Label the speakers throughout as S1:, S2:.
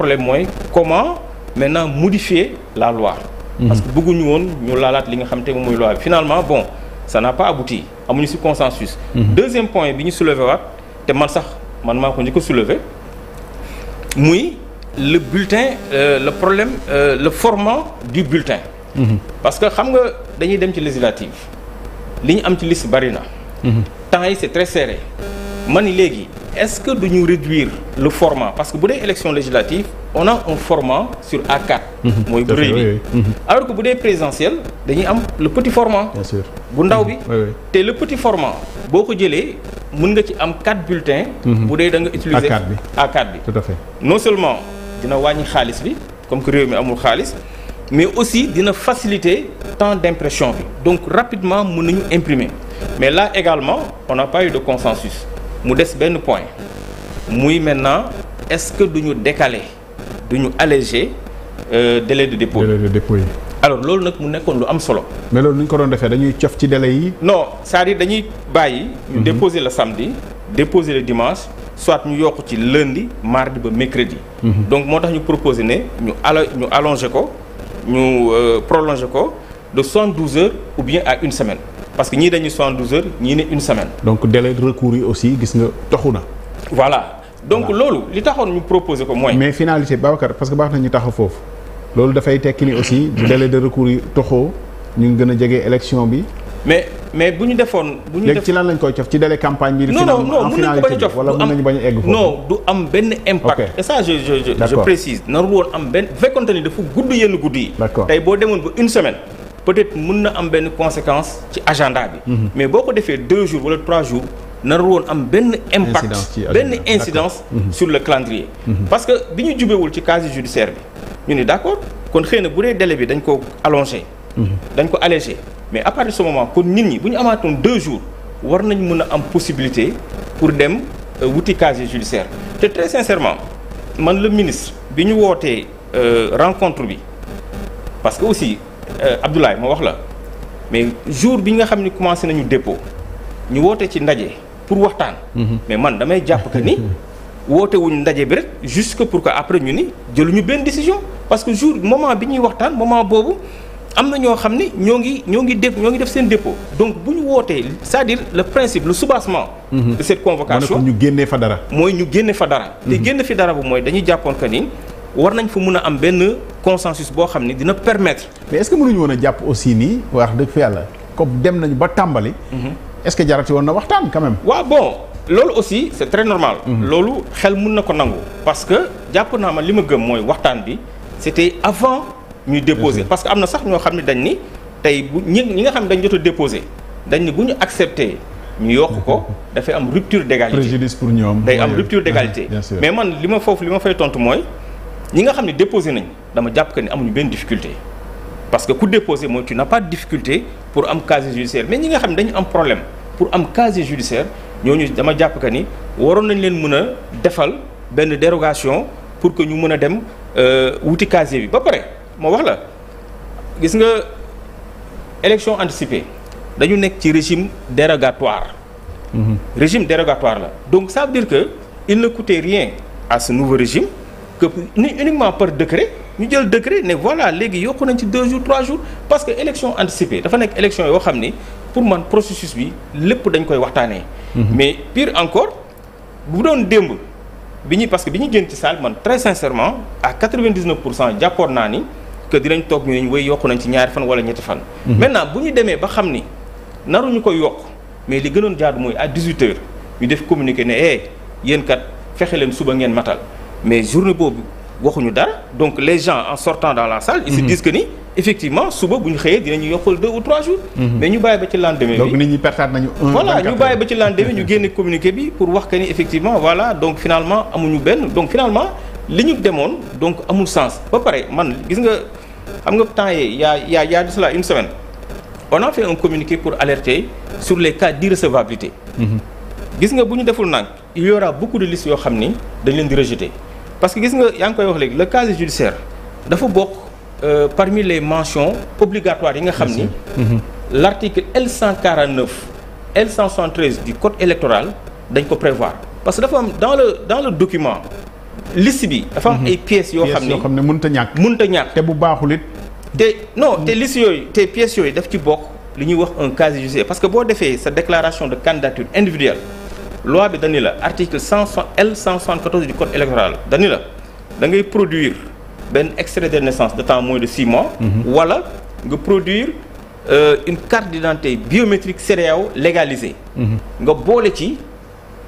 S1: problème mooy comment maintenant modifier la loi. Mhm. parce que bëgguñu woon ñu laalaat li nga xam te moom mooy loi bi finalement bon ça n'a pas abouti amuñu ci consensus. Mhm. deuxième point bi ñu soulever waat te man sax man maa ko njëkk ko soulever muy le bulletin euh, le problème euh, le format du bulletin. Mhm. parce que xam nga dañuy dem ci législative li ñu am ci liste bari na. temps yi c'est très serré. man léegi est-ce que du duñu réduire le format parce que bu dee élection législative on a un format sur A4 mhm. mooy bu rëy bi que bu dee présidentielle dañuy am le petit format bien bu ndaw bi te le petit format boo ko jëlee mën nga ci am 4 bulletins mhm. bu dee da nga utiliser a bi A4 bi tout à fait non seulement dina wàññi xaalis bi comme que réew mi amul xaalis mais aussi dina faciliter temps d'impression bi donc rapidement mën nañu imprimer mais là également on a pas eu de consensus mu des benn point muy maintenant est-ce que duñu décaler duñu alléger euh, délai de dépôt délai de dépôt yi. alors loolu nag mu nekkoon lu am solo.
S2: mais loolu ni ñu ko doon defee dañuy cof ci délai yi.
S1: non cest dañuy bàyyi. ñu mhm. déposer le samedi déposer le dimanche soit ñu yokk ci lundi mardi ba mercredi. Mhm. donc moo tax ñu proposer ne ñu allo ñu allonger ko ñu euh, prolonger ko de soixante-douze heures ou bien à une semaine. parce que ñii dañuy 72 heures ñii ne une semaine.
S2: donc délai de recours yi aussi gis nga toxu na.
S1: voilà donc loolu li taxoon ñu proposer ko mooy.
S2: mais finalité Babacar parce que baax na ñu taxaw foofu loolu dafay tekki ni aussi bu délai de recours yi toxoo ñu ngi gën a jege élection bi.
S1: mais mais bu ñu defoon. bu ñu def ci lan
S2: lañ koy cof ci délai campagne bi. non non non nañu bañ a cof wala
S1: a egg foofu. non du am benn impact. et ça je je je woon am benn bu ni dafa gudd yenn gudd yi. boo demoon ba une semaine. peut-être mun na am benn conséquence ci agenda bi. Mm mais boo ko defee deux jours wala trois jours nar woon am benn impact benn incidence mhm. sur le calendrier. Mhm. parce que bi ñu jubewul ci casier judiciaire bi ñu ne d'accord kon xëy na bu dee délai bi dañ ko allongé. Mhm. dañ ko allégé mais à partir moment kon nit ñi bu ñu amaatoon deux jours war nañ mun a am possibilité pour dem euh, wuti casier judiciaire te très sincèrement man la ministre bi ñu wootee euh, rencontre bi Euh, Abdoulaye moo wax la mais jour bi nga xam ni commencé nañu dépôt ñu woote ci ndaje pour waxtaan. Mhm. mais man damay jàpp que ni. woote wuñ ndaje bi rek jusque pour que après ñu ni jëluñu benn décision parce que jour moment bi ñuy waxtaan moment boobu am na ñoo xam ni ñoo ngi ñoo ngi def ñoo ngi def seen dépo donc bu ñu wootee c'est-à-dire le principe le soubassement mhm. de cette convocation ñu génnee fa dara. mooy ñu génne fa dara. te mhm. génne fi dara bu mooy dañuy jàppoon que ni. war nañ fa mun a am benn consensus boo xam ne dina permettre. mais est-ce que a jàpp aussi
S2: nii wax dëkk fa yàlla comme dem nañu ba tàmbali. Mhm. est-ce que jarati woon na waxtaan quand même.
S1: waaw bon loolu aussi c'est très normal. Mhm. loolu xel mun na ko nangu. parce que jàpp naa ma li ma gëm mooy waxtaan bi c'était avant. ñuy déposer mhm. parce que am na sax ñoo xam ne dañ ni tey bu ñi ñi nga xam ne dañ jot a déposer dañ ni bu ñu accepter ñu yokk ko dafay am rupture d'égalité préjudice
S2: pour ñoom day am
S1: ah, mais man li ma foofu li ma mooy. ñi nga xam ne déposé nañ dama jàpp que ni amuñu benn difficulté parce que ku déposé mooy tu n'as pas de difficulté pour am casier judiciaire mais ñi nga xam ne dañu am problème pour am casier judiciaire ñu dama jàpp que ni waroon nañ leen mën a defal benn dérogation pour que ñu mën a dem euh, wuti casier bi ba pare moo wax la gis nga élection anticipée dañu nekk ci régime dérogatoire mmh. régime dérogatoire la donc ça dire que il ne couté rien à ce nouveau que ni uniquement par décret ñu jël décret ne voilà léegi yokku nañ ci deux jours trois jours parce que élection anticipée dafa nekk élection yoo xam ni pour man processus bi lépp dañ koy waxtaanee. Mhm. mais pire encore bu doon démb bi ñu parce que bi ñu génn ci salle man très sincèrement à quatre vingt dix cent jàppoon naa ni que dinañ toog ñu ne ñu wéy yokku nañ ci ñaari fan wala ñetti fan. Mhm. maintenant bu ñu demee ba xam ni naru ñu koy yokk mais li gënoon jaadu mooy à dix-huit ñu def communiqué ne eh, yéen kat fexe leen suba ngeen matal. mais journée boobu waxuñu dara donc les gens en sortant dans la salle. ils se mhm. disent que ni effectivement suba bu ñu xëyee dinañu yokkal deux ou trois jours. Mhm. mais ñu bàyyi ba ci lendemain bi ñu bàyyi ba ci mhm. génne communiqué bi pour wax que ni effectivement voilà donc finalement amuñu benn donc finalement li ñu demoon donc amul sens. ba pare man gis nga xam nga temps yaa y' yaa y' a y' une semaine on a fait un communiqué pour alerté sur les cas d'irrecevabilité. gis nga bu ñu deful nag il y aura beaucoup de yoo xam ni dañ leen di rejeter. parce que gis nga yaa ngi koy wax léegi le casier judiciaire dafa bokk euh, parmi les mentions obligatoires yi nga xam ni l' article L149 L173 du code électoral dañ ko prévoir parce que dafa am dans le dans le document liss bi dafa am mhm. ay pièces yoo xam ne yoo xam ne mënut a ñàkk mënut a ñàkk te bu baaxul it te non te liste yooyu te pièces yooyu daf ci bokk li ñuy wax un casier judiciaire parce que boo defee sa déclaration de candidature individuelle loi bi dani la article cent L cent soixante-quatorze du code électoral dani la da ngay produire benn extrait de naissance de temps moins de six mois. Mhm. wala nga produire euh, une carte d'identité biométrique CEDEAO légalisée. Mhm. nga boole ci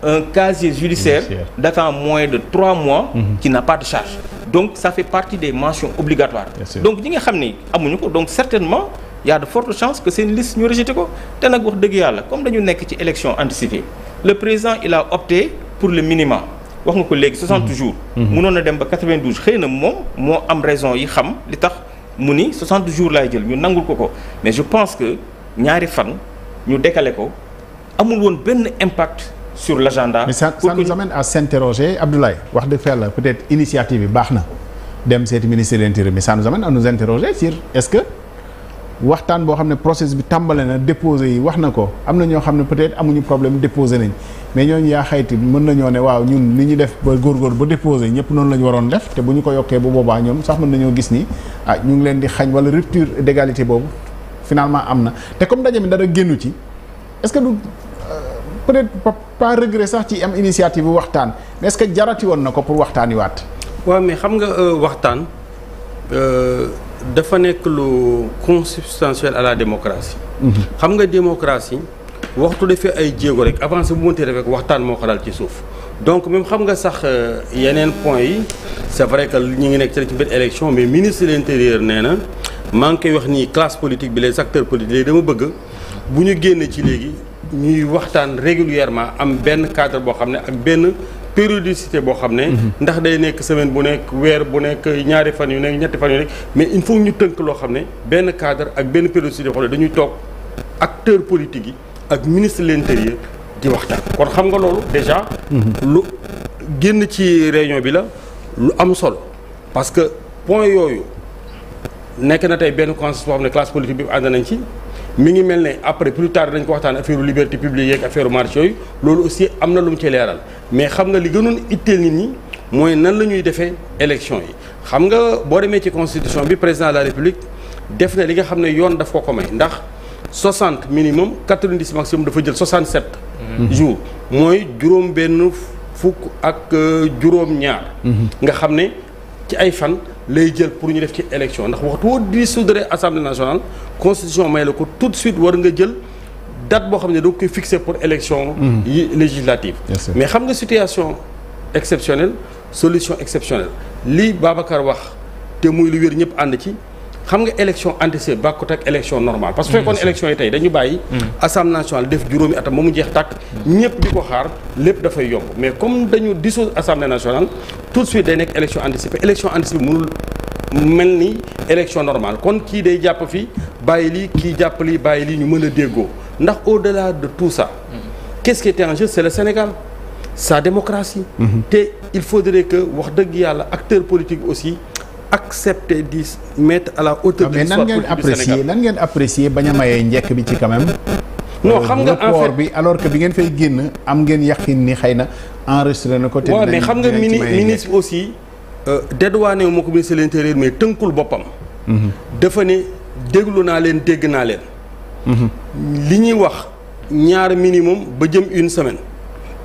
S1: un casier judiciaire datant moins de trois mois. Mhm. qui n'a pas de charge. donc ça fait partie des mentions obligatoires. donc ñi nga xam ni amuñu ko donc certainement. y a de fortes chances que seen liste ñu rejeté ko te nag wax dëgg yàlla comme dañu nekk ci élection anticipée le président il a opté pour le minimum wax nga ko léegi 60 mhm. jours. mënoon mhm. na dem ba 92 xëy na moom moo am raison yi xam li tax mu ni 60 jours laay jël ñu nangul ko ko mais je pense que ñaari fan ñu décalé ko amul woon benn impact sur l' agenda. mais ça,
S2: ça nous amène à s'interroger Abdoulaye wax dëgg fa la peut-être initiative bi baax na dem seeti ministre de l'intérieur mais ça nous amène à nous interroger sur est-ce que. waxtaan boo xam ne process bi tàmbale na déposé yi wax na ko am na ñoo xam ne peut-être amuñu problème déposé nañ mais ñooñu yaa xayti mën nañoo ne waaw ñun li ñu def ba góorgóor ba déposé ñëpp noonu la ñu waroon def te bu ñu ko yokkee bu boobaa ñoom sax mën nañoo gis ni ah ñu ngi leen di xañ wala rupture d'égalité boobu finalement am na te comme ndaje mi dara génnu ci est-ce que du euh, peut-être par regret sax ci am initiative waxtaan est-ce que jarati woon na ko pour waxtaaniwaat.
S3: waaw mais xam nga euh, waxtaan. Euh, dafa nekk lu consubstantiel à la démocratie. xam nga démocratie waxtu defee ay jéego rek avancé bu mënti rek waxtaan moo ko dal ci suuf. donc même xam nga sax euh, yeneen point yi c'est vrai que ñu ngi nekk ci benn élection mais ministre de l'intérieur nee na maa ngi koy wax nii classe politique bi les acteurs politiques léegi dama bëgg bu ñu génn ci léegi ñuy waxtaan régulièrement am benn cadre boo xam ne ak benn. périodicité boo xam ne mhm. ndax day nekk semaine bu nekk weer bu nekk ñaari fan yu nekk ñetti fan yu nekk mais il faut ñu tënk loo xam ne benn cadre ak benn périodicité boo xam ne dañuy toog acteur politique yi ak ministre de l'intérieur di waxtaan kon xam nga loolu déjà mhm. lu génn ci réunion bi la lu am solo parce que point yooyu nekk na tey benn consensus boo xam ne classe politique bi ànd nañ ci mi ngi mel ne après plus tard dañ ko waxtaan affaire liberté publique yeeg affaire marché yooyu loolu aussi am na lu mu ci leeral mais xam nga li gënoon itteel nit ñi mooy nan la ñuy defee élection yi xam nga boo demee ci constitution bi président de la république def na li nga xam ne yoon daf ko ko may ndax 60 minimum 90 maximum dafa jël 67
S4: mm-hmm. jours
S3: mooy juróom benn fukk ak euh, juróom ñaar mm-hmm. nga xam ne ci ay fan lay jël pour ñu def ci élection ndax waxtu woo dissoudre assemblée nationale constitution may la ko tout de suite war nga jël date boo xam ne da koy fixé pour élection mhm. yi législative mais xam nga situation exceptionnelle solution exceptionnelle li Babacar wax te muy lu wér ñëpp ànd ci xam nga élection anticipée bàkkut ak élection normale parce que fekkoon mhm. élection yi tey dañu bàyyi mhm. assemblée nationale def juróomi atam ba mu jeex tàkk ñëpp di ko xaar lépp dafay yomb mais comme dañu dissous assemblée nationale tout de suite day nekk mel ni élection normale kon kii day jàpp fii bàyyi lii kii jàpp lii bàyyi lii ñu mën a déggoo ndax au-delà de tout ça qu'est-ce qui était en c'est le Sénégal sa démocratie mhm. te il faut faudrait que wax dëgg yàlla acteurs politiques aussi
S2: accepter di mettre à la hauteur de l'histoire politique Sénégal nan ngeen apprécier bañ a mayee njekk bi ci quand même non euh, xam nga en fait bi alors que bi ngeen fay génn am ngeen yàqin ni xëy na enregistré na ko te waaw xam nga ministre
S3: aussi Euh, dédouané moo ko ministre de l'intérieur mais tënkul boppam. Mhm. dafa ne déglu naa leen dégg naa leen. Mhm. li ñuy wax ñaar minimum ba jëm une semaine.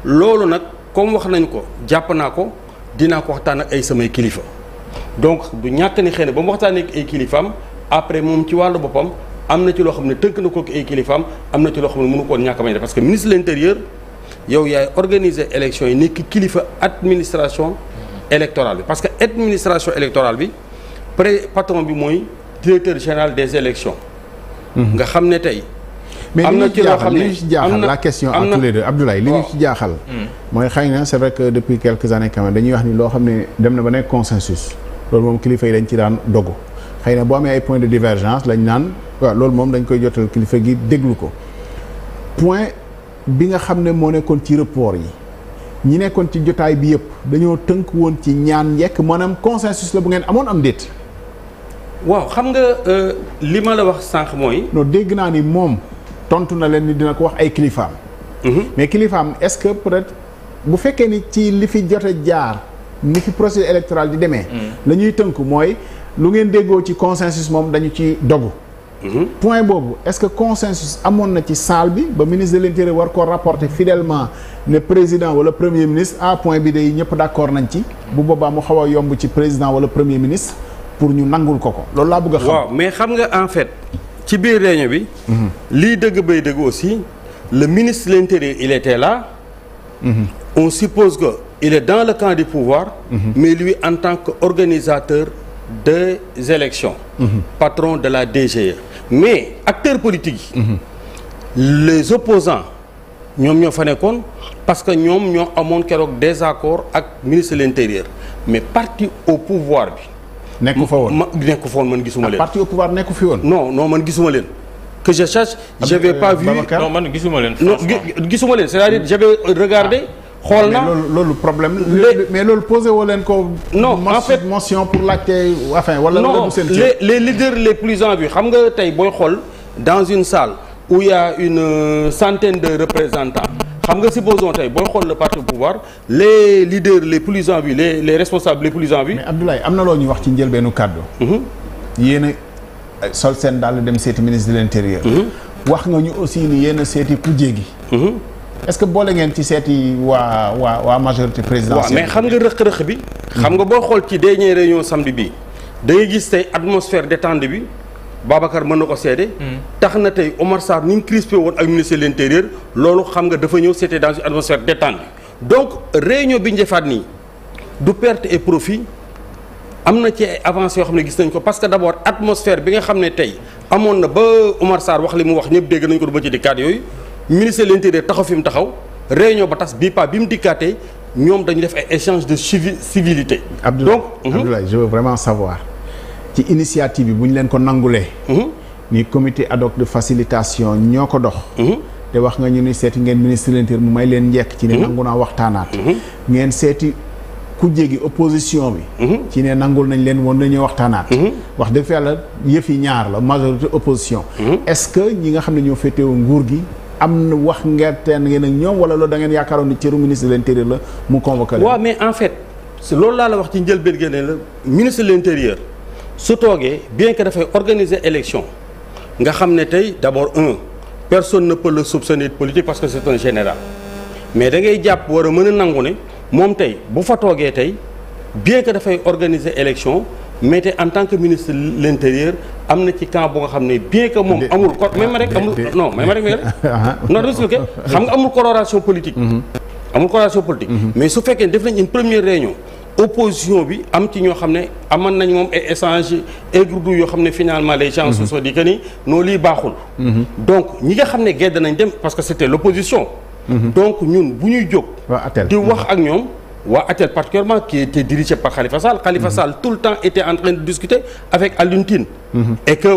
S3: loolu nag comme wax nañ ko jàpp naa ko dinaa ko waxtaan ak ay samay kilifa donc du ñàkk ni xëy na ba mu waxtaanee ak ay kilifaam après moom ci wàllu boppam am na ci loo xam ne tënk na ko ak ay kilifaam am na ci loo xam ne mënu koon ñàkk may def parce que ministre de l'intérieur yow yaay organiser élection yi nekk kilifa administration. électorale bi parce que administration électorale bi pré patron bi mooy directeur général des élections mhm. nga xam ne tey
S2: mais li ñu ci jaaxal li ñu ci jaaxal la question à tous les deux Abdoulaye li ñu ci jaaxal hmm. mooy xëy na c'est vrai que depuis quelques années quand même dañuy wax ni loo xam ne dem na ba nekk consensus loolu moom kilifa yi dañ ci daan dogu xëy na boo amee ay points de divergence lañ naan waaw loolu moom dañ koy jotal kilifa gi déglu ko point bi nga xam ne moo nekkoon ci rapport yi ñi nekkoon ci jotaay bi yëpp dañoo tënk woon ci ñaan yekk maanaam consensus la bu ngeen amoon am déet. waaw xam nga euh, li ma la wax sànq mooy. non dégg naa ni moom tontu na leen ni dina ko wax ay kilifaam. Mhm. mais kilifaam est-ce que peut-être bu fekkee ni ci li fi jot a jaar ni fi procédure électorale di demee. Mm. lañuy ñuy tënk mooy lu ngeen déggoo ci consensus moom dañu ci dogu. point boobu est-ce que consensus amoon na ci salle bi ba ministre de l'intérieur war koo rapporter fidèlement ne président wala premier ministre à point bi day ñëpp d'accord nañ ci bu boobaa mu xaw a yomb ci président wala premier ministre pour ñu nangul ko ko loolu laa bëgg a xam
S3: mais xam nga en fait ci biir réunion bi lii dëgg bay dëgg aussi le ministre de l'intérieur il était là mmh. on suppose que il est dans le camp du pouvoir mmh. mais lui en tant que qu'organisateur deux élections mhm. patron de la DGE mais acteurs politiques yi mhm. les opposants ñoom ñoo fa nekkoon parce que ñoom ñoo amoon keroog désaccord ak ministre de l'intérieur mais parti au pouvoir bi nekku fa woon ma nekku fa woon man gisuma ah, leen parti au pouvoir nekku fi woon non non man gisuma leen que je cherche j'avais pas vu non
S1: man gisuma leen non
S3: gisuma leen c'est-à-dire j'avais regardé
S2: xool na loolu problème mais loolu posé woo leen ko. no en fait motion pour laajte enfin wala non les
S3: les leaders les plus en xam nga tey booy xool dans une salle où ya une euh, centaine de représentants. xam nga supposons tey booy xool
S2: le parti au pouvoir les leaders les plus en vue les les responsables les plus en vue. mais Abdoulaye am na loo ñuy wax ci njëlbeenu kàddu. Mhm. yéen a euh, sol seen dal dem seeti ministre de l' mhm. wax nga ñu aussi ni yéen a seeti gi. est-ce que boole ngeen ci seeti waa waa waa majorité président waaw mais xam nga rëq-rëq bi.
S3: xam nga boo xool
S2: ci dernier réunion
S3: samedi bi dangay ngay gis tey atmosphère détendue bi Babacar mën na ko seede. Hmm. tax na tey Omar Sarr ni mu crispé woon ak ministre de l'intérieur loolu xam nga dafa ñëw c'était dans une atmosphère détendue donc réunion bi ñu defaat nii du perte et profit. am na ci ay avancées yoo xam ne gis nañ ko parce que d'abord atmosphère bi nga xam ne tey amoon na ba Omar Sarr wax li mu wax ñëpp dégg nañ ko du ma ci dikkaat yooyu ministre de l'intérieur taxaw fi mu taxaw réunion ba tas bii pas bi mu dikkaatee ñoom dañu def ay échange de civilité. Abdoulaye donc
S2: Abdoulaye mhm. je vraiment savoir ci initiative bi bu leen ko nangulee. Mhm. ni comité ad de facilitation ñoo ko dox. Mhm. te wax nga ñu ni seeti ngeen ministre de l'intérieur may leen njekk ci ne nangu naa waxtaanaat. ngeen seeti ku jéggi opposition bi. ci ne nangul nañ leen woon nañu waxtaanaat. wax dëgg fa yàlla yëf yi ñaar la majorité opposition. est-ce que ñi nga xam ne ñoo féetewoo nguur gi. am na wax ngerteen ngeen ak ñoom wala loolu da ngeen yaakaaroon ni cëru ministre de l'intérieur la mu convoqué leen.
S3: waaw mais en fait loolu laa la wax ci njëlbeen gi ne la ministre de l'intérieur su toogee bien que dafay organiser élection nga xam ne tey d'abord un personne na peut le soupçonner de politique parce que c'est un général mais dangay jàpp war a mën a nangu ne moom tey bu fa toogee tey bien que dafay organiser élection. mais te en tant que ministre de l'intérieur am na ci camp bu nga xam ne bien que moom amul ko may ma rek amul non may ma rek may
S2: ah, ah. rek non expliqué xam nga
S3: amul coloration politique mhm. amul coloration politique mhm. mais su fekkee def nañ une première réunion opposition bi am ci ñoo xam ne amoon nañ moom ay échange aigridu yoo xam ne finalement lay gens soo mhm. sont dit que ni non lii baaxul donc ñi nga xam ne gedd nañ dem parce que c'était l'opposition donc ñun bu ñuy jóg di wax ak ñoom waa ATEL particulièrement qui était dirigé par Khalifa Sall Khalifa Sall tout le temps était en train de discuter avec Alioune Tine mm-hmm. et que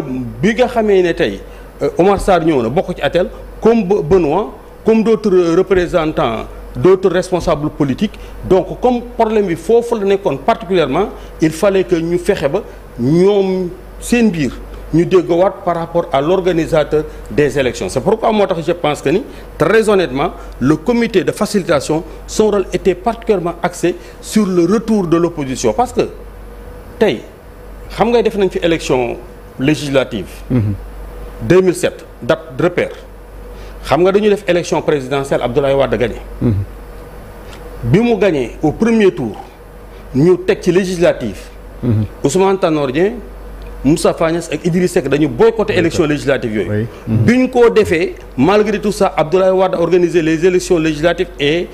S3: bi nga xamee ne tey euh, Omar Sarr ñëw na bokk ci ATEL comme Benoît comme d'autres représentants d'autres responsables politique donc comme problème bi foofu la nekkoon particulièrement il fallait que ñu fexe ba ñoom seen biir ñu déggowaat par rapport à l'organisateur des élections c'est pourquoi moo tax je pense que ni très honnêtement le comité de facilitation son rôle était particulièrement axé sur le retour de l'opposition parce que tey xam nga def nañ fi élection législative mmh. 2007 date de repère xam nga dañu def élection présidentielle Abdoulaye Wade gagné
S4: mm-hmm.
S3: bi mu gagné au premier tour ñu teg ci législative mmh. Ousmane Moustapha Niass ak Idriss Seck dañu boycotté élection législative yooyu mm-hmm. bi ñu ko defee malgré tout ça Abdoulaye Wade a organisé les élections législatives et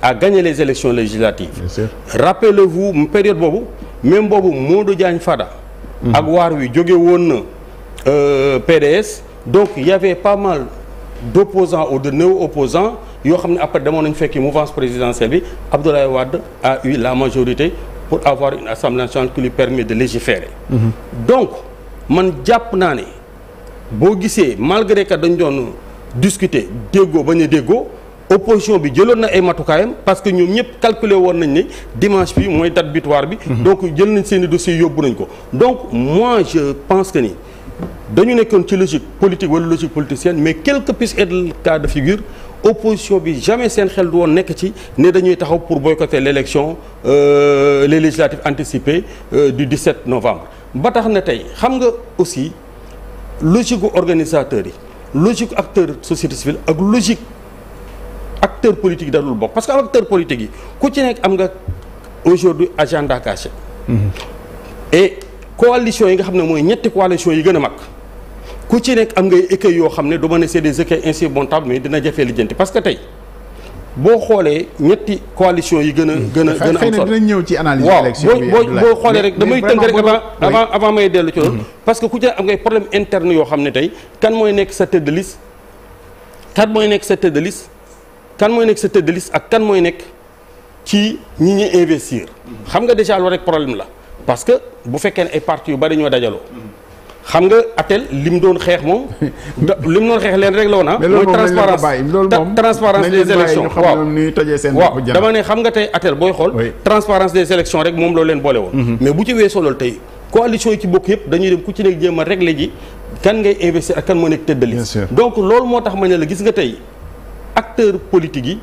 S3: a gagné les élections législatives rappelez-vous période boobu même boobu moo Modou Diagne Fada mm-hmm. ak waar wi jóge woon na euh, PDS donc il y avait pas mal d'opposants ou de néo-opposants yoo xam ne après demoon nañu fekki mouvance présidentielle bi Abdoulaye Wade a eu la majorité pour avoir une assemblée nationale qui lui permet de légiférer. Mhm. donc man jàpp naa ne boo gisee malgré que dañu doon discuter déggoo bañ a déggoo opposition bi jëloon na ay matukaayam parce que ñoom ñëpp calculer woon nañ ni dimanche bi mooy date butoir bi. Mhm. donc jël nañ seen i dossiers yóbbu nañ ko. donc moi je pense que ni dañu nekkoon ci logique politique wala logique politicienne mais quel que puisse être figure. opposition bi jamais seen xel du woon nekk ci ne dañuy taxaw pour boycotter l'élection euh, les législatives anticipées euh, du 17 novembre ba tax na tey xam nga aussi logique gu organisateurs yi logique acteur société civile ak logique acteur politique dalul bokk parce que acteur politique yi ku ci nekk am nga aujourd'hui agenda caché. Mmh. et coalition yi nga xam ne mooy ñetti coalition yi gën a mag ku ci nekk am ngay écueil yoo xam ne du ma ne c'est des écueils insurmontables mais dina jafee lijjanti parce que tey boo xoolee ñetti coalition yi gën a hmm. gën a gën a am solo
S2: ñëw ci analyse élection bi waaw boo boo xoolee rek damay tënk
S3: rek avant avant avant may dellu ci hmm. parce que ku ci nekk am ngay problème interne yoo xam ne tey kan mooy nekk sa tête de kan mooy nekk sa tête de kan mooy nekk sa tête de ak kan mooy nekk ci ñi ñuy investir hmm. xam nga déjà loolu rek problème la parce que bu fekkee ne ay parti yu bari ñoo dajaloo xam nga atel lim doon xeex moom. lim doon xeex leen rek la na ah. mooy transparence
S2: transparence des waaw
S3: dama ne xam nga tey atel booy xool. transparence des élections rek moom loolu leen boole woon. Mhm. mais bu ci weesoo loolu tey coalition yi ci bokk yëpp dañuy dem ku ci nekk jéem a régler ji kan ngay investir ak kan moo nekk tëddali. donc loolu moo tax ma ne la gis nga tey acteurs politiques yi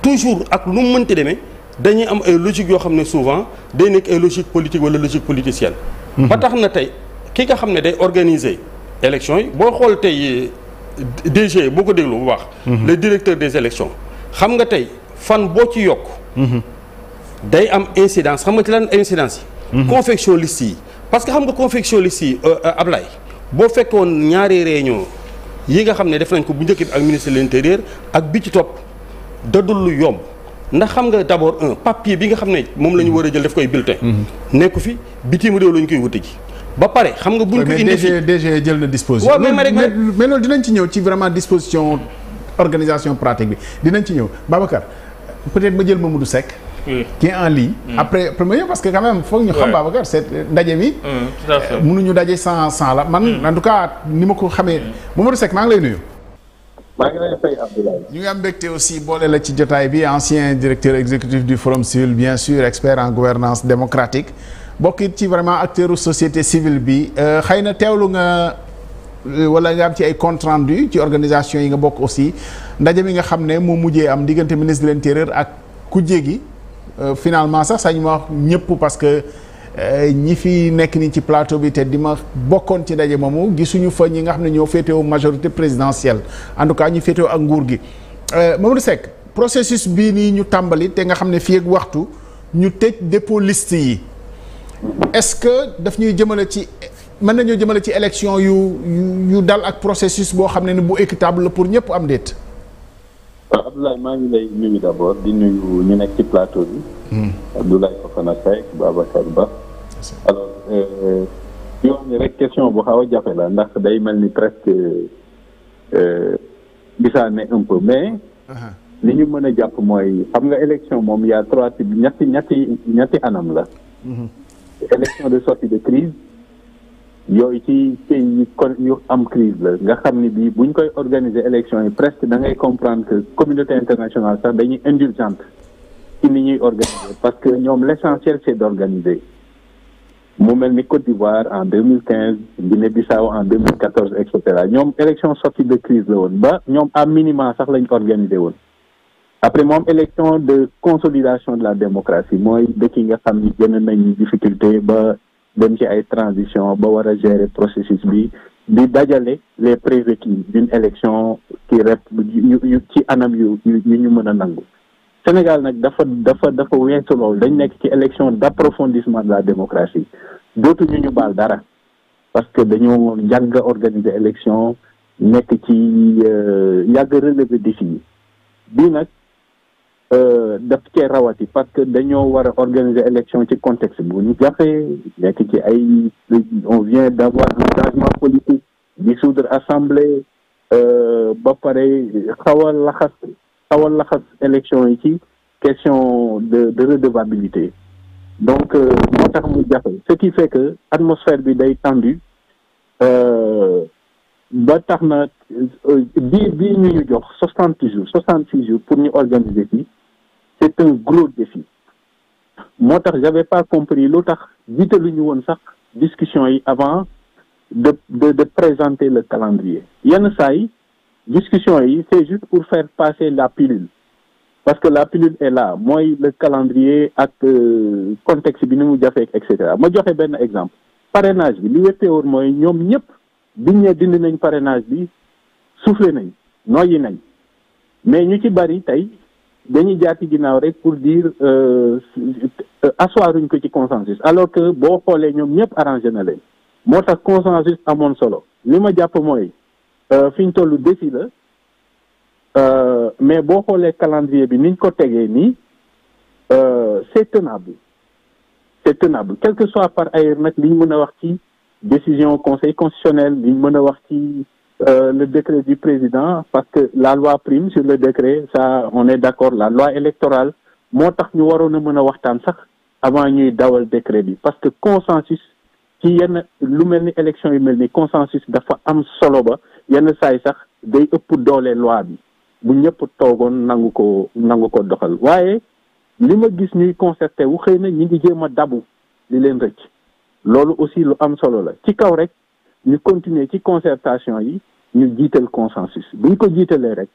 S3: toujours ak lu mu mënti demee dañuy am ay logique yoo xam ne souvent day nekk ay logique politique wala logique politicienne. Mhm. ba tax na tey. ki nga xam ne day organiser élection yi boo xool tey euh, DG boo ko déglu bu baax. Mhm. la directeur des élections xam nga tey fan boo ci yokk. Mhm. day am incidence xam nga ci lan incidence yi. Mhm. confection liste yi parce que xam nga confection liste yi euh, euh, Ablaye boo fekkoon ñaari réunion yi nga xam ne def nañ ko bu njëkk bi ak ministre de l'intérieur ak bi ci topp dadul lu yomb. ndax xam nga d'abord un papier bi nga xam ne moom la ñu war a jël daf koy bulletin. nekku fi bitim
S2: réew la ñu koy wuti ji. ba pare xam nga buñ ko indi fii DG jël na disposition. mais mais loolu dinañ ci ñëw ci vraiment disposition organisation pratique bi dinañ ci ñëw Babacar peut-être ma jël Mamadou Seck. qui est en lii mm. après premier parce que quand foog ñu xam Babacar c'est ndaje bi.
S5: Mm, tout à fait euh,
S2: daje sans sans la man. Mm. en tout cas ni ma ko xamee. Mamadou Seck maa ngi lay nuyu. maa ngi lay fay Abdoulaye. ñu ngi am mbégte aussi boole la ci jotaay bi ancien directeur exécutif du Forum bien sûr expert en gouvernance démocratique. bokk it ci vraiment acteuru société civile bi euh, xëy na teewlu nga euh, wala nga am ci ay compte rendu ci organisation yi nga bokk aussi ndaje bi nga xam ne moo mujjee am diggante ministre de l'intérieur ak kujje gi euh, finalement sax sañ ma wax ñëpp parce que ñi fi nekk nii ci plateau bi te di ma bokkoon ci ndaje moomu gisuñu fa ñi nga xam ne ñoo féetewu majorité présidentielle en tout cas ñu féetewoo ak nguur gi Mamadou Seck processus bii nii ñu tàmbali te nga xam ne fii ak waxtu ñu tëj dépôt yi est-ce que daf ñuy jëmale ci mën nañoo jëmale ci élection yu yu dal ak processus boo xam ne ni bu équitable la pour ñëpp am déet.
S6: waaw ah, Abdoulaye maa ngi lay nuyu d'abord di nuyu ñu nekk ci plateau bi. Hmm. Abdoulaye Fofana Seck Babacar Ba. alors ñu euh, wax ni rek question bu xaw a jafe la ndax day mel ni presque euh, gisaane un peu mais. li ñu mën a jàpp mooy xam nga élection moom y a trois types ñetti ñetti anam la. Hmm. élection de sortie de crise yooyu ci pays yi kon yu am crise la nga xam ni bii buñ koy organiser élection yi presque da ngay comprendre que communauté internationale sax dañuy indulgente ci ni ñuy organiser parce que ñoom l'essentiel c'est d'organiser mu mel ni Côte d'Ivoire en deux mille quinze Guinée-Bissau en deux mille quatorze et cetera ñoom élection sortie de crise la woon ba ñoom à minima sax lañ organiser woon après moom élection de consolidation de la démocratie mooy dëkk yi nga xam ni gën nañu difficulté ba dem ci ay transition ba war a gérer processus bi di dajale les prérequis d'une élection qui rep ñu ci anam yu yu ñu mën a nangu Sénégal nag dafa dafa dafa weesu loolu dañ nekk ci élection d'approfondissement de la démocratie dootu ñu ñu baal dara parce que dañoo yàgg organiser élection nekk ci euh, yàgg relever défi yi nag Euh, daf ce rawati parce que dañoo war a organiser élection ci contexte bu ñu jafee nekk ci ay on vient d'avoir un changement politique dissoudre assemblée euh, ba pare xaw a laxas xaw a laxas élection yi ci question de de redevabilité donc euh, moo tax mu jafe ce qui fait que atmosphère bi day tendue ba tax na bi bii ñu ñu jox soixante jours soixante six jours pour ñu organiser fii c'est un gros défi moo tax j'avais pas compris lu tax lu ñu woon sax discussion yi avant de de de présenter le calendrier yenn say yi discussion yi c'est juste pour faire passer la pilule parce que la pilule est là mooy le calendrier ak euh, contexte bi ni mu jafee et cetera ma joxe benn exemple parrainage bi li wéttewoon mooy ñoom ñëpp biñ ne dindi nañ parrainage bi soufflé nañ noyyi nañ mais ñu ci bari tey dañuy jaar ci ginnaaw rek pour dire euh, euh, assoiruñ ko ci consensus alors que boo xoolee ñoom ñëpp arrangé na leen moo tax consensus amoon solo li ma jàpp mooy euh, fi ñu toll défi la mais boo xoolee calendrier bi niñ ko tegee nii c'est tenable c'est tenable quel que soit par ailleurs nag liñ mën a wax ci décision conseil constitutionnel liñ mën a wax ci euh, le décret du président parce que la loi prime sur le décret sa on est d'accord la loi électorale moo tax ñu waroon a mën a waxtaan sax avant ñuy dawal décret bi parce que consensus ci yenn lu mel ni élection yu mel ni consensus dafa am solo ba yenn saay sax day ëpp doole loi bi bu ñëpp toogoon nangu ko nangu ko doxal waaye li ma gis ñuy concerté wu xëy na ñi ngi jéem a dabu li leen rëcc loolu aussi lu am solo la ci kaw rek ñu continuer ci concertation yi ñu jiital consensus bu ñu ko jiitalee rek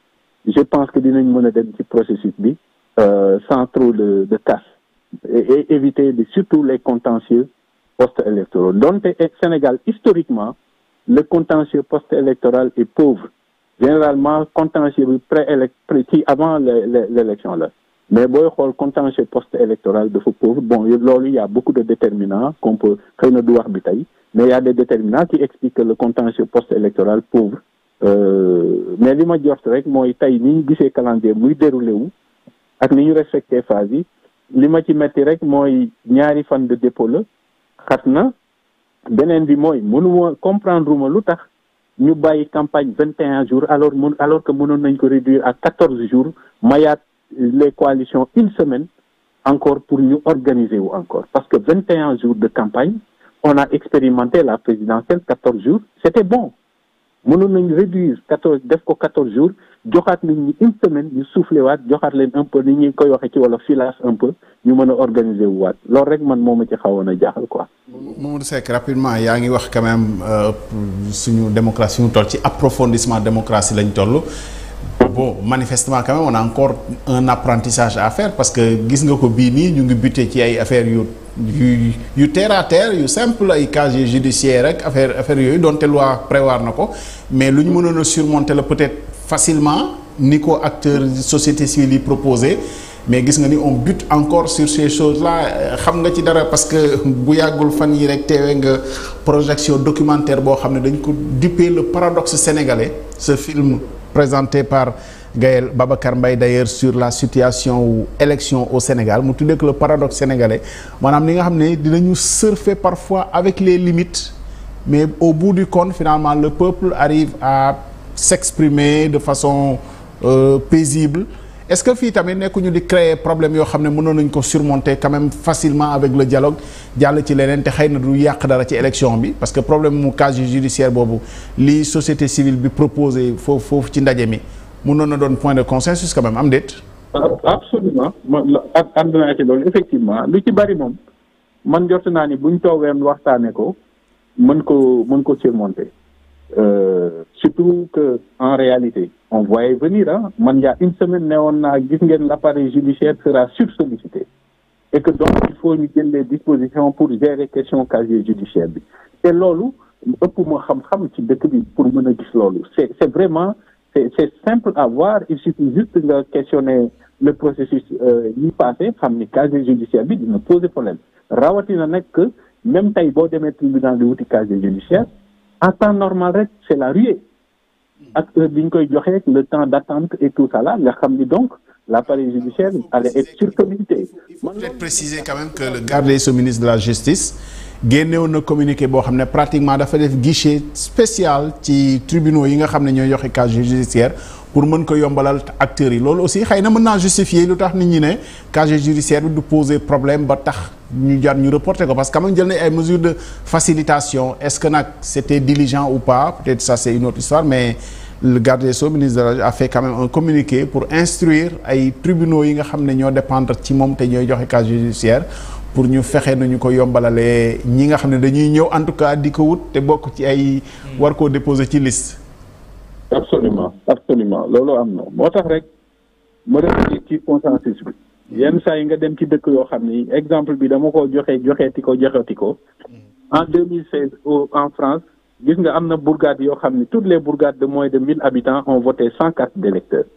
S6: je pense que dinañ mën a dem ci processus bi euh, sans trop de de casse et éviter de surtout les contentieux post-électoraux donte Sénégal historiquement le contentieux post-électoral est pauvre généralement contentieux bi pré-élec ci avant l'élection la mais booy xool contentieux poste électoral dafa pauvre bon loolu y' a beaucoup de déterminants qu'on xëy na du wax bi tey mais y' a des ki qui expliquent que le contentieux poste électoral pauvre euh, mais li ma jort rek mooy tey ni ñu gisee calendrier muy déroulé wu ak ni ñu respecté phase yi li ma ci metti rek mooy ñaari fan de dépôt la xat na beneen bi mooy mënuma comprendre ma lu tax ñu bàyyi campagne vingt et un jours alors mun alors que mënoon nañ ko réduire à quatorze jours mayaat les coalitions une semaine encore pour ñu organiser wu encore parce que vingt et un jours de campagne on a expérimenté la présidentielle quatorze jours c'était bon mënoon nañ réduire quatorze def ko quatorze jours joxaat nit ñu une semaine ñu soufflé waat joxaat leen un peu ni ñu koy waxee ci wala filage un peu ñu mën a organiser wu waat loolu rek man moom ma ci xawoon a jaaxal quoi.
S2: Mamadou Seck rapidement yaa ngi wax quand même euh, suñu démocratie ñu toll ci approfondissement démocratie lañ toll. bon manifestement quand même on encore un apprentissage affaire parce que gis nga ko bii nii ñu ngi buté ci ay affaire yu yu yu terre yu simple ay casier judiciaire rek affaire affaire yooyu donte loi prévoir na ko mais lu ñu mënoon a la peut-être facilement ni ko acteur société civile yi proposé mais gis nga ni on bute encore sur ces choses là xam nga ci dara parce que bu yàggul fan yi rek teewee nga projection documentaire boo xam ne dañ ko duppee le paradoxe sénégalais ce présenté par Gaël Babacar mbay d'ailleurs sur la situation wu élection au Sénégal mu tuddee que le paradoxe sénégalais maanaam li nga xam ne dinañu surfer parfois avec les limites mais au bout du compte finalement le peuple arrive à s'exprimer de façon euh, paisible est-ce que fii tamit nekkuñu di créer problème yoo xam ne mënoon nañ ko surmonter quand même facilement avec le dialogue jàll ci leneen te xëy na du yàq dara ci élection bi parce que problème mu casier judiciaire boobu li société civile bi proposé foofu foofu ci ndaje mi mënoon na doon point de consensus quand même am déet.
S6: Ah, absolument ak ànd naa ci loolu lu ci bari moom man jot naa ni buñ toogee waxtaanee ko mën ko mën ko surmonter euh, surtout que en réalité. on voyait venir ah man y une semaine ne woon naa gis ngeen l'appareil judiciaire sera sursollicité et que donc il faut ñu jël les dispositions pour gérer question casier judiciaire bi te loolu ëpp ma xam-xam ci dëkk bi pour mën a gis loolu c'est c'est vraiment c'est c'est simple à voir il suffit juste nga questionner le processus euh, yi passé xam ni casier judiciaire bi dina poser problème rawatina nag que même tey boo demee tribunal di wuti casier judiciaire en temps normal rek c'est la ruée ak heure bi ñu koy joxee le temps d'attente et tout ça là nga xam ni donc l'appareil judiciaire allait être surcommuniqué.
S2: il faut peut-être ministre de la justice génnewoon na communiqué boo xam ne pratiquement dafa def guichet spécial ci tribunaux yi nga xam ne ñooy joxe cas judiciaire pour mën ko yombalal acteur yi loolu aussi xëy na mën naa justifier lu tax nit ñi ne casier judiciaire bi du poser problème ba tax ñu jaar ñu reporte ko parce que quand même jël nañ ay mesures de facilitation est-ce que nag c'était diligent ou pas peut-être sa c'est une autre histoire mais garde des ministre de la a fait quand même un communiqué pour instruire ay tribunaux yi nga xam ne ñoo dépendre ci moom te ñooy joxe casier judiciaire pour ñu fexe nañu ko yombalalee ñi nga xam ne dañuy ñëw en tout cas di ko wut te bokk ci ay war koo déposer ci liste
S6: absolument absolument loolu am na moo tax rek ma def ci consensus bi yenn saa yi nga dem ci dëkk yoo xam ni exemple bi dama ko joxe joxeti ko joxeeti ko en deux mille seize en France gis nga am na bourgade yoo xam ni toutes les bourgades de mois de mille habitants ont voté cent cartes d'électeurs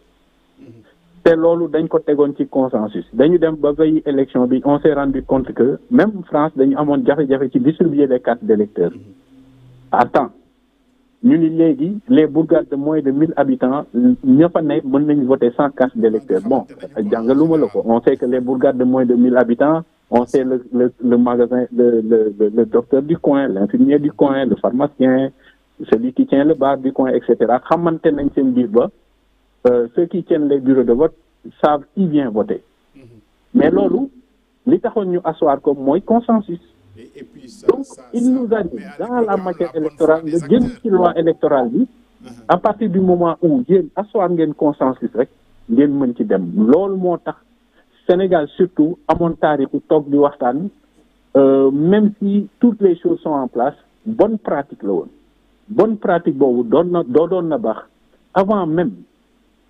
S6: te loolu dañ ko tegoon ci consensus dañu dem ba veille élection bi on s'est rendu compte que même France dañu amoon jafe-jafe ci distribuer les cartes d'électeurs à temps ñu ni léegi les bourgades de moins de mille habitants ña fa ne mën nañu voter sans carte d'électeur bon ma la ko on sait que les bourgades de moins de mille habitants on sait le le le magasin le le le, le docteur du coin l'infirmier du coin le pharmacien celui qui tient le bar du coin et cetera xamante nañ seen biir ba euh, ceux qui tiennent les bureaux de vote savent qui vient voter mm-hmm. mais loolu li taxoon ñu asseoir ko mooy consensus donc il nous a dit dans la matière électorale nga jëm ci loi électorale bi uh-huh. à partir du moment où yéen asseoir ngeen consensus rek ngeen mën ci dem lool moo tax Sénégal surtout amoon taarixu toog di waxtaan euh, même si toutes les choses sont en place bonne pratique la woon bonne pratique boobu doon na doo doon na baax avant même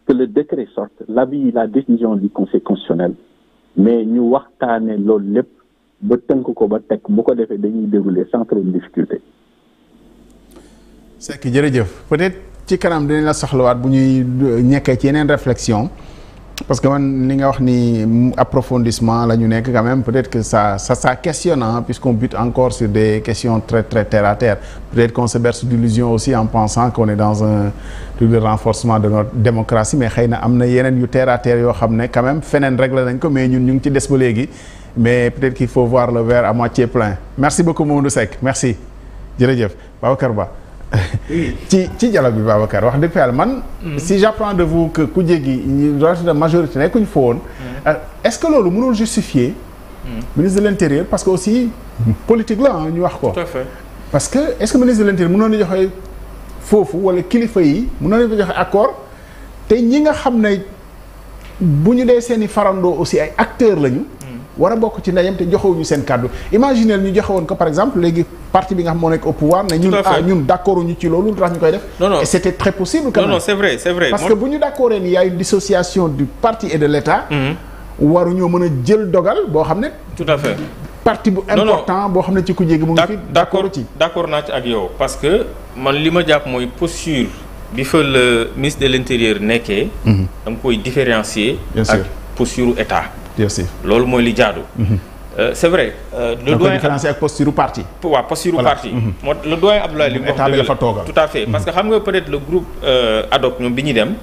S6: que le décret sorte la l'avis la décision du conseil constitutionnel mais ñu waxtaane loolu lépp ba tënk ko ba teg bu ko defee dañuy dérouler sans trop de difficulté.
S2: Seck jërëjëf peut-être
S6: ci kanam dinañ la
S2: soxlawaat bu ñuy euh, ñekkee ci yeneen réflexion parce que man li nga wax ni approfondissement la ñu nekk quand peut-être que ça ça ça questionne hein, puisqu'on bute encore sur des questions très très terre à peut-être qu'on se berce d'illusions aussi en pensant qu'on est dans un truc de renforcement de notre démocratie mais xëy na am na yeneen yu terre à yoo xam ne quand même feneen réglé nañ ko mais ñun ñu ngi ci des ba léegi. mais peut-être qu'il faut voir le verre à moitié plein merci beaucoup Mamadou Seck merci jërëjëf Babacar Ba ci ci dialogue bi Babacar wax dëgg yàlla man. Mm-hmm. si j'apprends de vous que ku jéggi ñu doon majorité nekkuñu fa woon. Mm-hmm. Euh, est-ce que loolu mënul justifier. Mm-hmm. ministre de l'intérieur parce que aussi politique la ah ñu wax ko. tout parce que est-ce que ministre de l'intérieur mënoon na joxe foofu wala kilifa yi mënoon na joxe accord te ñi nga xam ne bu ñu dee seeni farandoo aussi ay acteurs lañu. war a bokk ci ndeyam te joxewuñu seen kàddu imaginer ñu joxewoon woon ko par exemple léegi parti bi nga xam moo nekk au ne ñun ah ñun d' ñu ci loolu lu tax ñu koy def et c' était très possible quand même non ñu d' accordee a une dissociation du parti et de mhm. waruñoo mën a jël dogal boo xam ne tout à fait parti bu important boo xam ne ci ku jéggi mu ngi fi d'
S1: ci d' accord naa ci ak yow parce que man li ma jàpp mooy posture bi fa le de l' intérieur nekkee mhm. da nga koy différencier ak posture état bien sûr loolu mooy li jaadu. Mhm. Euh, c'est vrai. Euh, le doyen différencier ak posture parti. waaw posture parti. Mhm. moo le doyen Abdoulaye li mu wax dafa toogal mhm. parce que xam nga peut-être le groupe euh, ad ñoom bi ñu dem.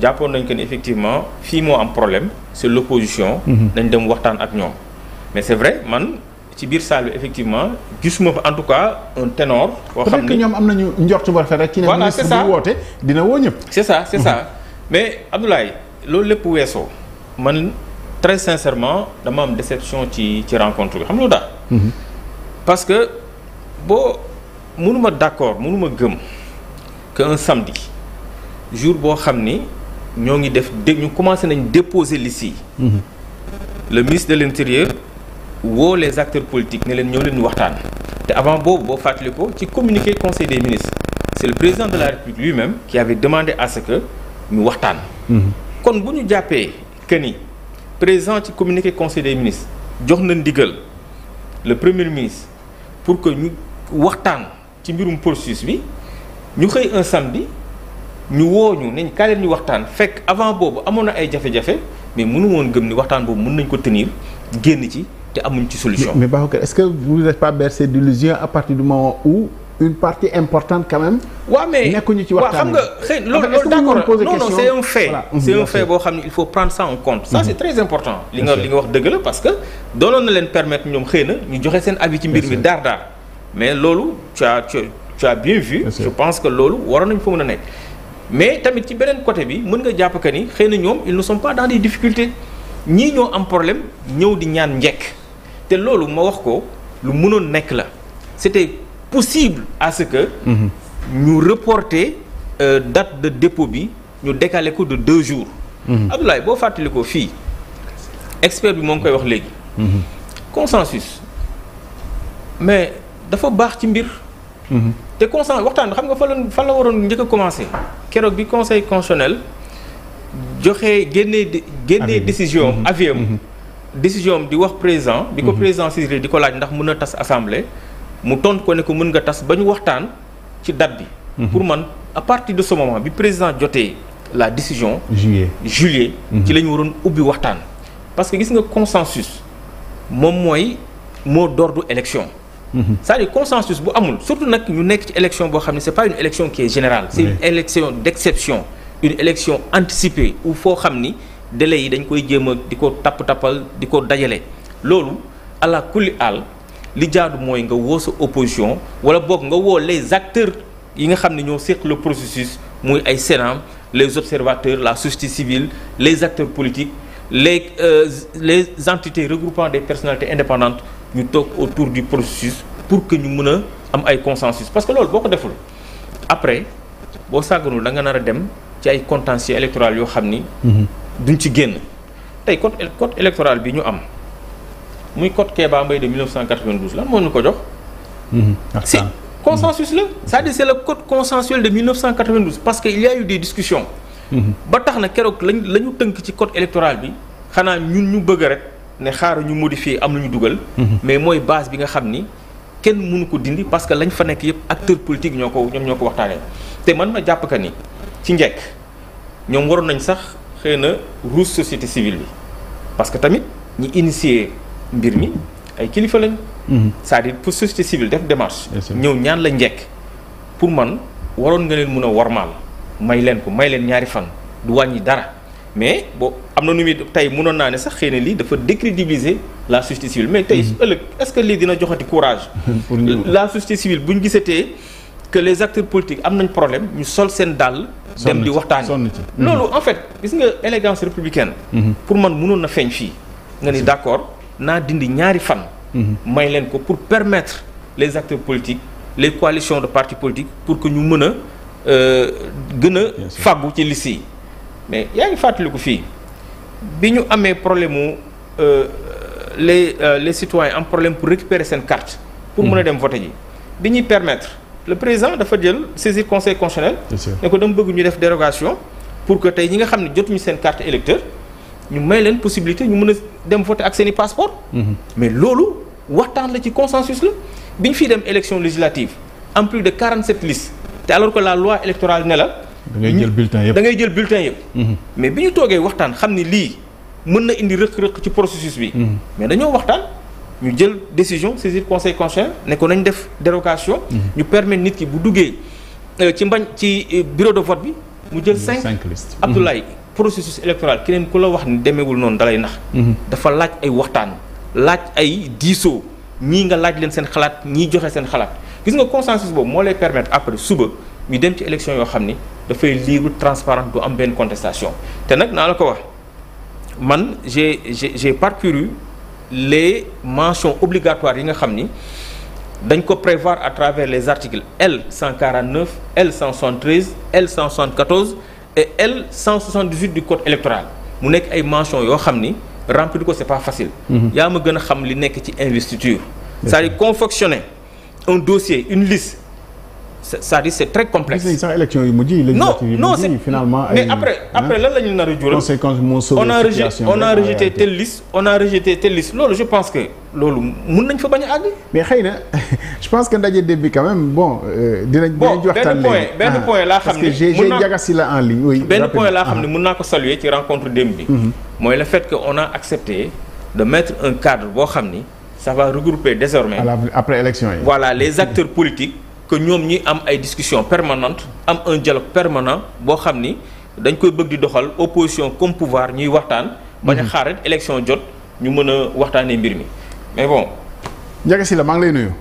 S1: jàppoon nañ que ni effectivement fii moo am problème c'est l'opposition. dañ dem waxtaan ak ñoom. mais c'est vrai man ci biir salle effectivement gisuma fa en tout cas un ténor. boo xam ne ñoom am
S2: nañu njort bu rafet rek. ci ne ministre bu
S1: woote dina woo ñëpp. mais Abdoulaye loolu lépp weesoo très sincèrement dama am déception ci ci rencontre bi xam lu daal mhm. parce que boo mënuma d'accord mënuma gëm que un samedi jour boo xam ni ñoo ngi def dé ñu commencé nañ déposer liste yi mhm. le ministre de l'intérieur woo les acteurs politiques ne leen ñëw leen waxtaan te avant boobu boo fàttali ko ci communique conseil des ministre c'est le président de la république lui-même qui avait demandé à ce que ñu waxtaan mhm. kon bu ñu jàppee que ni président ci communiqué conseil des ministres jox na ndigal le premier ministre pour que ñu waxtaan ci mbirum processus bi ñu xëy un samedi ñu wooñu nañ kaa leen ñu waxtaan fekk avant boobu amoon na ay jafe-jafe mais mënu woon gëm ni waxtaan boobu mën nañ ko tenir génn ci te amuñ ci solution. mais
S2: Babacar est-ce que vous n'êtes pas bercé d'illusions à partir du moment où. une partie importante quand même.
S1: waaw mais nekkuñu ci waxtaan bi xam nga loolu loolu d'accord non non c'est un fait c'est un fait boo xam en compte. ça mm-hmm. c'est très important. li nga li parce que doonoon na leen permettre ñoom xëy na ñu joxe seen avis ci mbir mi daar daar mais loolu tu as tu as bien vu. je pense que loolu waroon nañu fa mën a nekk. mais tamit ci beneen côté bi mën nga jàpp que ni xëy na ñoom ils ne sont pas dans des difficultés ñii ñoo am problème ñëw di ñaan njekk te loolu ma wax ko lu mënoon nekk la c'était possible à ce que ñu reporter euh, date de dépôt bi ñu décaler ko de deux jours mhm. Abdoulaye boo fàttalikoo fii expert bi moo ngi koy wax léegi mhm. consensus mais dafa baax ci mbir mhm. te consensus waxtaan xam nga fa la fa la waroon njëkk a commencé keroog bi conseil constitutionnel joxe génnee génnee décision mu décision am di wax président bi ko président saisir di ko laaj ndax mun a tas assemblée mu tontu ko ne ko mën nga tas ba ñu waxtaan ci date bi. Mhm. pour man à parti de ce moment bi président jotee la décision. juillet juillet. Mhm. ci lañu waroon ubbi waxtaan. parce que gis nga consensus moom mooy moo door du c'est-à-dire consensus bu amul surtout nag ñu nekk ci election boo xam ne c'est pas une élection qui est générale. c'est une élection d'exception une élection anticipée ou foo xam ni délai yi dañ koy jéem a di ko tapp tappal di ko dajale loolu ala kulli àll. li jaadu mooy nga woo sa opposition wala boog nga woo les acteurs yi nga xam ne ñoo seq le processus muy ay Sénat les observateurs la société civile les acteurs politiques les euh, les entités regroupant des personnalités indépendantes ñu toog autour du processus pour que ñu mun a am ay consensus parce que loolu boo ko deful après boo sàgganul da nga nar a dem ci ay contentieux électoral yoo xam ni. Mhm. duñ ci génn tey code code électoral bi ñu am. muy code Kéba Mbaye de lan moo ñu ko jox.
S4: Mm-hmm. si
S1: consensus la. c'est-à-dire c'est le code consensuel de 1992 parce que il y a eu des discussions. Mm-hmm. ba tax na keroog lañ la ñu tënk ci code électoral bi xanaa ñun ñu bëgg rek ne xaaru ñu modifier am lu ñu dugal. Mm-hmm. mais mooy base bi nga xam ni kenn mënu ko dindi parce que lañ fa nekk yëpp acteur politique ñoo ko ñoom ñoo ko waxtaanee te man ma jàpp ka ni ci njëkk ñoom waroon nañ sax xëy na ruus société civile bi parce que tamit ñi initié. mbir mi ay kilifa lañ. Mhm. c'est-à-dire pour société civile def démarche. ñëw ñaan la njekk pour man waroon nga leen mun a war wormaal may leen ko may leen ñaari fan du wàññi dara mais boo am na nu muy tey mënoon naa ne sax xëy na lii dafa décrédibiliser la société civile mais tey mhm. ëllëg est-ce que lii dina joxati courage. la société civile bu ñu gisatee que les acteurs politiques am nañ problème ñu sol seen dàll. dem di waxtaan loolu mhm. en fait gis nga élégance républicaine. pour man mënoon na feeñ fii nga ni d'accord. naa dindi ñaari fan. Mhm. may leen ko pour permettre les acteurs politiques les coalitions de partis politiques pour que ñu mën a euh, gën a fàggu ci liste yi mais yaa ngi fàttaliku fii bi ñu amee problème mu euh, les euh, les citoyens am problème pour récupérer seen carte. pour mën a mhm. dem voter ji bi ñuy permettre le président dafa jël saisir conseil constitutionnel. ne ko dama bëgg ñu def dérogation pour que tey ñi nga xam ne jotuñu seen carte électeur ñu may leen possibilité ñu mën a dem voter ak seeni i passeport mhm. mais loolu waxtaan la ci consensus la bi ñu fiy dem élection législative en plus de 47 listes te alors que la loi électorale ne la
S2: da ngay jël bulletin yëpp da
S1: ngay jël bulletin yëpp mhm. mais bi ñu toogee waxtaan xam ni lii mën na indi rëq-rëq ci processus bi mhm. mais dañoo waxtaan ñu jël décision saisir conseil constitutionnel ne ko nañ def dérogation ñu permettre nit ki bu duggee euh, ci mbañ ci euh, bureau d vote bi mu jël cinq
S2: listes Abdoulaye
S1: processus électoral keneen ku la wax ni demeewul noonu dalay nax. Mhm. dafa laaj ay waxtaan laaj ay diisoo ñii nga laaj leen seen xalaat ñii joxe seen xalaat gis nga consensus boobu moo lay permettre après suba ñu dem ci élection yoo xam ni dafay libre transparent du am benn contestation te nag naa la ko wax man j'ai j'ai j'ai parcouru les mentions obligatoires yi nga xam ni dañ ko prévoir à travers les articles L 149 L 173 L 174 et L 178 du code électoral mu nekk ay mentions yoo xam ni remplir ko c'est pas facile. Mhm. yaa ma gën a xam li nekk ci investiture. cest à confectionner un dossier une liste. c'est-à-dire très complexe. gis
S2: nañ élection yi. non non finalement mais après
S1: après lan la ñu nar a jural. conséquence
S2: moo on a rejeté on a rejeté telle
S1: liste on a rejeté telle liste loolu je pense que loolu mun nañ fa bañ a àgg. mais xëy na je pense que ndaje
S2: démb bi quand même bon euh, dinañ. dinañ ci waxtaan léegi benn ah, point laa xam ne. mun naa en ligne. laa xam ne
S1: mun naa ko saluer ci rencontre démb bi. Mhm. mooy le fait que on a accepté de mettre un cadre boo xam ni ça va regrouper désormais.
S2: après élection yi.
S1: voilà les acteurs politiques. que ñoom ñuy am ay discussions permanentes am un dialogue permanent boo xam ni dañ koy bëgg di doxal opposition comme pouvoir ñuy waxtaan. bañ a mhm. xaar élection jot ñu mën a waxtaanee mbir mi mais bon.
S2: Ndiaga la maa ngi lay nuyu.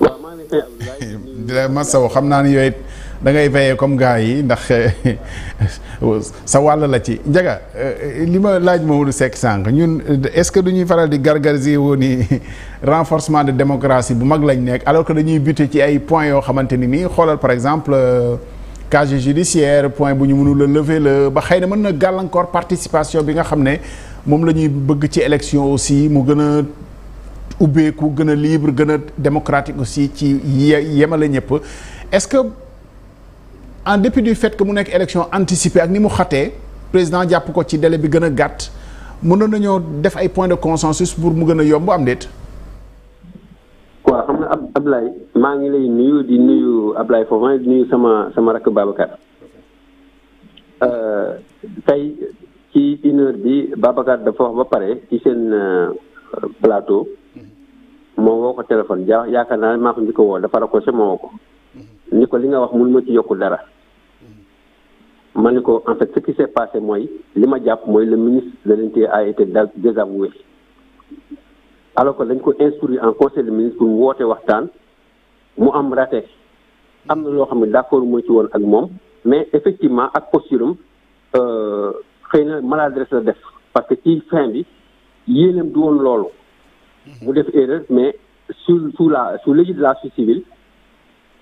S2: waaw maa ngi lay nuyu. di xam naa ni yooyu da ngay veillé comme gars yi ndax sa wàll la ci njaga euh, li ma laaj Mamadou Seck sànq ñun est-ce que duñuy faral di gargariser woon ni renforcement de démocratie bu mag lañ nekk alors que dañuy buté ci ay points yoo xamante ni mii xoolal par exemple euh, casier judiciaire point bu ñu mënul a lever la ba xëy na mën na gàllankoor participation bi nga xam ne moom la ñuy bëgg ci élection aussi mu gën a ubbeeku gën a libre gën a démocratique aussi ci yemale ñëpp est-ce que en dépit du fait que mu nekk élection anticipée ak ni mu xatee président jàpp ko ci délai bi gën a gàtt mënoon nañoo def ay points de consensus pour mu gën a yomb am déet.
S7: waaw xam nga ab Ablaye maa ngi lay nuyu di nuyu Ablaye foofu di nuyu sama sama rakk Babacar euh, tey ci une heure bi Babacar dafa wax ba pare ci seen euh, plateau moom woo ko téléphone ja yaakaar naa maa ko njëkk a woo dafa raccroché moo woo ko mm-hmm. ni ko li nga wax mun ma ci yokku dara. ma ne ko en fait ce qui s'est mooy li ma jàpp mooy la ministre de l'Intérieur a été désavoué alors que lañ ko instruit en conseil de ministre pour woote waxtaan mu am raté am na loo xam ne d'accord moo ci woon ak moom mais effectivement ak posturam euh, xëy na maladresse la def parce que ci fin bi yéenam du woon loolu mu def erreur mais sous sous la sous l'égide de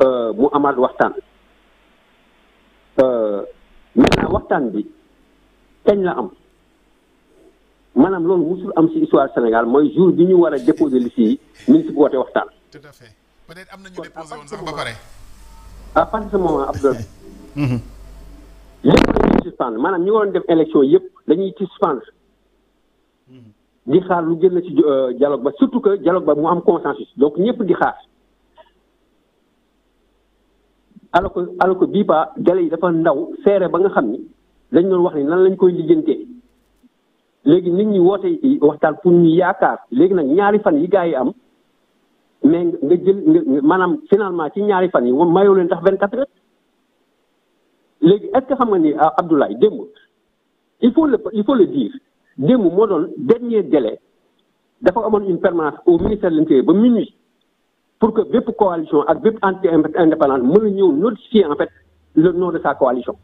S7: euh, mu amaat waxtaan euh, maintenant waxtaan bi teñ la am maanaam loolu musul am ci histoire Sénégal mooy jour bi ñu war a déposer liste yi ministre bi woote waxtaan. tout à fait peut-être am na ñu déposé woon sax ba pare. à partir de ce moment Abdoulaye. Mhm. lépp dañuy suspendre maanaam ñu waroon def élection yëpp dañuy suspendre mhm. di xaar lu gën na ci euh, dialogue ba surtout que dialogue ba mu am consensus donc ñëpp di xaar. alors que alors bii ba délai yi dafa ndaw seere ba nga xam ni dañ doon wax ni nan lañ koy lijjantee léegi nit ñi woote waxtaan pour ñu yaakaar léegi nag ñaari fan yi gars yi am mais nga jël nga maanaam finalement ci ñaari fan yi mayoo leen tax 24 heures léegi est ce que xam nga ni ah, Abdoulaye démb il faut le il faut le dire démb moo doon dernier délai dafa amoon une permanence au ministère de l'Intérieur ba minuit. pour que bépp coalition ak bépp entité indépendante mën a ñëw notifier en fait le nom de sa coalition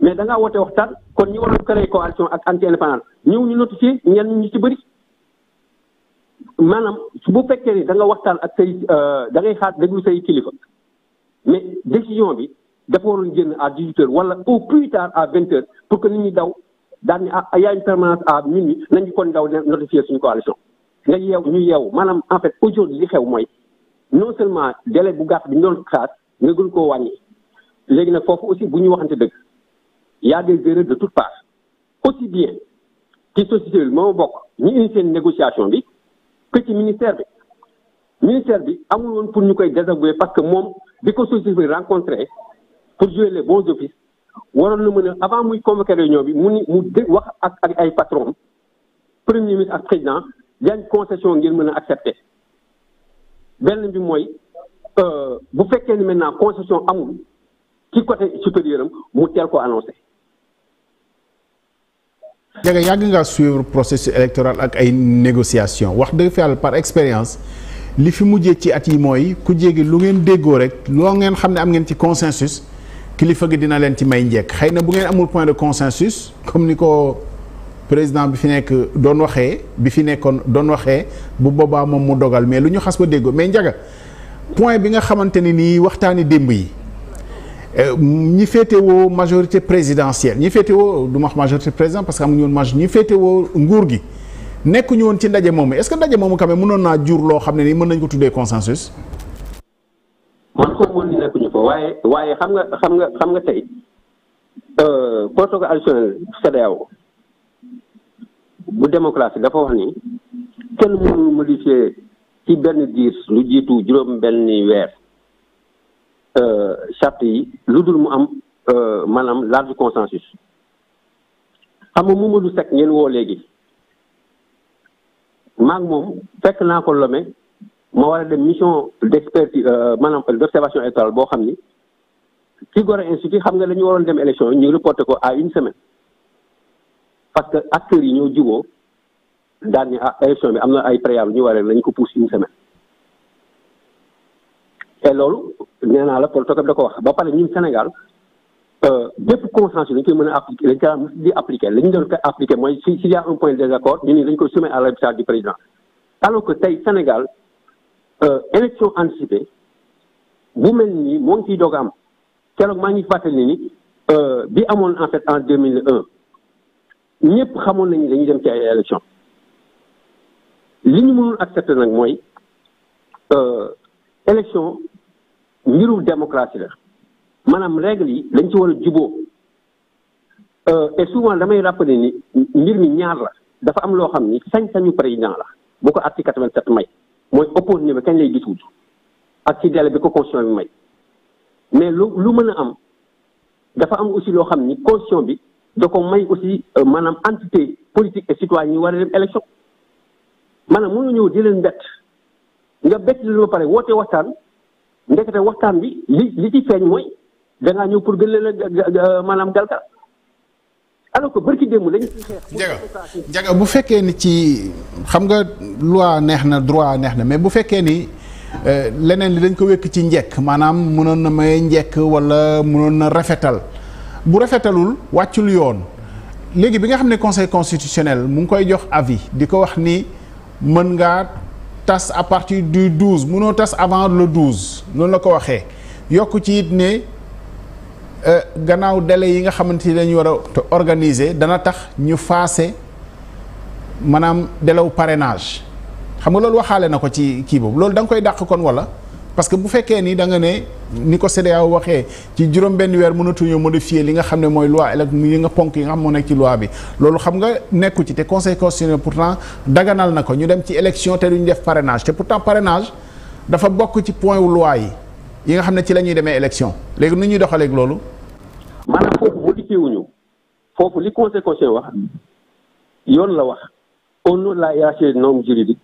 S7: mais danga ngaa woote waxtaan kon ñi waroon créer coalition ak entité indépendante ñëw ñu notifier ñenn ñu ci bëri maanaam su bu fekkee ni da waxtaan ak say euh, da ngay xaar déglu say kilifa mais décision bi dafa waroon génn à 18 wala au plus tard à 20 heures pour que nit ñi daw daal ni ah y a une permanence à minuit nañu kon daw notifier suñu coalition nga yeew ñu yeew maanaam en fait aujourd'hui xew mooy. non seulement délai bu gàtt bi ñu doon xaar nga gën koo wàññi léegi nag foofu aussi bu ñu waxante dëgg y a des de toutes parts aussi bien ci société bi bokk ñu initié négociation bi que ci ministère bi ministère bi amul woon pour ñu koy désavouer parce que moom bi ko société bi rencontré pour jouer les bons offices waroon na mën a avant muy convoqué réunion bi mu ni mu dé wax ak ak ay patron premier ministre ak président yan concession ngeen mën a accepté benn bi mooy euh, bu fekkee ni maintenant concession amul ci côté supérieur mu teel ko annoncé.
S2: Ndiaga yàgg ngaa suivre processus électoral ak ay négociations wax dëgg fi yàlla par expérience li fi mujjee ci at yi mooy ku jéggi lu ngeen déggoo rek loo ngeen xam ne am ngeen ci consensus kilifa gi dina leen ci may njekk xëy na bu ngeen amul point de consensus comme ni ko président bi fi nekk doon waxee bi fi nekkoon doon waxee bu boobaa moom mu dogal mais lu ñu xas ko déggoo mais njaga point bi nga xamante ne nii waxtaani démb yi euh, ñi féetewoo majorité présidentielle ñi féetewoo du ma wax majorité président parce que amuñu woon majorité ñi féetewoo nguur gi woon ci ndaje moomu est-ce que ndaje moomu mënoon naa jur loo xam ne mën nañ ko tuddee consensus.
S7: man ko mën ni ko waaye waaye xam nga xam nga xam nga tey protocole euh, additionnel CEDEAO bu démocratie dafa wax ni. kenn mënu modifier ci benn diir lu jiitu juróom benn weer euh, charte yi lu dul mu am euh, maanaam large consensus xam nga Mamadou Seck ngeen woo léegi maag moom fekk naa ko Lomé ma war a dem mission d'expertise euh, maanaam d'observation électorale boo xam ni ci Gora Institut xam nga la ñu waroon dem élection ñu reporté ko à une semaine parce que acteurs yi ñoo juboo daan ñu ah élection bi am na ay préalable ñu waree nañ ko pousse une semaine te loolu nee naa la protocole da ko wax ba pare ñun Sénégal euh, bépp consensus dañ koy mën a appliquer dañ koy daan di appliquer li ñu doon ko appliquer mooy si s'il y un point désaccord ñu ni dañ ko soumettre à l'arbitrage du que tey Sénégal euh, élection anticipée bu mel nii moo ngi doog a am keroog maa ngi fàttali ni euh, bi amoon en fait en 2001 ñëpp xamoon nañu dañuy dem ci ay élection li ñu mënul accepter nag mooy euh, élection mbirum démocratie la maanaam règle yi dañ ci war a juboo euh, et souvent damay rappeler ni mbir mi ñaar la dafa am loo xam ni sañ-sañu président la boo ko article 87 may mooy opposition bi kañ lay gis wut ak ci délai bi ko constitution bi may mais lu lu mën a am dafa am aussi loo xam ni constitution bi da ko may aussi euh, maanaam entité politique et citoyen ñu war a dem élection maanaam mënoo ñëw di leen bett nga bett leen ba pare woote waxtaan ndekete waxtaan bi li li ci feeñ mooy da ñëw pour gën leen maanaam galka alors ko barki démb lañu fi xeex. Ndiaga Ndiaga bu fekkee ni
S2: ci xam nga loi neex na droit neex na mais bu fekkee ni. Euh, leneen li dañ ko wékk ci njekk maanaam mënoon na may njekk wala mënoon na rafetal bu rafetalul wàccul yoon léegi bi nga xam ne conseil constitutionnel mu ngi koy jox avis di ko wax ni mën nga tas à partir du 12 mënoo tas avant le 12 noonu la ko waxee yokk ci it ne euh, gannaaw délai yi nga xamante ni dañu war a organiser dana tax ñu faase maanaam délai parrainage xam nga loolu waxaale na ko ci kii boobu loolu danga koy dàq kon wala. parce que bu fekkee nii danga ne ni ko CEDEAO waxee ci juróom benn weer mënatuñoo modifier li nga xam ne mooy loi elec yi nga ponk yi nga xam moo nekk ci loi bi loolu xam nga nekku ci te conseil pour pourtant daganal na ko ñu dem ci élection te duñu def parrainage te pourtant parrainage dafa bokk ci point wu loi yi yi nga xam ne ci la ñuy demee élection léegi nu ñuy doxaleek loolu
S7: maanaam foofu modifiewuñu foofu li conseil constitutionnel wax la wax au nom de la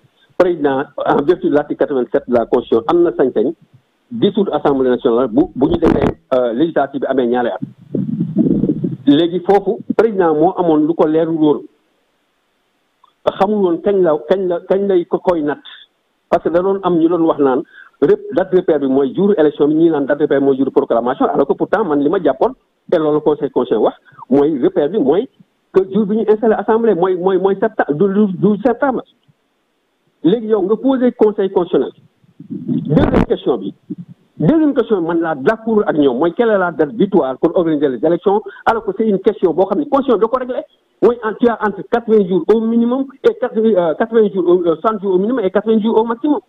S7: président en vertu de l'article 87 de la constitution am na sañ-sañ dissoudre assemblée nationale bu bu ñu defee euh, législative bi amee ñaari at léegi foofu président moo amoon lu ko leerul woon xamul woon kañ la kañ la kañ lay ko koy natt parce que da doon am ñu doon wax naan rép date bi mooy jour élection bi ñii naan date repère bi mooy jour proclamation alors que pourtant man li ma jàppoon te loolu conseil constitutionnel wax mooy repère bi mooy que bi ñu installé assemblée mooy mooy mooy septembre léegi yow nga posé conseil constitutionnel deuxième question bi deuxième question bi man laa d'accord ak ñoom mooy quelle est la date butoir pour organiser les élections alors que c'est une question boo xam ne constitution bi da ko réglé mooy tu as entre quatre-vingts euh, euh, jours au minimum et quatre-vingts jours au maximum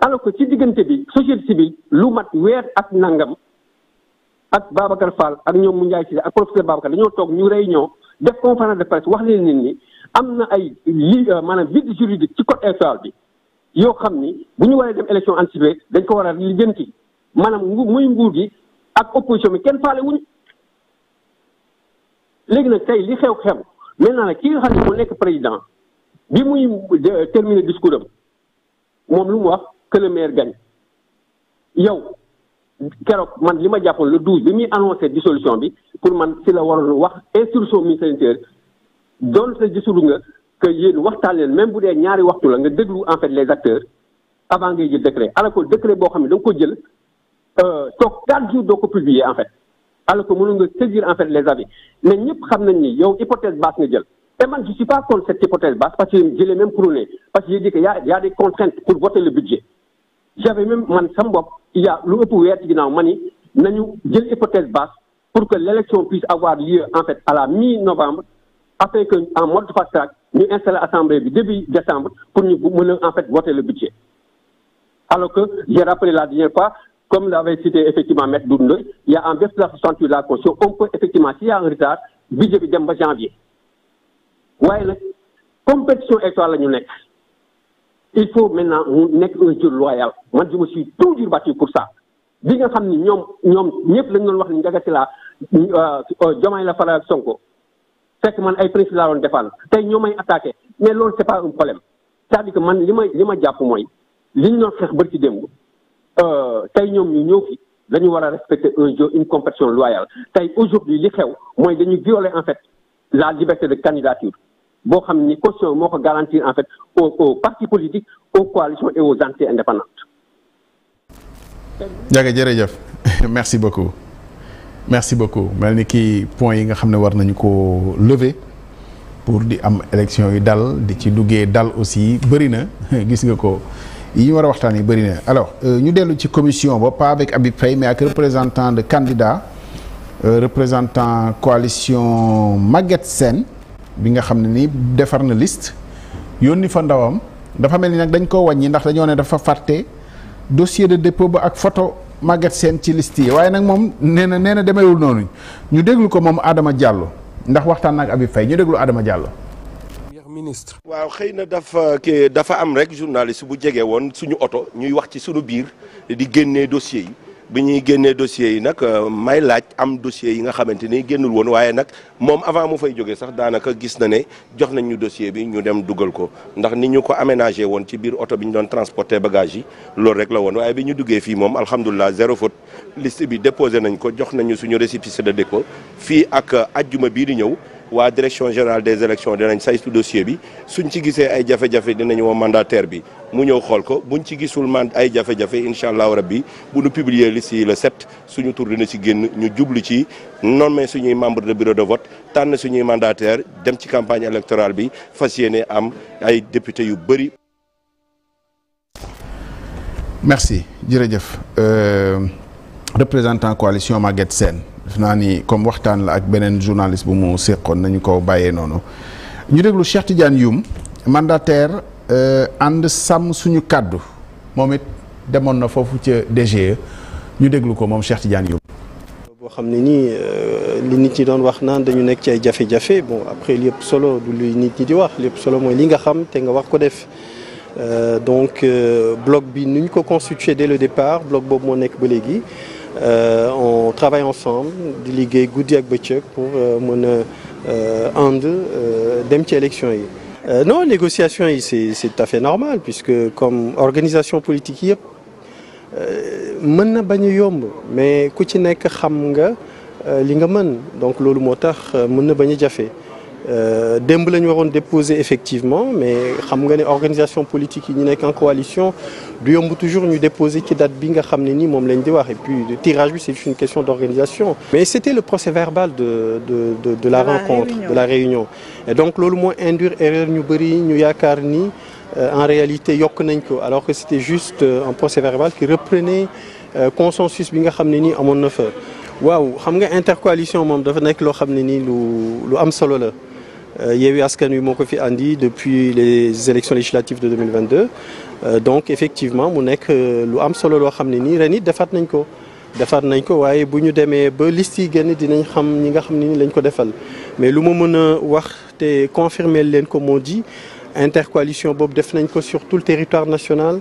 S7: alors que ci diggante bi société civile lu mat weer ak nangam ak Babacar Fall ak ñoom mu Ndiaye Cissé ak professeur Babacar dañoo toog ñu réunion def conférence de presse nit ñi am na ay li euh, maanaam vide juridique ci code électoral bi yoo xam ni bu ñu waree dem élection anticipée dañ ko war jën lijjanti maanaam muy nguur gi ak opposition bi kenn faale wuñu léegi nag tey li xew xew maintenant nag ki nga xam ne moo nekk président bi muy terminer discours am moom lu mu wax que le yow keroog man li ma jàppoon le douze bi muy annoncé dissolution bi pour man si la waroon wax instruction ministère donte gisul nga que yéen waxtaan leen même bu dee ñaari waxtu la nga déglu en fait les acteurs avant ngay jël décret alors que décret boo xam ne danga nga ko jël euh, toog quatre jours doo ko publier en fait alors que mënu nga saisir en fait les avis mais ñëpp xam nañ ni yow hypothèse basse nga jël et man je suis pas contre cette hypothèse basse parce que je l'ai même prôné parce que j'ai dit que y a pour voter le budget j'avais même man sam bopp il y a lu ginnaaw ma ni nañu jël hypothèse basse pour que l'élection puisse avoir en fait à mi-novembre afin que en mode fast track ñu assemblée bi début décembre pour ñu mën a en fait voter le budget alors que j'ai rappelé la dernière fois comme l'avait cité effectivement Maître Doudou il y en vertu de la 68 de la Constitution on peut effectivement s'il a un retard budget bi dem ba janvier waaye nag compétition électorale la ñu nekk il faut maintenant mu nekk un jeu loyal man je me suis toujours battu pour ça bi nga xam ni ñoom ñoom ñëpp lañ doon wax ni Ndiaga Sylla euh, Diomaye la faral ak Sonko fekk man ay principe laa doon tey ñoo may attaqué mais loolu c'est pas un problème cest à que man li ma li ma jàpp mooy li ñu doon xeex bari ci démb euh, tey ñoom ñu ñëw fi dañu war a respecter un jeu une compétition loyale tey aujourd'hui li xew mooy dañu violer en fait la liberté de candidature boo xam ni constitution moo ko garantir en fait aux aux partis politiques aux coalitions et aux entités indépendantes.
S2: jërëjëf merci beaucoup. merci beaucoup mel ni kii point yi nga xam ne war nañu ko lever pour di am élection yi dal di ci duggee dal aussi bëri na gis nga ko yi ñu war a waxtaan yi bëri na alors euh, ñu dellu ci commission ba pas avec Habib Faye mais ak représentant de candidat euh, représentant coalition Maguette Sène bi nga xam ne ni defar na list yónni fa ndawam dafa mel ni nag dañ koo wàññi ndax dañoo ne dafa fàtte dossier de dépôt ba ak photo Maguette seen ci liste yi waaye nag moom nee na nee na demeewul noonu ñu déglu ko moom aadama Diallo ndax waxtaan na ak Habib Faye ñu déglu Adama Diallo. ministre waaw
S3: xëy na dafa dafa am rek journaliste bu jege woon suñu oto ñuy wax ci suñu biir di génnee dossier yi. bi ñuy génnee dossiers yi nag euh, may laaj am dossiers yi nga xamante ni génnul woon waaye nag moom avant mu fay jógee sax daanaka gis na ne jox nañ ñu dossier bi ñu dem dugal ko ndax ni ñu ko aménagé woon ci biir oto bi ñu doon transporter bagage yi loolu rek la woon waaye bi ñu duggee fii moom alhamdulilah zéro faute liste bi déposé nañ ko jox nañu suñu récépissé de ko fii ak euh, ajjuma bii di ñëw waa direction générale des élections dinañ saytu dossier bi suñ ci gisee ay jafe-jafe dinañ woo mandataire bi mu ñëw xool ko buñ ci gisul man ay jafe-jafe incha allahu rabbi bu nu publier liste yi le 7 suñu tur dina ci génn ñu jublu ci nommer suñuy membre de bureau de vote tànn suñuy mandataire dem ci campagne électorale bi fas yéene am
S5: ay député yu bëri.
S2: merci jërëjëf euh, représentant coalition Maguette Sène def naa ni comme waxtaan la ak beneen journaliste bu mu séqoon nañu ko bàyyee noonu ñu déglu Cheikh Tidiane Youm mandataire euh, ànd sàmm suñu kàddu moom it demoon na foofu ca DGE ñu déglu ko moom Cheikh Tidiane Youm.
S8: boo xam ne nii euh, li nit ñi doon wax naan dañu nekk ci ay jafe-jafe bon après lépp solo du luy nit ñi di wax lépp solo mooy li nga xam te nga wax ko def. Euh, donc bloc bi nu ñu ko constitué des le départ bloc boobu moo nekk ba léegi. Euh, on travaille ensemble di liggéey guddi ak bëccëg pour euh, mën a euh, ànd dem ci élection yi. non négociation yi c'est c'est tout à fait normal puisque comme organisation politique yëpp mën na bañu yomb mais ku ci nekk xam nga li nga mën donc loolu moo tax mën na bañu jafe. Euh, démb la ñu waroon déposé effectivement mais xam nga ne organisation politique yi ñu nekk en coalition du yomb toujours ñu déposé ci date bi nga xam ne nii moom lañ di wax et puis le tirage bi c'est une question d'organisation mais c'était le procès verbal de de de, de la, la rencontre réunion. de la et donc loolu moo induire erreur ñu bëri ñu yaakaar ni euh, en réalité yokk nañ ko alors que c'était juste euh, un procès verbal qui reprenait consensus bi nga xam ne nii amoon na waaw xam nga intercoalition moom dafa nekk loo xam ne nii lu lu am solo la Euh, Yewwi Askan Wi moo ko fi andi depuis les élections législatives de 2022 euh, donc effectivement mu nekk euh, lu am solo loo xam ne nii ren it defaat nañ ko defaat nañ ko waaye bu ñu demee ba liste yi génn dinañ xam ñi nga xam ni lañ ko defal mais lu ma mën a wax te confirmer leen ko moo di intercoalition boobu def nañ ko surtout le territoire national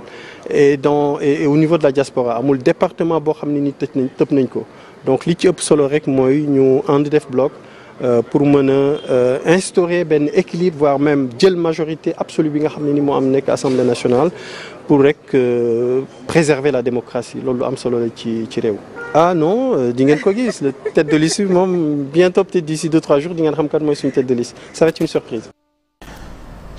S8: et au niveau de la diaspora amul département boo xam ne ni tëj nañ tëb nañ ko donc li ci ëpp solo rek mooy ñu ànd def bloc Euh, pour mën a euh, instaurer benn équilibre voire même jël majorité absolue bi nga xam ne ni moo am nekk assemblée nationale pour rek euh, préserver la démocratie loolu am solo la ci ci réew. ah non di ngeen ko gis le tête de liste bi bientôt d'ici deux trois jours di ngeen xam kan tête de liste ça une surprise.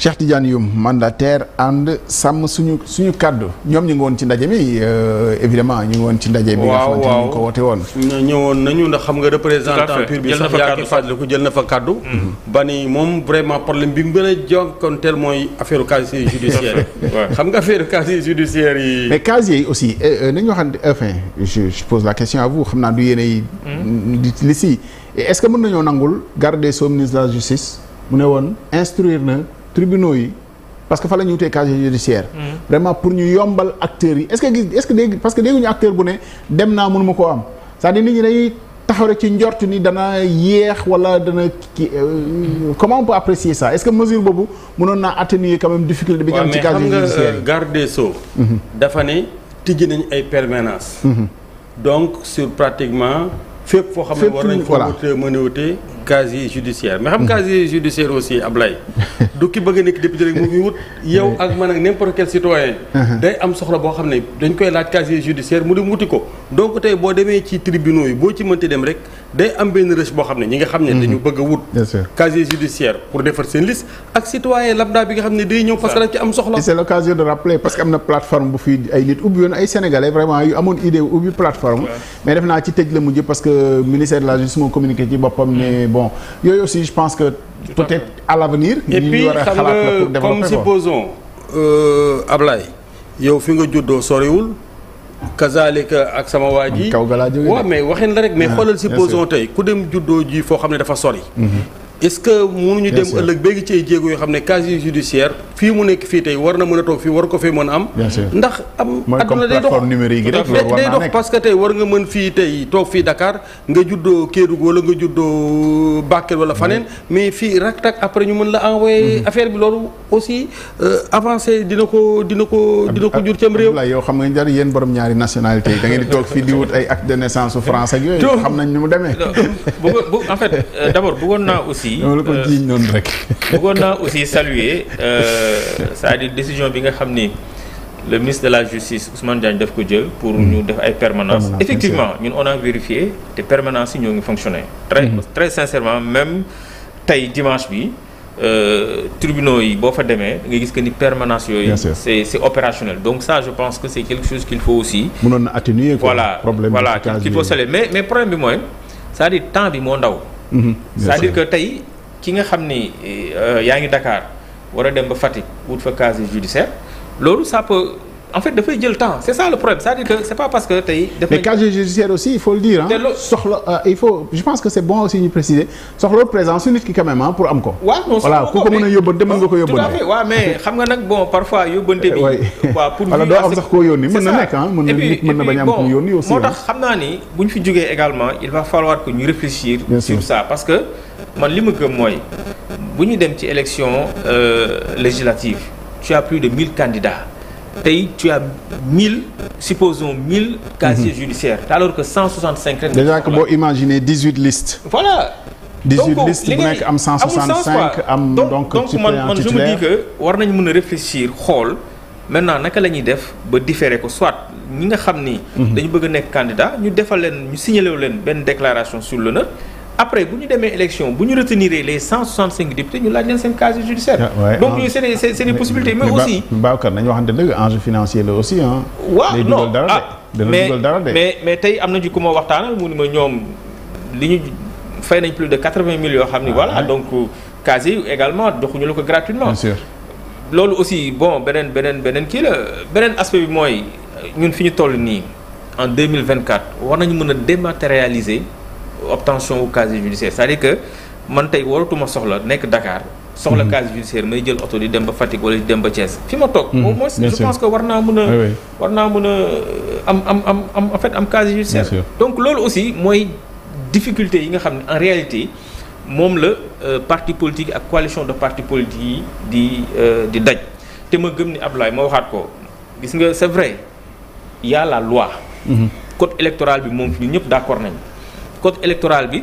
S2: Cheikh Tidiane Youm mandataire ànd sàmm suñu suñu kàddu ñoom ñu ngi woon ci ndaje mi euh, évidemment ñu ngi woon ci ndaje bi nga xamante ni ñu ko woote woon
S3: ñëwoon nañu ndax xam nga représentant pur bi sax yaa ngi fàttaliku jël na fa kàddu mm-hmm. Mm-hmm. ba ni moom vraiment problème bi mu gën a jokkonteel mooy affaire casier judiciaire xam nga affaire casier judiciaire yi mais
S2: casier yi aussi euh, euh, nañu waxante enfin je pose la question à vous xam naa du yéen ay mm-hmm. li si est-ce que tribunaux yi parce que fa la ñu wutee casier judiciaire mm-hmm. vraiment pour ñu yombal acteurs yi est-ce que gis est-ce que dégg parce que dégguñu acteur bu ne dem naa mënuma koo am cest à nit ñi dañuy taxaw ci njort ni dana yéex wala dana kii euh, comment on apprécier ça est-ce que mesure boobu mënoon naa atténuer quand difficulté bi nga am ci euh,
S3: garde des mm-hmm. dafa ne tijji nañ ay permanence mm-hmm. donc sur pratiquement fépp foo xam ne war nañ fa wutee mën a casier judiciaire mais xam casier judiciaire aussi Ablaye du ki bëgg a nekk député rek mu ngi wut yow ak man ak n'importe quel citoyen uh-huh. day am soxla boo xam ne dañ koy laaj casier judiciaire mu dem wuti ko donc tey boo demee ci tribunaux yi boo ci mënti dem rek day am benn rëcc boo xam ne ñi nga xam ne uh-huh. dañu bëgg wut casier judiciaire pour defar seen liste ak citoyen lambda bi nga xam ne day ñëw parce que
S2: ci am soxla c'est parce que am na plateforme bu bon yooyu aussi je pense que peut-être à l'avenir ñu war a xalaat la comme
S3: supposons euh, Ablaye yow fi nga juddoo soriwul kazalika ak sama waa ji kaw ga laa jógee waaw mais waxin la rek mais ah, xoolal supposons tey ku dem juddoo ji foo xam ne dafa sori mhm. est-ce que mënuñu dem ëllëg béegi ci ay jéego yoo xam ne casier judiciaire fii mu nekk fii tey war na mën a toog fii war ko fee mën am ndax am adduna day dox day tey war nga mën fii tey toog fii Dakar nga juddoo Kédougou wala nga juddoo Bakel wala faneen mais fii rak-tak après ñu mën la envoyé mhm. affaire bi loolu aussi
S2: euh, avancé dina ko dina ko dina ko jur cam réew la yow xam nga jar yéen borom ñaari nationalité yi da ngeen di toog fii di wut ay acte de
S1: aussi. loolu ko euh, jiiñ noonu naa aussi saluer euh, cest dire décision bi nga xam ni le ministre de la justice Ousmane Diagne daf ko jël pour mm. ñu def ay permanence effectivement ñun on a vérifié te permanence yi ñoo ngi fonctionner. très mm. très sincèrement même tey dimanche bi. Euh, tribunaux yi boo fa demee nga gis que ni permanence yooyu c'est c'est opérationnel donc ça je pense que c'est quelque chose qu'il faut aussi
S9: mënoon
S2: na atténuer voilà voilà
S1: mais problème bi mooy cest dire temps bi moo ndaw
S4: Mm-hmm.
S2: c'est-à-dire
S1: que tey ki nga xam ni euh, yaa ngi Dakar war a dem ba Fatick wut fa casier judiciaire loolu ça en fait dafay jël temps c'est ça le problème cest que c'est pas parce que tey. dafay mais
S2: casier judiciaire aussi il faut le dire ah. il faut je pense que c'est bon aussi ñu préciser soxla présence su nit ki quand pour am ko. waaw ku ko mën a yóbbante nga ko oh, yóbbante.
S1: mais xam nga nag bon parfois yóbbante bi. waaw pour wala doo am sax
S2: koo yónni mën na nekk ah. na bañ a am ku yónni aussi moo tax
S1: xam naa ni bu ñu fi jógee également il va falloir que ñu réfléchir. sur ça parce que man li bu ñu dem ci élection euh, législative tu as plus de 1000 candidats tey tu as mille supposons mille casiers mhm. judiciaires alors que cent soixante cinq rek déjà que boo
S2: imaginer dix huit listes
S1: voilà 18 donc liste bu nekk am 165
S2: am donc donc man man je
S1: war nañ mën a réfléchir xool naa naka la ñuy def ba différer ko soit ñi nga xam ni. Mhm. dañu bëgg a nekk candidat ñu defal leen ñu signaler leen benn déclaration sur l'honneur après bu ñu demee élection bu ñu retenir les 165 députés ñu laaj leen seen casier judiciaire. Ah, donc yooyu ah. c'est des c'est des possibilités. mais aussi
S2: Babacar nañu waxante dëgg enjeu financier ah,
S1: tey am na ci ku ma waxtaanal mu ni ma ñoom ñu fay nañ plus de 80 millions yoo xam ni voilà donc euh, casier également joxuñu la ko gratuitement. bien sûr loolu aussi bon beneen beneen beneen kii la beneen aspect bi mooy ñun fi ñu toll nii en 2024 war nañu mën a dématérialiser. obtention au casier judiciaire c'est-à-dire que man tey waratuma soxla nekk dakaar soxla mhm. casier judiciaire may jël oto di dem ba Fatick wala di dem ba Thiès fi ma toog. Mhm. au moins je pense que war naa mën a. war naa mën a euh, am am am am en fait am casier judiciaire. donc loolu aussi mooy difficulté yi nga xam ne en réalité. moom la euh, parti politique ak coalition de parti politique yi di euh, di daj te ma gëm ni Abdoulaye ma waxaat ko gis nga c'est vrai y la loi. Mhm. code électoral bi moom fi ñun ñëpp d'accord nañ code électoral bi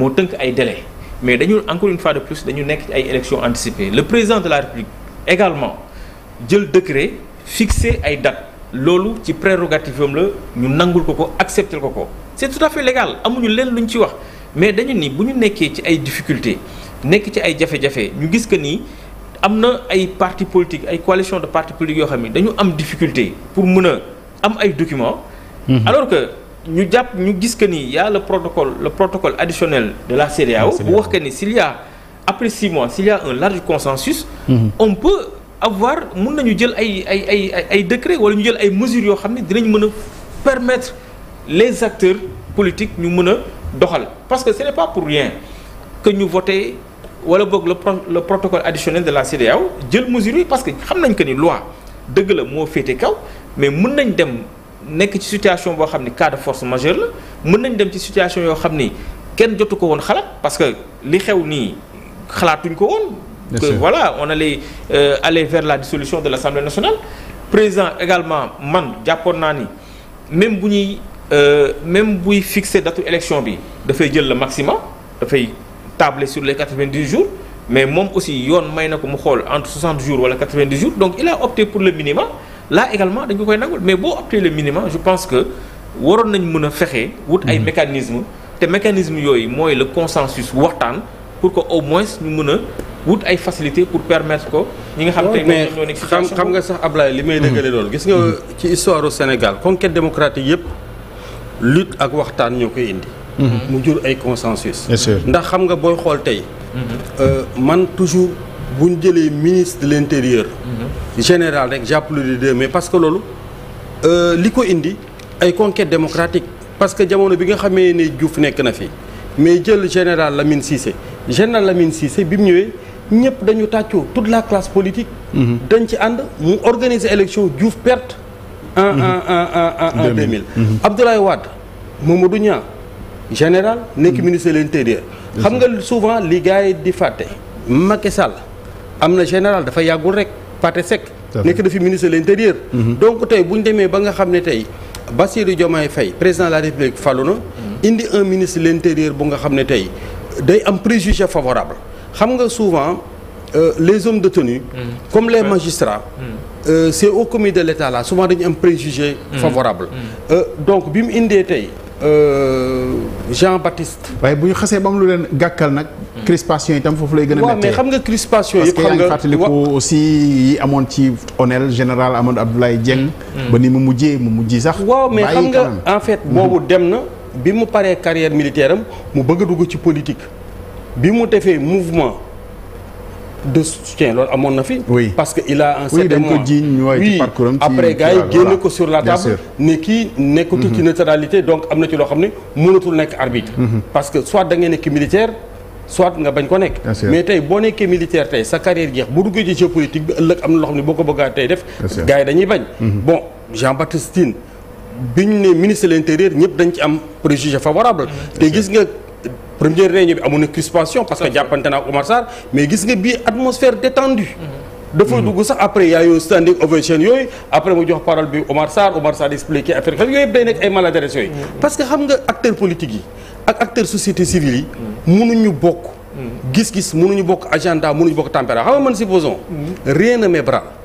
S1: moo tënk ay délais mais dañu encore une fois de plus dañu nekk ci ay élections anticipées le président de la république également jël décret fixé ay dates loolu ci prérogative am la ñu nangul ko ko accepter ko ko c'est tout à fait légal amuñu lenn lu ñu ci wax mais dañu ni bu ñu nekkee ci ay difficultés nekk ci ay jafe-jafe ñu gis que nii am na ay parti politique ay coalition de parti politiques yoo xam ni dañu am difficulté pour mën a am ay documents mhm. ñu jàpp ñu gis que ni y la le protocole le protocole additionnel de la CEDEAO bu wax que ni s'il y a après six mois s'il y a un large consensus mhm. on peut avoir mën nañu jël ay ay ay ay décret wala ñu jël ay mesures yoo xam ne dinañ mën a permettre les acteurs politiques ñu mën a doxal parce que ce n'est pas pour rien que ñu voté wala boog le le protocole additionnel de la CEDEAO jël mesures parce que xam nañ que ni loi dëgg la moo féete kaw mais mun nañ dem nekk ci situation boo xam ni cas de force majeure la mën nañ dem ci situation yoo xam ni kenn jotu ko woon xalaat parce que li xew nii xalaatuñ ko woon. que voilà on allait euh, vers la dissolution de l'Assemblée nationale. président également man jàppoon naa ni même bu ñuy euh, même buy fixer datu élection bi dafay jël le maximum dafay tabler sur les 90 jours. mais moom aussi yoon may na ko mu xool entre 60 jours wala 90 jours donc il a opté pour le minimum. là également dañ ko koy nangul mais boo opté le minimum je pense que waroon nañu mën a fexe wut ay hmm. mécanismes te mécanisme yooyu mooy le consensus waxtaan pour ko au moins ñu mën a wut ay facilité pour permettre ko ñi nga xam tey ñoo nekk xam xam nga sax Ablaye li may hmm. dëggale loolu gis nga hmm. ci histoire au Sénégal conquête
S3: démocratique yëpp lutte ak waxtaan ñoo koy indi mu jur ay consensus ndax xam nga booy xool tey euh, man toujours bu ñu jëlee ministre de l' intérieur. Mhm. général rek j'applaudis deux mais parce que loolu euh, li ko indi ay conquête démocratique parce que jamono bi nga xamee ne Diouf nekk na fii mais jël général Lamine Cissé général Lamine Cissé bi mu ñëwee ñëpp dañu tàccu toute la classe politique. Mhm. dañ ci ànd mu organiser élection Diouf perte. en mhm. en en en en deux mille. Abdoulaye Wade Mamadou Niang général nekk ministre de l' intérieur. xam nga souvent li gars di fàtte Macky am na général dafa yàggul rek Pathé Seck nekk na fi ministre de l'intérieur mhm. donc tey bu ñu demee ba nga xam ne tey Bassirou Diomaye Faye président de la République falu na mhm. indi un ministre de l'intérieur bu nga xam ne tey day am préjugé favorable xam nga souvent euh, les hommes de tenue mmh. comme les magistrats mhm. euh, c'est au commis de l'état là souvent dañu am préjugé favorable
S2: euh, donc bi mu indee tey euh, Jean Baptiste waaye bu ñu xasee ba mu lu leen gàkkal nag crispation itam foofu lay gën a mettee mais xam nga crispation yëpp xam yi amoon ci ONEL général Amadou Abdoulaye Dieng. Mm. ba ni mu mujjee mu mujj sax. waaw mais xam nga en fait mm-hmm. boobu dem na bi mu paree carrière militaire am mu bëgg dugg ci politique
S3: bi mu defee mouvement. de soutien loolu amoon na fi. oui parce que il a un certain oui, moment oui dañ la table. ne kii nekkatul ci mm-hmm. neutralité donc am na ci loo xam ne mënatul nekk arbitre. Mm-hmm. parce que soit da nekk militaire. soit nga bañ ko nekk mais tey boo nekkee militaire tey sa carrière jeex bu duggee ci jeu politique bi ëllëg am na loo xam ne boo ko bëggaa tey def gars yi dañuy bañ mhm. bon Jean Baptiste Tine bi ñu ne ministre l'intérieur ñëpp dañ ci am préjugé favorable mhm. te gis nga première réunion bi amoon na crispation parce que jàppante naa Omar Sarr mais gis nga bii atmosphère détendue mhm. dafa dugg sax après yaayu standing ovation yooyu après mu jox parole bi Omar Sarr Omar Sarr que xam nga acteur politique yi ak acteur société civile yi ñu bokk mm. gis-gis mënuñu bokk agenda mënuñu bokk tempéra xam nga man supposons mm. rien ne m'ébranle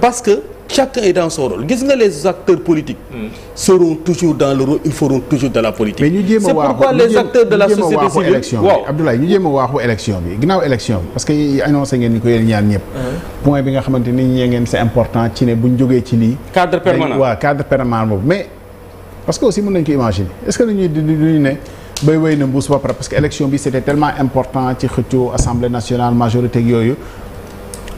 S3: parce que chacun est dans son gis nga les acteurs politiques mm. seront toujours dans le rôle ils feront toujours de la politique. mais ñu jéem a waaxu c'est pourquoi les acteurs de la société civile
S2: waaw a waaxu bi ginnaaw élection bi parce que annoncé ngeen ni ko yéen ñaar ñëpp. point bi nga xamante ni ñee ngeen c'est important ci ne bu ñu jógee ci lii. cadre permanent waaw cadre permanent mais parce bay wéy na mbuus ba pare parce que élection bi c'était tellement important ci xëccoo assemblée nationale majorité yooyu.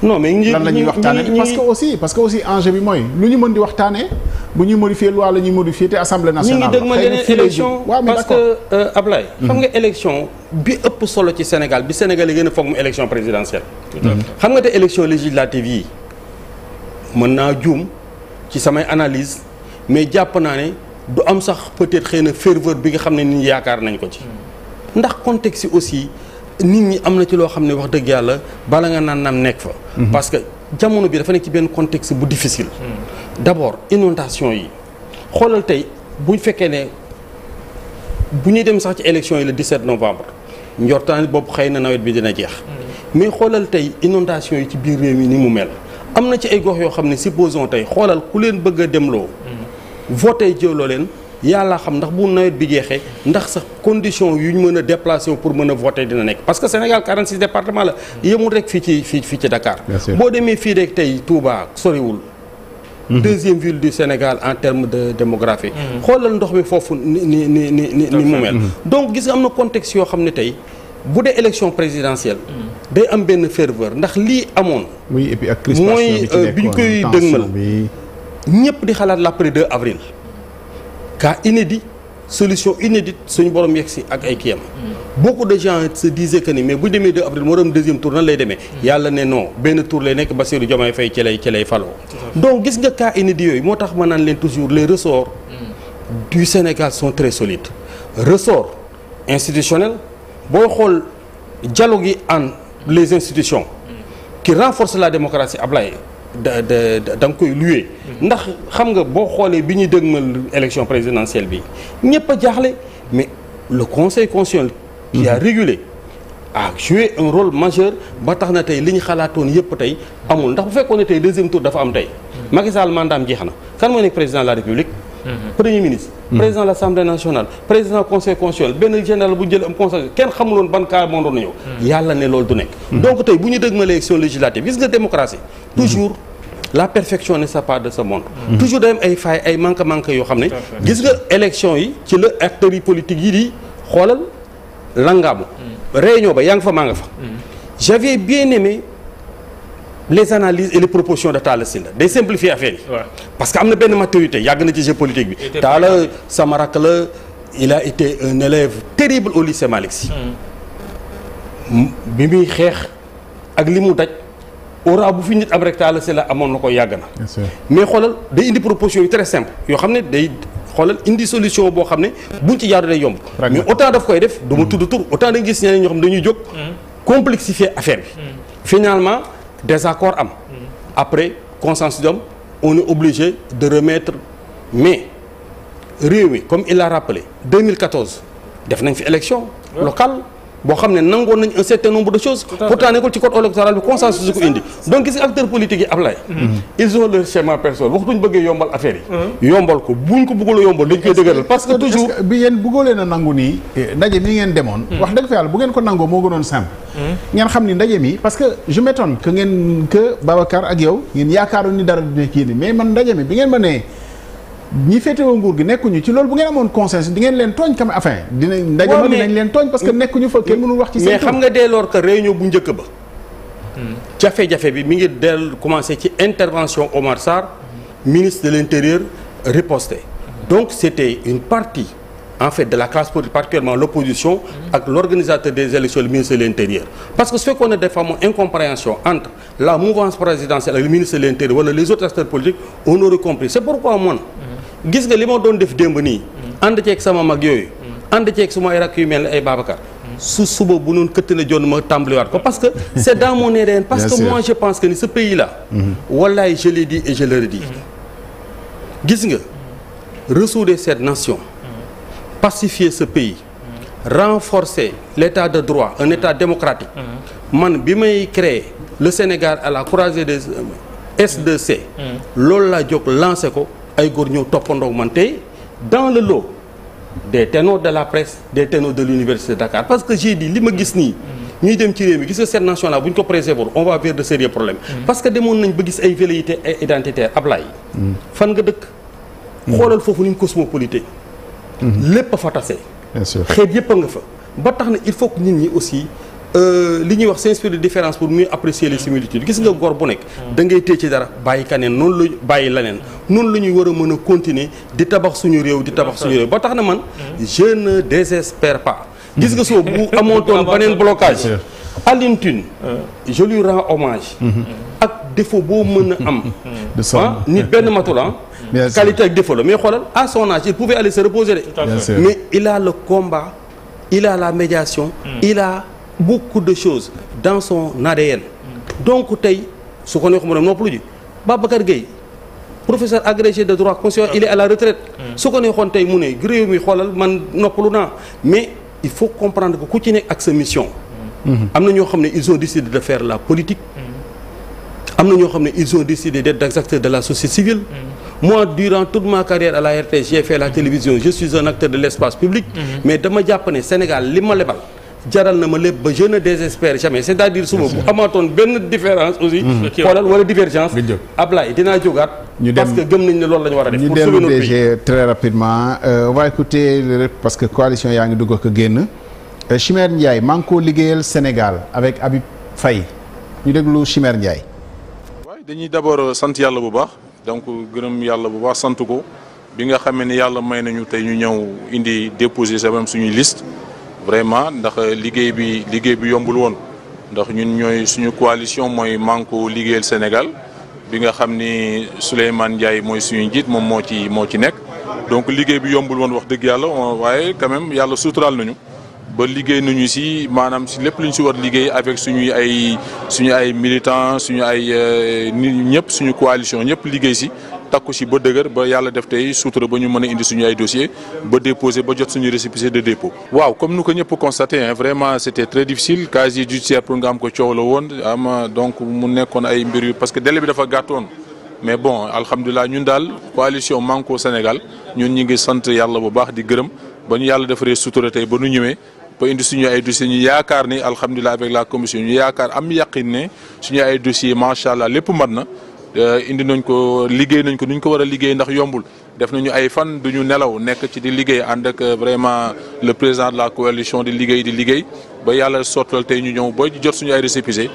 S2: non mais ñi lan la ñuy waxtaanee parce que aussi parce que aussi enjeu bi mooy lu ñu mën di waxtaanee bu ñuy modifier loi la ñuy modifier te assemblée nationale. na yeneen élection parce que
S3: euh, Ablaye. xam mhm. nga élection bi ëpp solo ci Sénégal bi Sénégal yi gën a foog mu élection présidentielle. Mhm. xam nga te élection législative yi mën naa juum ci samay analyse mais jàpp naa ne. du am sax peut-être xëy na ferveur bi nga xam ne nit yaakaar nañ ko ci. ndax contexte aussi nit ñi am na ci loo xam ne wax dëgg yàlla bala nga naan naan nekk fa. Mhm. parce que jamono bi dafa nekk ci benn contexte bu difficile.
S4: Mhm.
S3: d'abord inondation yi xoolal tey bu fekkee ne bu ñuy dem sax ci élection yi la le 17 novembre njortaan boobu xëy na nawet bi dina jeex. Mhm. mais xoolal tey inondation yi ci biir réew yi ni mu mel. am na ci ay gox yoo xam ne supposons tey xoolal ku leen bëgg a demloo. voté jëloo leen yàlla xam ndax bu nawet bi jeexee ndax sax condition yu ñu mën a déplacé wu pour mën a voté dina nekk parce que Sénégal 46 département la yemul rek fii ci fii fii ci Dakar. boo demee fii rek tey Touba soriwul. Mhm. deuxième ville du Sénégal en terme de démographie. Mhm. xoolal ndox mi foofu ni ni ni ni mu mel. Mhm. donc gis nga am na contexte yoo xam ne tey bu dee élection présidentielle. day am benn ferveur ndax lii amoon. muy et puis ak bi mooy bi euh, ñu koy dëgmal. ñëpp di xalaat la l'après de avril cas inédit solution inédite suñu borom yegg si ak ay kiyam beaucoup de gens se disaient que ni mais bu demee 2 avril moo doon deuxième tour nan lay demee yàlla ne non benn tour lay nekk Bassirou Diomaye Faye ci lay ci lay faloo donc gis nga cas inédit yooyu moo tax ma naan leen toujours les ressorts du Sénégal sont très solides ressort institutionnel booy xool dialogue gi en les institutions qui renforcent la démocratie Ablaye da da da nga koy loué. Mm-hmm. ndax xam nga boo xoolee bi ñuy ma élection présidentielle bi ñëpp a jaaxle mais le conseil constitutionnel. qui a mm-hmm. régulé. a joué un rôle majeur ba tax na tey li ñu xalaatoon yëpp tey amul ndax bu fekkoon ne tey deuxième tour dafa am tey. Mm-hmm. Macky Sall mandaam jeex na kan mooy nekk président la république. Mm-hmm. premier ministre mm-hmm. président de l'Assemblée nationale président conseil constitutionnel benn général bu jël am conseil kenn xamuloon ban cas moo mm-hmm. yàlla ne loolu du nekk donc tey bu ñu dëgmal élection législative gis nga démocratie toujours la perfection n'est pas de ce monde toujours day am ay failles ay manque-manque yoo xam ne gis nga élection yi ci la acteurs yi politique yi di xoolal langaamu réunion ba yaa ngi fa maa nga fa j'avais bien les analyses et les propositions de Talla Sylla day simplifier affaire yi. parce que am na benn maturité yàgg na ci jeu bi. Talla sama rakk la il a été un élève terrible au lycée Malick Sy. Hmm. bi muy xeex ak li mu daj aura bu fi nit am rek Talla Sylla amoon na ko yàgg na. mais xoolal day indi proposition yu très simple yoo xam ne day. xoolal indi solution boo xam ne buñ ci jaaroo day yomb. mais autant daf koy def. du ma hmm. tudd tur autant dañ gis ñeneen ñoo xam dañuy jóg. Hmm. complexifier affaire
S4: bi.
S3: désaccord am après consensus d'homme on est obligé de remettre mais réew mi comme il l'a rappelé 2014 def nañ fi élection locale boo xam ne nangoon nañ un certain nombre de choses pourtant nekkul ci code électoral bi consensus su ko indi donc gis nga acteurs politiques yi
S2: Ablaye
S4: mm-hmm.
S2: ils ont leur schéma personnel waxtuñ bëggee yombal affaire yi mm-hmm. yombal ko buñ ko bëggul a yombal dañ koy dëgëral parce que toujours bi yéen bëggoo leen a nangu nii ndaje mi ngeen demoon mm-hmm. wax dëgg fa yàlla bu ngeen ko nangoo moo gënoon simple ngeen xam ni ndaje mi parce que je m'étonne ngeen que Babacar ak ñi féetewoo nguur gi nekkuñu ci loolu bu ngeen amoon consensus di ngeen leen tooñ kam afin dinañ ndaje ma dinañ leen tooñ parce que nekkuñu fa kenn mënul wax ci seen mais xam
S3: nga dès lors que réunion bu njëkk ba hmm. jafe-jafe bi mi ngi del commencé ci intervention Omar Sarr ministre de l'intérieur riposté donc c'était une partie en fait de la classe politique particulièrement l'opposition hmm. ak l'organisateur des élections le ministre de l'intérieur parce que ce qu'on le ministre de l'intérieur wala gis nga li ma doon def démb nii. ànd ceeg sama mag yooyu. ànd ceeg su ma ay rakk yu mel ni ay Babacar. su suba bu noonu këtt na jonn ma tàmbaliwaat ko parce que c' est dans mon ADN que moi je pense que ni ce pays là. wallaay je l' ai dit et gis nga ressouder cette nation. pacifier ce pays. renforcer l' état de droit un état démocratique. man bi may créer le Sénégal à la croisée des s 2 mm. loolu laa jóg lancé ko. ay góor ñëw toppandoo man tey dans le lot des ténors de la presse des ténors de l'université de Dakar parce que j'ai dit li ma gis nii ñuy dem ci réew mi gis nga cette nation là bu ñu ko préserver on va vers de sérieux problèmes mm. parce que demoon nañ ba gis ay velléité ay identitaire Ablaye mm. fan nga dëkk mm. xoolal foofu ni mu cosmopolité lépp a fa tase xeet yëpp a nga fa ba tax na il faut que nit ñi aussi Euh, li ñuy wax s'inspirer de différence pour mieux apprécier les similitudes gis nga góor bu nekk. da ngay téye ci dara bàyyi kaneen noonu la bàyyi leneen noonu la ñuy war a mën a continuer di tabax suñu réew di tabax suñu réew ba tax na man je ne désespère pas. gis nga soo bu amoontoon beneen blocage. Alioune Tine je lui rends mm-hmm. ak défaut boo mën a am. de ah, nit benn matulan ah. qualité ak défaut la mais xoolal à son âge il pouvait aller se reposer de. mais il a le combat la médiation. Mm. beaucoup de choses dans son ADN. donc tey su ko neexoon mu dem noppalu ji Babacar Gueye professeur agrégé de droit constitutionnel il est à la retraite. Hmm. su ko neexoon tey mu ne réew mi xoolal man noppalu naa mais il faut comprendre que ku ci nekk ak sa mission. Hmm. am na ñoo xam ne ils ont décidé de faire la politique. Hmm. de la société civile. moi durant toute ma carrière à la RTS j'ai fait la télévision je suis un acteur de l'espace public. mais dama jàpp ne Sénégal li jaral na ma lépp ba je ne désespère jamais c'est-à-dire suba bu amaatoon benn différence aussi mm. xoolal wala divergence Ablaye dinaa jógaat parce que gëm nañ ne loolu la ñu war a def ñu dellu DG
S2: très rapidement euh, on va parce que coalition yaa ngi dugg a ko génn euh, Chimère Ndiaye maa ngi ko liggéeyal Sénégal avec Habib Faye ñu déglu Chimère Ndiaye
S5: waaye dañuy d'abord euh, sant yàlla bu baax donc gërëm yàlla bu baax sant ko bi nga xamee ne yàlla may nañu tey ñu ñëw indi déposer sa même suñuy liste vraiment ndax liggéey bi liggéey bi yombul woon ndax ñun ñooy suñu coalition mooy manque liggéeyal Sénégal bi nga xam ni Souleymane Ndiaye mooy suñu njiit moom moo ci moo ci nekk donc liggéey bi yombul woon wax dëgg yàlla waaye quand même yàlla suturaal nañu ba liggéey nañu si maanaam si lépp lu ñu si war liggéey avec suñuy ay suñu ay militants suñu ay euh, nit ñëpp suñu coalition ñëpp liggéey si takku si ba dëgër ba yàlla def tey suutura ba ñu mën a indi suñu ay dossier ba déposé ba jot suñu récépissé de dépôt waaw comme nu ko ñëpp constaté hein vraiment c' très difficile casier judiciaire pour nga am ko coow la woon am donc mu nekkoon ay mbir yu parce que délai bi dafa gàttoon mais bon alhamdulilah ñun daal coalition Manko Sénégal ñun ñi ngi sant yàlla bu baax di gërëm ba ñu yàlla defaree sutura tey ba nu ñëwee ba indi suñu ay ni alhamdulilah avec la commission ñu yaakaar am yàqin ne suñu Euh, indi nañ ko liggéey nañ ko nu ñu ko war a liggéey ndax yombul def nañu ay fan du ñu nelaw nekk ci di liggéey ànd ak euh, vraiment le président de la coalition di liggéey di liggéey ba yàlla sottal tey ñu ñëw booy jot suñu ay récépissé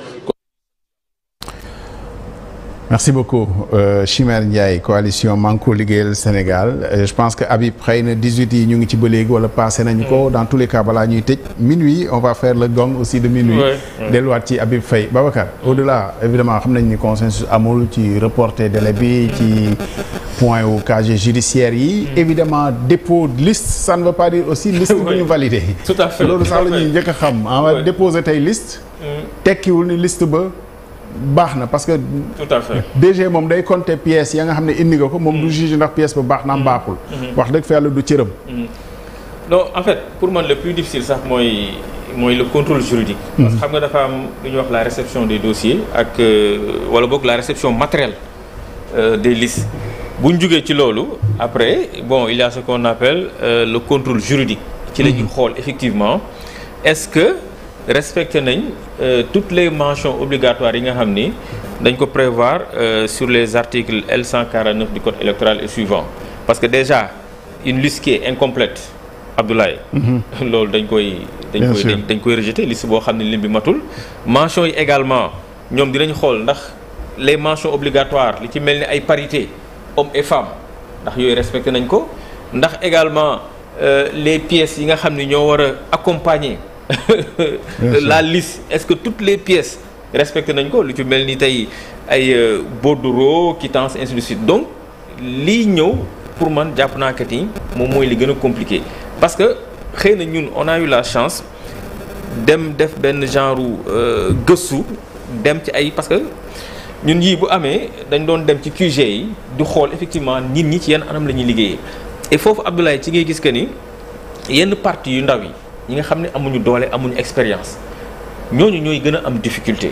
S2: merci beaucoup euh, Chimère Ndiaye coalition Manko liggéeyal Sénégal euh, je pense que Habib xëy na yi ñu ngi ci ba léegi wala passé nañu ko mm. dans tous les cas balaa ñuy tëj minuit on va faire le gong aussi de minuit delluwaat ci Habib Faye Babacar au-delà xam nañ ni consensus amul ci reporter délai bi ci point au casier judiciaire yi mm. évidemment dépôt de liste ça ne veut pas dire aussi liste bu ñu validé loolu sax la njëkk a xam ah, déposer tey liste mm. tekkiwul ni liste ba baax na parce que. tout à fait DG moom day compter pièces ya nga xam ne indi nga ko. moom du mm. juge ndax pièce ba baax na am mm. baaxul. Mm-hmm. wax dëgg fa yàlla du cëram.
S1: Mm-hmm. non en fait pour man le plus difficile sax mooy mooy le contrôle juridique. Mm-hmm. parce que xam nga dafa am lu ñuy wax la réception des dossiers ak euh, wala boog la réception matérielle euh, des listes. bu ñu jugee ci loolu après bon il y a ce qu'on appelle euh, le contrôle juridique. ci la xool effectivement est-ce que. respecté nañ euh, toutes les mentions obligatoires yi nga xam ni dañ ko prévoir euh, sur les articles L149 du code électoral et suivant parce que déjà une liste qui est incomplète Abdoulaye mhm. loolu dañ koy dañ koy dañ koy rejeté liste boo xam ne lim bi matul mention yi également ñoom dinañ xool ndax les mentions obligatoires li ci mel ni ay parité hommes et femmes ndax yooyu respecté nañ ko ndax également euh, les pièces yi nga xam ni ñoo war a accompagner la liste est-ce que toutes les pièces respecté nañ ko lu ci mel ni tey ay euh, bordereau quittance ainsi de suite donc lii ñëw pour man jàpp naa kat yi moom mooy li gën a compliqué parce que xëy na ñun on a eu la chance dem def benn genre euh, gëstu dem ci ay parce que ñun yii bu amee dañ doon dem ci QG yi du xool effectivement nit ñi ci yenn anam la ñuy liggéeyee et foofu Abdoulaye ci ngay gis que ni yenn parti yu ndaw yi ñi nga xam ne amuñu doole amuñu expérience ñooñu ñooy gën a am difficulté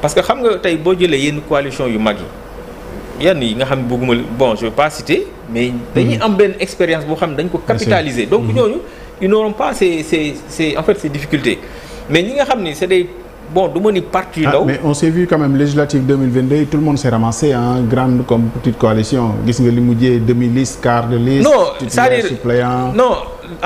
S1: parce que xam nga tey boo jëlee yenn coalition yu mag yi yenn yi nga xam ne bëgguma bon je vais pas citer mais dañuy mm-hmm. am benn expérience boo xam ne dañ ko capitaliser donc mm-hmm. ñooñu ils pas ces ces ces en fait ces difficultés mais ñi nga xam ni c'est des bon du ma ni parti yu ah, ndaw mais
S2: on s'est vu quand même législative tout le monde s'est ramassé en grande comme petite coalition gis nga li mujjee demi liste quart de liste non c'est-à-dire suppléant
S1: non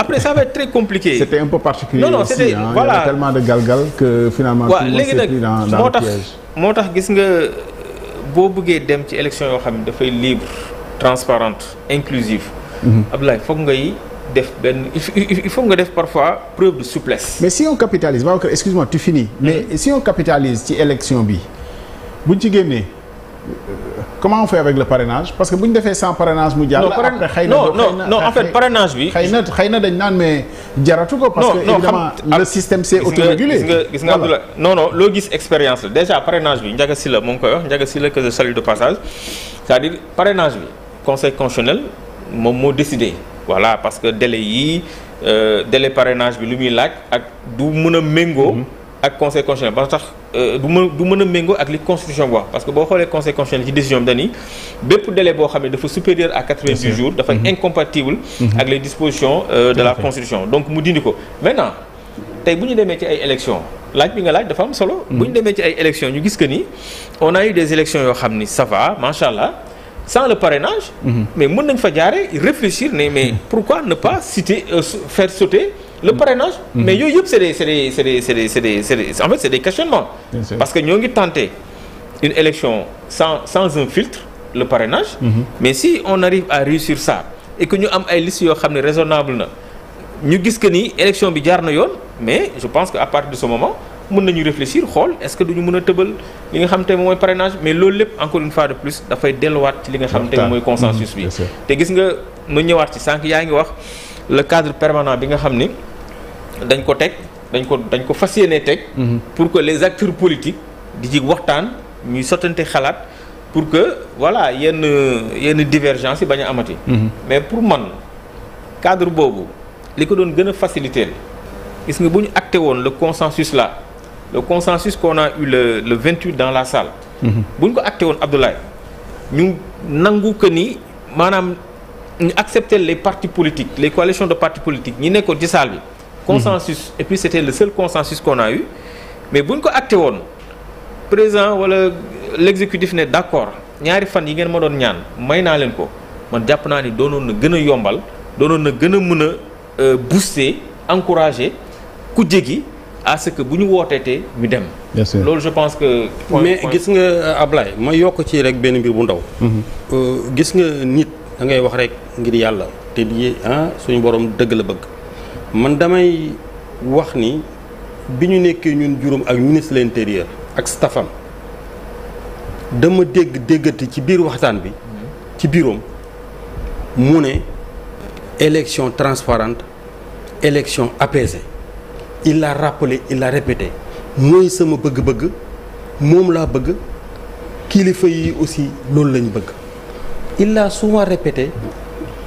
S1: après ça va être très compliqué c'était un peu particulier non non tellement
S2: de galgal que finalement tout le monde s'est dans le piège
S1: moo tax gis nga euh, boo bëggee dem ci élection yoo xam ne dafay libre transparente inclusive mhm. Abdoulaye foog ngay def benn il faut nga def parfois preuve de souplesse.
S2: mais si on capitalise Babacar excuse-moi tu finis. Mm. mais mm si on capitalise ci élection bi buñ ci génnee euh, comment on fait avec le parrainage parce que bu buñ defee sans parrainage mu jàll. après xëy na non non non bi. xëy na xëy na dañ naan mais jaratu ko. parce que évidemment ah, le système s'est autorégulé. gis nga nga Abdoulaye
S1: non non loo expérience la déjà parrainage bi Ndiaga Sylla mu ngi koy wax Ndiaga Sylla que je salue de passage c'est-à-dire parrainage bi conseil constitutionnel moom moo décidé. voilà parce que délai yii euh, délai parrainage bi lu muy laaj ak du mën a méngoo mhm. ak conseil constitutionnel ba tax euh, du mën du mën a méngoo ak li constitution bi wax parce que boo xoolee conseil constitutionnel ci décision bi dañuy bépp délai boo xam ne dafa supérieur à 90 jours dafa mhm. incompatible mhm. ak les disposition euh, de la constitution donc mu dindi ko maintenant tey bu ñu demee ci ay élections laaj bi nga laaj dafa am solo bu ñu demee ci ay élections ñu gis que ni on a eu des yoo xam ni ça va macha allah sans le parrainage mm -hmm. mais mën nañ fa jaare réfléchir ne mais mhm. pourquoi ne pas citer euh, faire sauter le mhm. parrainage mhm. mais yooyu yëpp c'est des c'est des c'est des c'est des c'est des c'est des parce que ñoo ngi tenter une élection sans sans un filtre le parrainage mais si on arrive à réussir ça et que ñu am ay listes yoo xam ne raisonnable na ñu gis que ni élection bi jaar na yoon mais je pense que à partir de ce moment mën nañu réfléchir xool est-ce que duñu mën a tëbal li nga xam te mooy parrainage mais loolu lépp encore une fois de plus dafay delluwaat ci li nga xam te mooy consensus bi mm-hmm. te gis nga ma ñëwaat ci sànq yaa ngi wax le cadre permanent bi nga xam ni dañ ko teg dañ ko dañ ko fas yéene teg mm-hmm. pour que les acteurs politiques di ci waxtaan ñuy sottante xalaat pour que voilà yenn yenn divergence yi bañ a amati mm-hmm. mais pour man cadre boobu li ko doon gën a faciliter gis nga bu ñu acté woon le consensus là le consensus qu'on a eu le vingt 28 dans la salle. Mhm. bu ñu ko acté woon Abdoulaye ñu nangu que ni maanaam ñu accepter les partis politiques les coalitions de partis politiques ñi nekkoon ci salle bi. Mhm. consensus et puis c'était le seul consensus qu'on a mais bu ko acté woon président wala l'exécutif ne d'accord ñaari fan yi ngeen ma doon ñaan may naa leen ko man jàpp naa ni doonoon na gën a yombal doonoon na gën a mën a euh, booster encourager ku jéggi. à ce que bu ñu wooteetee ñu dem. bien sûr loolu je pense que. mais gis nga Ablaye ma yokk ci rek benn
S3: mbir bu ndaw. Mhm. Euh, gis nga nit da ngay wax rek ngir yàlla te di ah suñu borom dëgg la bëgg man damay wax ni bi ñu nekkee ñun juróom ak ministre de l'intérieur ak stafam dama dégg déggati ci biir waxtaan bi ci biiroom mu ne élection transparente élection apaisée. il l'a rappelé il l'a répété mooy sama bëgg-bëgg moom laa bëgg kilifa yi aussi loolu lañu bëgg il l'a souvent répété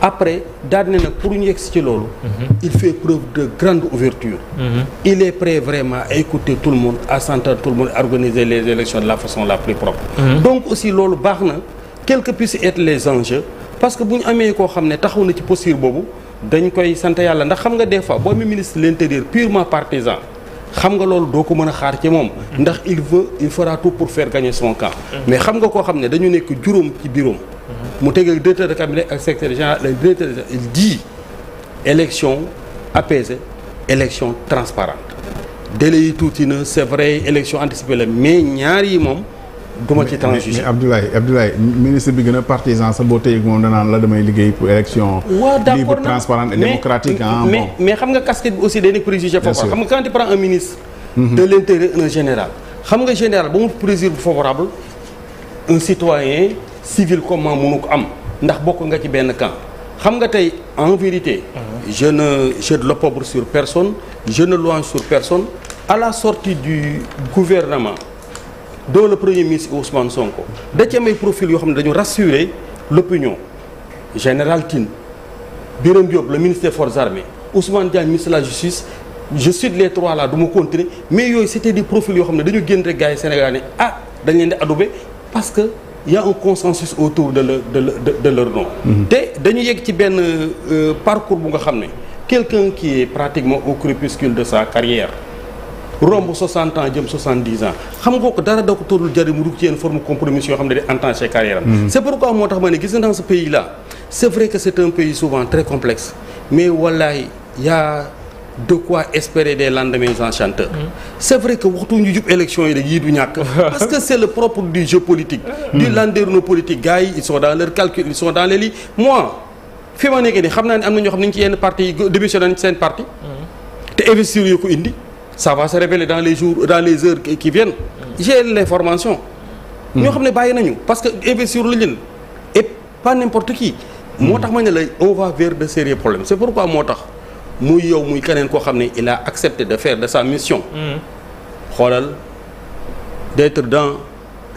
S3: après daal ne nag pour ñu yegg ci loolu. Mhm. il fait preuve de grande ouverture mhm. il est prêt vraiment à écouter tout le monde à s'entendre tout le monde organiser les élections de la façon la plus propre. Mmh. donc aussi loolu baax na quels que puissent les enjeux parce que bu ñu amee koo xam ne taxaw na ci posture boobu. dañ koy sant yàlla ndax xam nga des fois boo mi ministre de l'intérieur purement partisan xam nga loolu doo ko mën a xaar ci moom. ndax il veut il fera tout pour faire gagner son camp. mais xam nga koo xam ne dañu nekk juróom ci bureau mu teg ak directeur de cabinet ak secrétaire général le directeur il dit élection apaisée élection transparente délai yi tuuti na c'est vrai élection anticipée la mais ñaar yi moom.
S2: du ma ci transiger mais Abdoulaye sa boo téye moom danaan la damay liggéey pour élection.
S3: waaw d' accord libre transparente et démocratique ah bon. mais xam nga casquette bi aussi dañuy préjugé. foofu xam nga quand tu prends ministre. Mhm. de l' intérieur un général. xam nga général ba mu préjugé favorable un citoyen civil comment mënu ko am ndax bokk nga ci benn camp xam nga tey en vérité. Mhm. jeune ne je ne l'opprobre sur personne je ne louange sur personne à la sortie du gouvernement. dont le premier ministre Ousmane Sonko da ci am ay profil yoo xam ne dañu rassurer l'opinion général Tine Birame Diop le ministre for forces armées Ousmane Diagne ministre de la justice je cite les trois là du ma mais yooyu c'était des profils yoo xam ne dañu génn rek gars yi Sénégal ne ah dañ leen di adoubé parce que y a un consensus autour de le de le de leur nom mhm. te dañu yegg ci benn euh, parcours bu nga xam ne quelqu'un qui est pratiquement au crépuscule de sa carrière romb 60 ans jëm 70 ans xam nga ko dara da ko tóorul jariñ mu dugg ci yenn forme compromission yoo xam ne day entaché carrière am mm-hmm. c'est pourquoi moo tax ma ne gis nga dans pays là c'est vrai que c'est un pays souvent très complexe mais wallaay yaa de quoi espérer des lendemains enchanteurs. Mm-hmm. c'est vrai que waxtu ñu jub élection yi du ñàkk. parce que c'est le propre du jeu politique. Mm-hmm. du landerneau politique gars yi ils sont dans leur ça va se révéler dans les jours dans les heures qui viennent j'ai l'information hmm. ñoo xam ne bàyyi nañu parce que investir la jël et pas n'importe qui hmm. moo tax ma ne la on va vers de sérieux problèmes c'est pourquoi moo tax muy yow muy keneen koo xam ne il a de faire de sa mission hmm. xoolal de d'être dans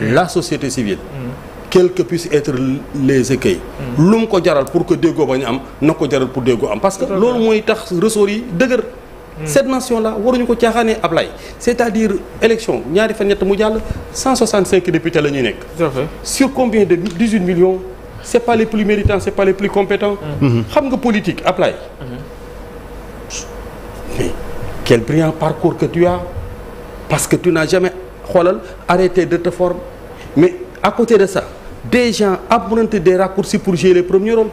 S3: la société civile
S4: mmh.
S3: quels que puissent être les écueils lu mu ko jaral pour que déggoo bañ am na ko jaral pour déggoo am parce loolu mooy tax ressort yi dëgër Hmm. cette mention là waruñu ko caaxaanee Ablaye c'est-à-dire élection ñaari fan ñett mu jàll 165 députés la ñuy nekk. sur combien de 18 millions. c'est pas les plus méritants c'est pas les plus compétents. Hmm. Hmm. xam nga politique Ablaye. mais quel brillant parcours que tu as parce que tu na jamais xoolal arrêté de te former mais à côté de ça des gens empruntent des raccourcis pour jouer les premiers rôles.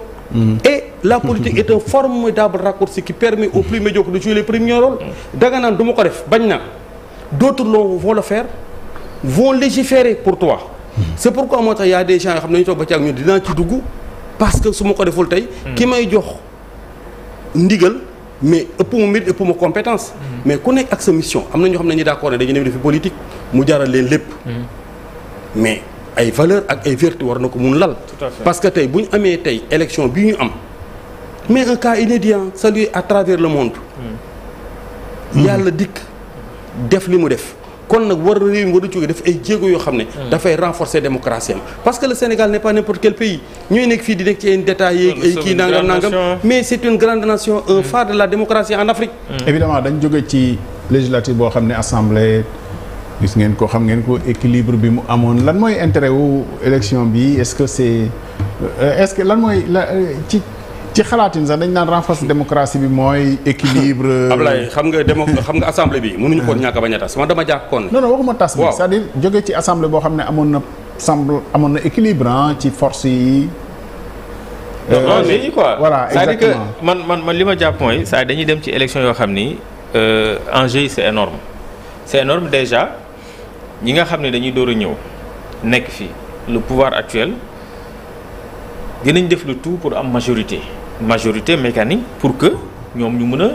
S3: la politique est un formidable raccourci qui permet aux plus médiocres de jouer les premiers danga naan du ma ko def bañ na d'autres l'ont vont le faire vont légiférer pour toi c'est pourquoi moo tax y a des gens yoo xam ne dañu toog ba ci ak ñu dinaa ci dugg parce que su ko deful tey ki may jox ndigal mais ëpp ma mbir ëpp ma compétence mais ku nekk ak sa mission am na ñoo xam ne ñu d'accord ne dañu dem defi politique mu jaral leen lépp mais ay valeur ak ay vertu war na ko mun lal parce que tey bu ñu amee tey élection bi ñu am mais un cas inédit salué à travers le monde.
S4: Hmm.
S3: yàlla dikk def li mu def. kon nag war réew mi war a jógee def ay yoo xam ne. Hmm. dafay renforcer démocratie am parce que le Sénégal n'est pas n'importe quel pays ñooy nekk fii di nekk ci ay détails yeeg ay kii nangam nangam mais c'est une grande nation un hmm. phare de la démocratie en Afrique. évidemment
S2: dañ jóge ci législative boo xam ne assemblée gis ngeen ko xam ngeen ko équilibre bi mu amoon lan mooy intérêt wu bi est-ce que ci xalaatin sax dañ naan renforcer démocratie bi mooy équilibre. Ablaye
S3: xam nga démo xam nga assemblée bi. mënuñu ko ñàkk a bañ a tas man dama jàppoon. non non waxuma tas bi. waaw
S2: c'est-à-dire ci assemblée boo xam ne amoon na semble amoon na équilibre ah, ci force yi. Euh, non mais voilà
S1: man man man li ma jàpp mooy saa dañuy dem ci élection yoo xam ni euh, enjeu yi c'est énorme c'est énorme déjà ñi nga xam ne dañuy door a ñëw nekk fii le pouvoir actuel dinañ def le tout pour am majorité. majorité mécanique pour que ñoom ñu mun a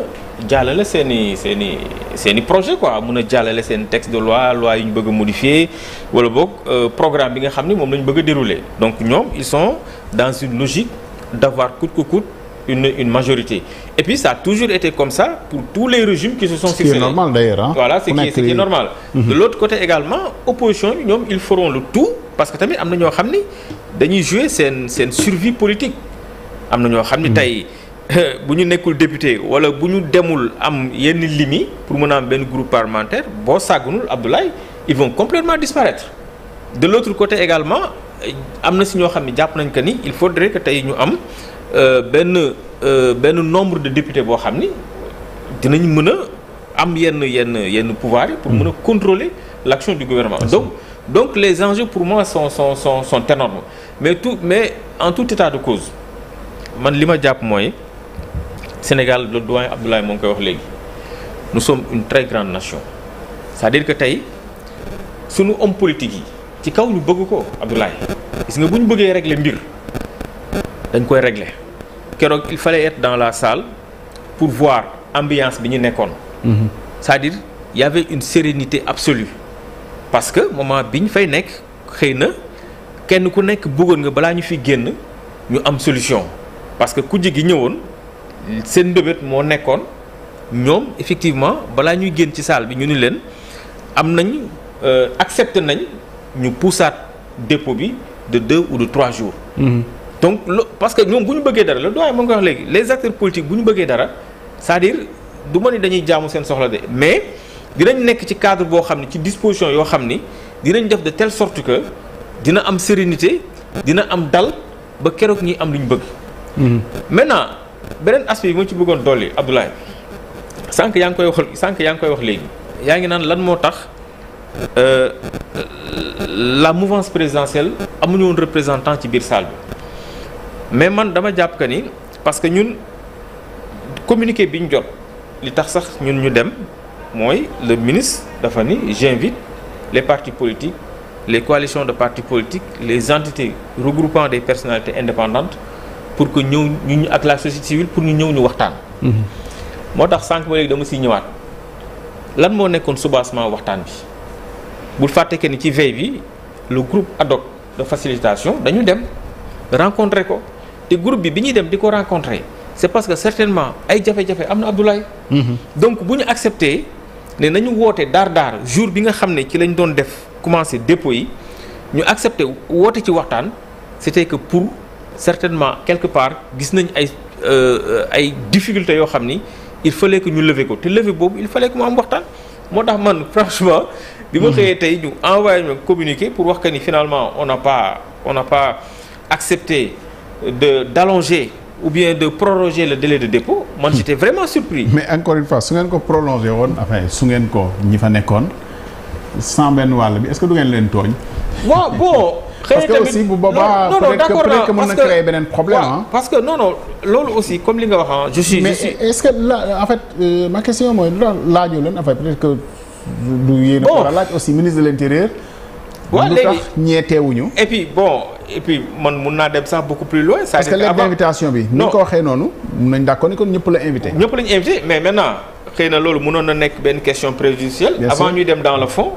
S1: jàllale seen i seen i seen i projet quoi mun a jàllale seen texte de loi loi yu ñu bëgg a modifier wala boog euh, programme bi nga xam ne moom lañu ñu bëgg a donc ñoom ils sont dans une logique d'avoir coûte que coûte une une majorité et puis ça a toujours été comme ça pour tous les régimes qui se sont succédés. C'est normal
S2: d'ailleurs hein. Voilà, c'est qui est normal.
S1: Mhm. De l'autre côté également opposition ñoom ils feront le tout parce que tamit am na ñoo xam ni dañuy jouer seen seen survie politique am na ñoo xam ni mm-hmm. tey bu ñu nekkul député wala bu ñu demul am yenn limi pour mun a am benn groupe parlementaire boo sàggunul Abdoulaye ils vont complètement disparaître de l'autre côté également am na si ñoo xam ne jàpp nañ que ni il faudrait que tey ñu am euh, benn euh, benn nombre de députés boo xam ni dinañ mën a am yenn yenn yenn pouvoir yi pour mën a mm-hmm. contrôler l'action du gouvernement donc donc les enjeux pour moi sont son son sont énormes mais tout mais en tout état de cause man li ma jàpp mooy Sénégal doo doyen Abdoulaye moo ngi koy wax léegi nous sommes une très grande nation c'est-à-dire que tey sunu homme politique yi ci kaw ñu bëgg ko Abdoulaye gis nga bu ñu bëggee régler mbir dañ koy régler keroog il fallait être dans la salle pour voir ambiance bi ñu nekkoon. Mhm. c'est-à-dire il y avait une sérénité absolue parce que moment bi ñu fay nekk xëy na kenn ku nekk bëggoon nga balaa ñu fi génn ñu am solution. parce que kujje gi ñëwoon seen mbébét moo nekkoon ñoom effectivement balaa ñuy génn ci salle bi ñu ni leen am nañ euh, accepté nañ ñu poussaat dépôt bi de deux ou de trois jours. Mmh. donc lo parce que ñoom bu ñu bëggee dara la doyen mu ngi wax léegi les acteurs politiques bu ñu bëggee dara c'est-à-dire du ma dañuy jaamu seen soxla de mais dinañ nekk ci cadre boo xam ne ci disposition yoo xam ni dinañ def de telle sorte que dina am sérénité dina am dal ba keroog ñuy am lu ñu bëgg. maintenant beneen aspect bi moo ci bëggoon dolli Abdoulaye sànq yaa ngi koy wax sànq yaa ngi koy wax léegi yaa ngi naan lan moo tax euh, la mouvance présidentielle amuñu woon représentant ci biir salle bi mais man dama jàpp que ni parce que ñun communiqué bi ñu jot li tax sax ñun ñu dem mooy le ministre dafa ni j'invite les parti politiques les coalitions de parti politiques les entités regroupant des personnalités indépendantes pour que ñëw ñu ak la société civile pour ñu ñëw ñu waxtaan. Mm-hmm. moo tax sànq ba léegi dama siy ñëwaat lan moo nekkoon soubassement waxtaan bi bul fàtte que ci veille bi lu groupe ad hoc de facilitation dañu dem rencontrer ko te groupe bi bi ñuy dem di ko rencontrer c'est parce que certainement ay jafe-jafe am na Abdoulaye. Mm-hmm. donc bu ñu accepté ne nañu woote daar-daar jour bi nga xam ne ci lañ doon def commencé dépôt yi ñu accepté woote ci waxtaan c'était que pour. certainement quelque part gis nañ ay euh, ay difficultés yoo xam ni il fallait que ñu lever ko te lever boobu il fallait que mu am waxtaan moo tax man franchement. bi ma hmm. xëyee tey ñu envoyé ma communiqué pour wax que ni finalement on n'a pas on n'a pas accepté de d'allonger ou bien de proroger le délai de dépôt. man hmm. j'étais vraiment surpris.
S2: mais encore une fois su ngeen ko prolongé woon enfin su ngeen ko ñi fa nekkoon sans wàll bi est du ngeen leen tooñ.
S1: parce que aussi bu boobaa que mën na créer beneen parce que non loolu aussi comme li nga wax ah. je suis mais est-ce
S2: que la en fait euh, ma question mooy lu tax laajoo leen en fait peut que du yéen a war laaj aussi ministre de l'intérieur. waaw léegi lu tax ñeeteewuñu.
S1: et bon et man mun naa dem sax beaucoup plus loin. parce que léegi invitation
S2: bi. non ni ko waxee noonu. mun nañ d'accord ni kon ñëpp la
S1: invité. ñëpp lañu invité mais maintenant xëy na loolu mënoon na nekk benn question préjudicielle. avant ñu dem dans le fond.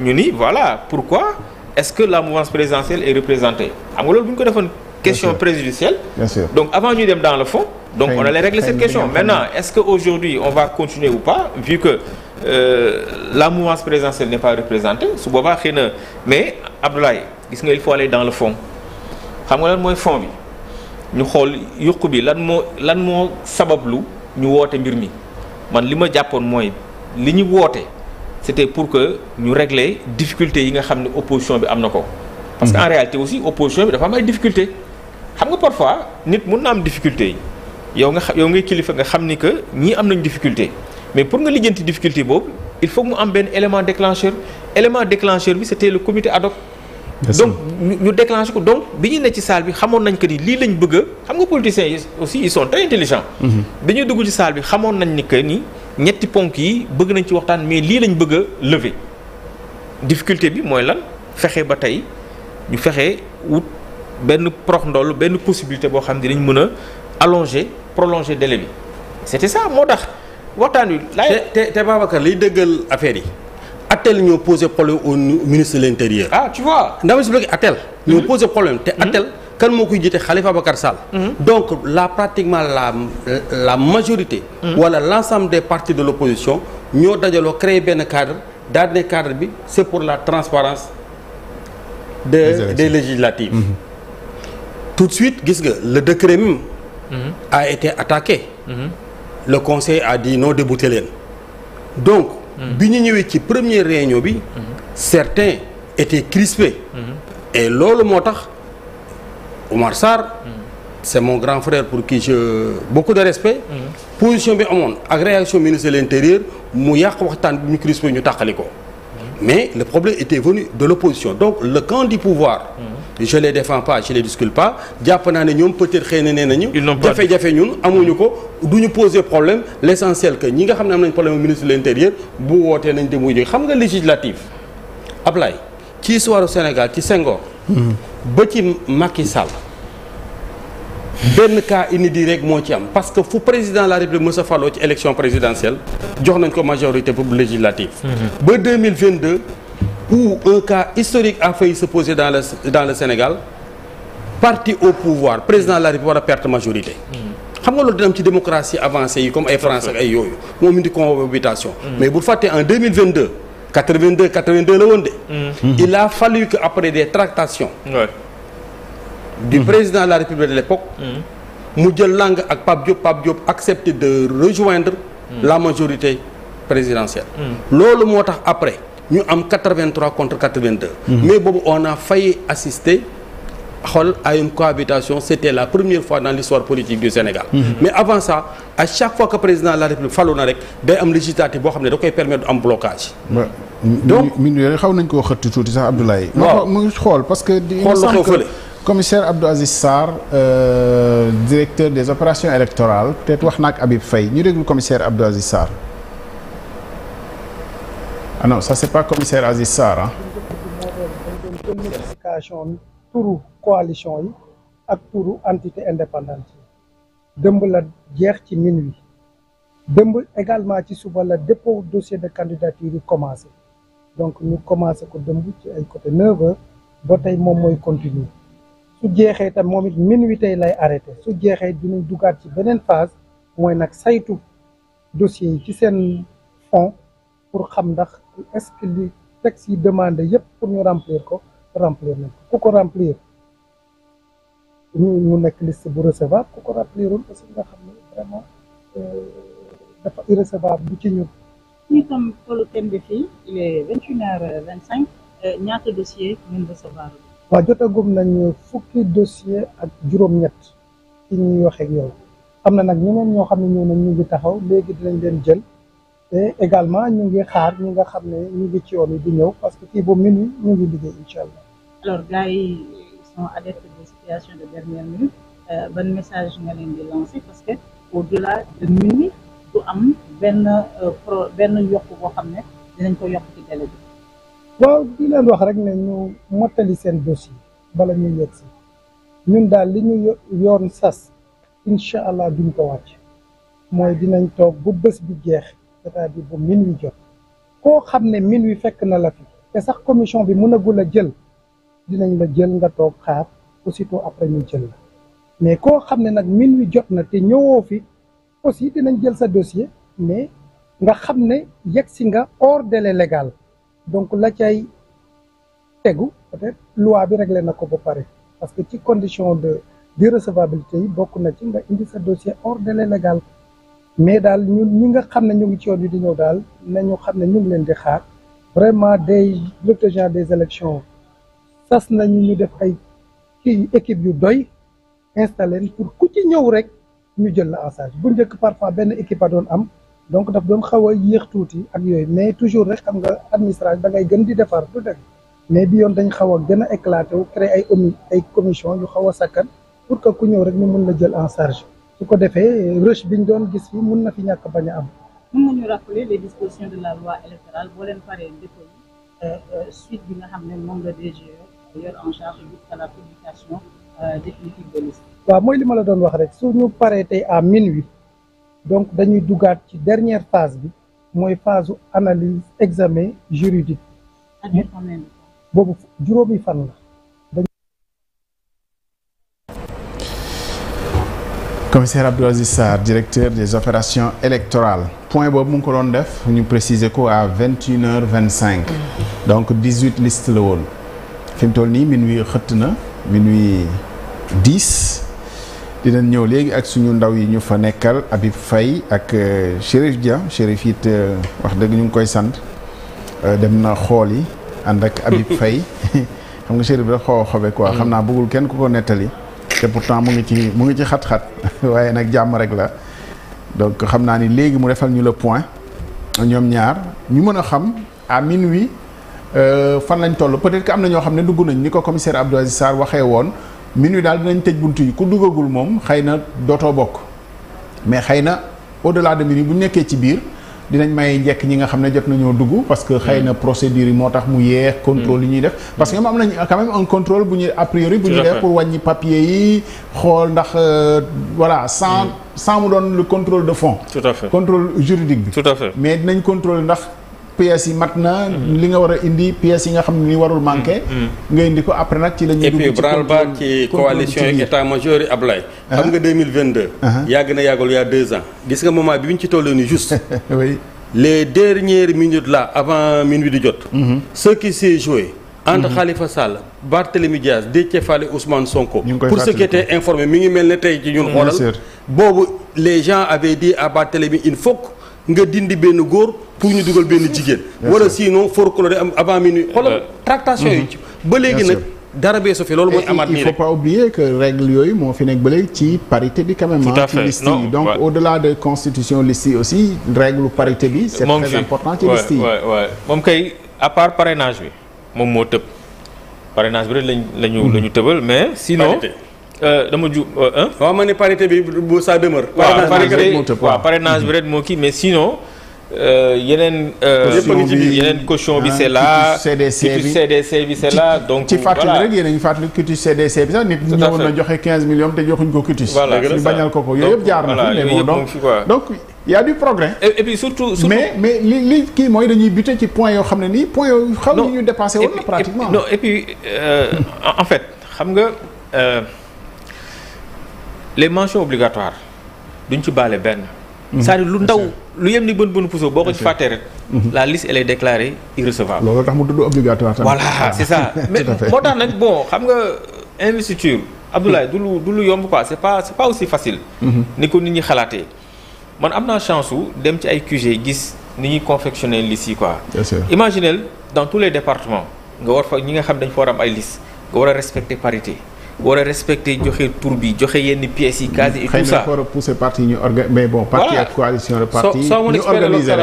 S1: ñu ni voilà pourquoi. est-ce que la mouvance présidentielle est représentée xam nga loolu bu ñu ko defoon question préjudicielle bien sûr donc avant ñuy dem dans le fond donc on allait régler cette question maintenant est-ce que aujourd'hui on va continuer ou pas vu que euh, la mouvance présidentielle n'est pas représentée su boobaa xëy na mais Abdoulaye gis nga il faut aller dans le fond xam nga lan mooy fond bi ñu xool yuq bi lan moo lan moo sabablu ñu woote mbir mi man li ma jàppoon mooy li ñu woote c'était pour que ñu régle difficulté yi nga xam ne opposition bi am na ko. parce que mhm. en réalité aussi opposition bi dafa am ay difficulté xam nga parfois nit mun na am difficulté yi yow nga xam yow ngay kilifa nga xam ni que ñii am nañ difficulté mais pour nga lijjanti difficulté boobu il faut mu am benn élément déclencheur élément déclencheur bi c'était le comité ad hoc donc ñu déclenché ko donc bi ñu ne ci salle bi xamoon nañ que ni lii lañ bëgg xam nga politiciens yi aussi ils sont très intelligents. Mhm. bi ñuy dugg ci salle bi xamoon nañ ni que ni ñetti ponk yi bëgg nañ ci waxtaan mais lii lañu bëgg a lever difficulté bi mooy lan fexe ba tey ñu fexe wut benn prox ndoll benn possibilité boo xam ne dañu mën a allonger prolonger délai bi c'était ça moo tax waxtaan wi. te te Babacar liy dëggal affaire yi. Atel
S3: ñoo posé problème au ministre de l' intérieur. ah tu vois. ndax ma expliqué ñoo mhm. posé problème te mhm. Atel. kan moo koy jiite Khalifa Bakar Sall. Mhm. donc la pratiquement la la majorité. wala l' ensemble des partis de l' opposition ñoo dajaloo créé benn cadre daal ne cadre bi c' pour la transparence de des tout de suite gis nga le décret même. a été attaqué. le conseil a dit non leen Mm-hmm. bi ñu ñëwee ci première réunion bi. Mm-hmm. certains étaient crispés.
S4: Mm-hmm.
S3: et loolu moo tax Omar Sarr. c'est mon grand frère pour qui je beaucoup de respect. position bi amoon agréaction réaction ministre de l'intérieur mu yàq waxtaan bi ñu crispé ñu tàqali ko. mais le problème était venu de l'opposition donc le camp du pouvoir. je les défends pas je les discute pas jàpp naa ne ñoom peut-être xëy na nee nañu jafe-jafe ñun amuñu ko duñu poser problème l'essentiel que ñi nga xam ne am nañ problème ministre de l'intérieur bu wootee nañ dem wuy xam nga législatif Ablaye ci histoire Sénégal ci Senghor
S4: ba
S3: ci Macky Sall benn cas inédit rek moo ci am parce que fu président la république Moussa Fallo ci élection présidentielle jox nañ ko majorité pour législative mm-hmm. ba où un cas historique a failli se poser dans le Sénégal parti au pouvoir président de la République a perte majorité. xam nga loolu dina am ci démocratie avancée yi comme ay France ak ay yooyu moom indi cohabitation. mais bul fàtte en la woon de.
S1: Mm-hmm.
S3: il a fallu que après des tractations. du mm-hmm. président de la République de l'époque mm-hmm. mu jël langue ak Pape Diop Pape Diop accepté de rejoindre la majorité présidentielle. loolu moo tax après. ñu am 83 contre 82. Mmh. mais boobu on a failli assister xool à une cohabitation c'était la première fois dans l'histoire politique du Sénégal. Mmh. mais avant ça à chaque fois que président la République falu na rek day am législative boo xam ne da koy permettre du am blocage.
S2: donc mi xaw nañ koo xëtti tuuti sax Abdoulaye. mu ngi xool parce que. xool la fële. commissaire Abdou Aziz Sarr euh, directeur des opérations électorales peut-être wax na ak Habib Faye ñu déglu commissaire Abdou Aziz ah non ça c'est pas commissaire Aziz Sarr ah.
S10: communication turu coalition yi ak turu entité indépendante yi dëmb la jeex ci minuit dëmb également ci suba la dépôt dossier de candidature yi commencé donc ñu commencé ko dëmb ci ay côté 9 heures tey moom mooy continuer su jeexee tam moom it minuit tey lay arrêté su jeexee dinañ dugaat ci beneen phase mooy nag saytu dossier yi ci seen fond pour xam ndax est-ce que li texte yi demandé yëpp pour ñu remplir ko remplir nañ ko ku ko remplir ñu mu nekk list bu recevable ku ko remplirul aussi nga xam ne vraiment euh, dafa irrecevable du ci ñun. ñu tam tollu euh, ñaata dossier ngeen recevoir. waaw jotagum nañ fukki dossier ak juróom-ñett ci ñuy waxee ak yow am na nag ñeneen ñoo xam ne ñoo nañ ñu ngi taxaw léegi dinañ leen jël. également ñu ngi xaar ñi nga xam ne ñu ngi ci yoon yi di ñëw parce que fii ba minuit ñu ngi liggéey incha allah. alors gars yi sont adeptes des situations de dernière minute euh, ban message nga leen di lancer parce que au delà de minuit du am benn euh, benn yokk boo xam ne dinañ ko yokk ci délai bi. waaw di leen wax rek ne ñu mottali seen yi bala ñu yegg si ñun daal li ñu yoon sas incha allah duñ ko wàcc mooy dinañ toog bu bës bi jeex. c'est-à-dire bu min wi jot koo xam ne miin wi fekk na la fi te sax commission bi mënagul a jël dinañ la jël nga toog xaar aussitôt après ñu jël la mais koo xam ne nag min wi jot na te ñëwoo fi aussi dinañ jël sa dossier mais nga xam ne yegg si nga hors délai donc la cay tegu peut-être loi bi réglé na ko ba pare parce que ci condition de d'irrecevabilité yi bokk na ci nga indi sa dossier hors délai mais daal ñun ñi nga xam ne ñu ngi ci yoon yi di ñëw daal nañu xam ne ñu ngi leen di xaar vraiment des directeur général des élections sas nañu ñu def ay kii équipe yu doy installé pour ku ci ñëw rek ñu jël la en charge bu njëkk parfois benn équipe a doon am donc daf doon xaw a yéex tuuti ak yooyu mais toujours rek xam nga administration da ngay gën di defar du dëgg mais bi yoon dañ xaw a gën a éclaté wu créé ay ay commission yu xaw a sakkan pour que ku ñëw rek ñu mun la jël en charge su ko defee rush biñ doon gis fi mun na fi ñàkk bañ a am. mën nañu rappeler les dispositions de la loi électorale boo leen paree dépôt euh, euh, suite bi nga xam ne moom la DGE yor en charge jusqu'à la publication euh, définitive de liste. waaw mooy li ma la doon wax rek suñu paree tey à minuit donc dañuy dugaat ci dernière phase bi mooy phase analyse examen juridique. boobu juróomi fan la.
S2: commissaire Abdou Aziz directeur des opérations électorales point boobu mu ngi ko doon def ñu préciser ko à vingt une heure vingt cinq donc dix huit liste la woon fi mu toll nii minuit xëtt na minuit dix dinañ ñëw léegi ak suñu ndaw yi ñu fa nekkal Habib fay ak euh, Chérif Dia Chérif it euh, wax dëgg ñu ngi koy sant euh, dem na xool yi ànd ak Habib Faye xam nga Chérif da xoo xobe quoi xam naa bëggul kenn ku ko nettali te pourtant mu ngi ci mu ngi ci xat-xat waaye nag jàmm rek la donc xam naa ni léegi mu defal ñu le point ñoom ñaar ñu mën a xam à minuit euh, fan lañ toll peut-être que am na ñoo xam ne dugg nañ ni ko commissaire Abdou Aziz Sarr waxee woon minuit daal dinañ tëj bunt yi ku duggagul moom xay na dootoo bokk mais xëy na au-delà de minuit bu ñu nekkee ci biir. dinañ may njekk ñi nga xam ne jot nañoo dugg parce que xëy na mm. procédure yi moo tax mu yeex contrôle mm. yi ñuy def parce que ñoom am nañu quand même un contrôle bu ñu a priori bu ñuy def pour wàññi papier yi xool ndax euh, voilà san mm. sans mu doon lu contrôle de fond tout à
S6: fait contrôle juridique bi tout à
S2: mais dinañ contrôle ndax pièces yi mat na. Mm-hmm. li nga war a indi pièces yi nga xam ni warul manqué. Mm-hmm. nga indi ko après nag ci la ñuy dugg ci et puis branle-bas ci coalition yeeg
S3: état-major yi ah. xam nga ah. yàgg na yàggul yaa deux ans. gis nga moment bi ñu ci toll nii juste. oui les dernières minutes là avant minuit jot. Mm-hmm. ce qui s'est joué. entre Khalifa Sall Barthélémy Diaz Déthié Fall Sonko. pour ceux qui étaient informés mi ngi mel ne tey ci ñun. xoolal boobu les gens avaient dit à Barthélémy il faut nga dindi benn góor pour ñu dugal benn jigéen. wala sinon forclore am avant minuit. Euh, xoolal tractation yi. Mhm. ba léegi nag. dara bee sofi loolu mooy amaat nii rek il faut
S2: pas oublier que règle yooyu moo fi nekk ba ci parité bi quand même. tout à yi donc au delà de constitution liste yi aussi règle parité bi. c'est très important ci liste yi
S1: moom kay à part parrainage bi moom moo tëb parrainage bi rek lañ lañu hmm. lañu tëbal mais sinon. Parité. Euh, dama ju euh, waaw ma ne parité bi bu ça demeure. waaw parrainage bi rek moo kii mais sinon. Euh, yeneen. caution bi yeneen ah, caution bi c'est là. CDC bi CDC bi c'est là donc. ci fàttali rek yéen
S2: a ngi fàttali cutis CDC bi sax nit ñëwoon na joxe 15 mi te joxuñ ko cutis. voilà ñu bañal ko ko yooyu yëpp jaar na fi. mais bon puis surtout surtout. mais mais li li kii mooy dañuy buté ci point yoo xam ne nii point yoo. xam ne ñu dépassé woon na pratiquement. non et
S1: puis non et puis en fait xam nga. les mentions obligatoires duñ ci baale benn. Mhm. cest à lu ndaw lu yem ni bën bën puso boo ko ci fàttee rek. Mhm. la liste elle est déclarée irrecevable. loolu
S2: tax mu tudd obligatoire tamit. voilà c'est ça mais moo
S1: tax nag bon xam nga investiture. Abdoulaye du lu du lu yomb quoi c'est pas c'est pas aussi facile. Mhm. ni ko nit ñi xalaatee. man am naa chance su dem ci ay QG gis ni ñuy confectionner liste yi quoi. bien sûr imaginez dans tous les départements nga war fa ñi nga xam dañ fa war am ay liste war a respecter parité. war a respecter joxe tur bi joxe yenn pièces yi case yi. et tout ça xëy
S2: na pousser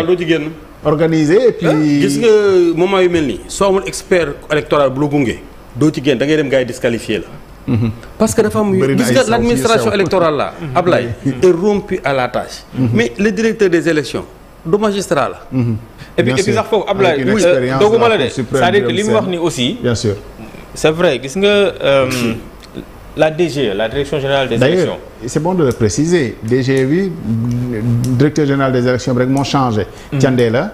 S2: doo ci génn. organiser et
S1: gis nga moment yu mel nii
S3: soo amul expert électoral bu la gunge doo ci génn da ngay dem gars yi disqualifié la.
S2: Mhm. parce
S3: que dafa am gis nga l' administration la Ablaye est rompue à la tâche. Mhm. mais le
S1: directeur des élections
S3: du magistrat la. Mhm. et puis sax foofu Ablaye euh, dogguma la de c'est-à-dire que li mu wax ni
S1: aussi. bien c'est vrai gis nga. Euh, la DGE la direction générale des élections
S2: c'est bon de le préciser DGE bi directeur général des élections bi rek moo changé candee mm. la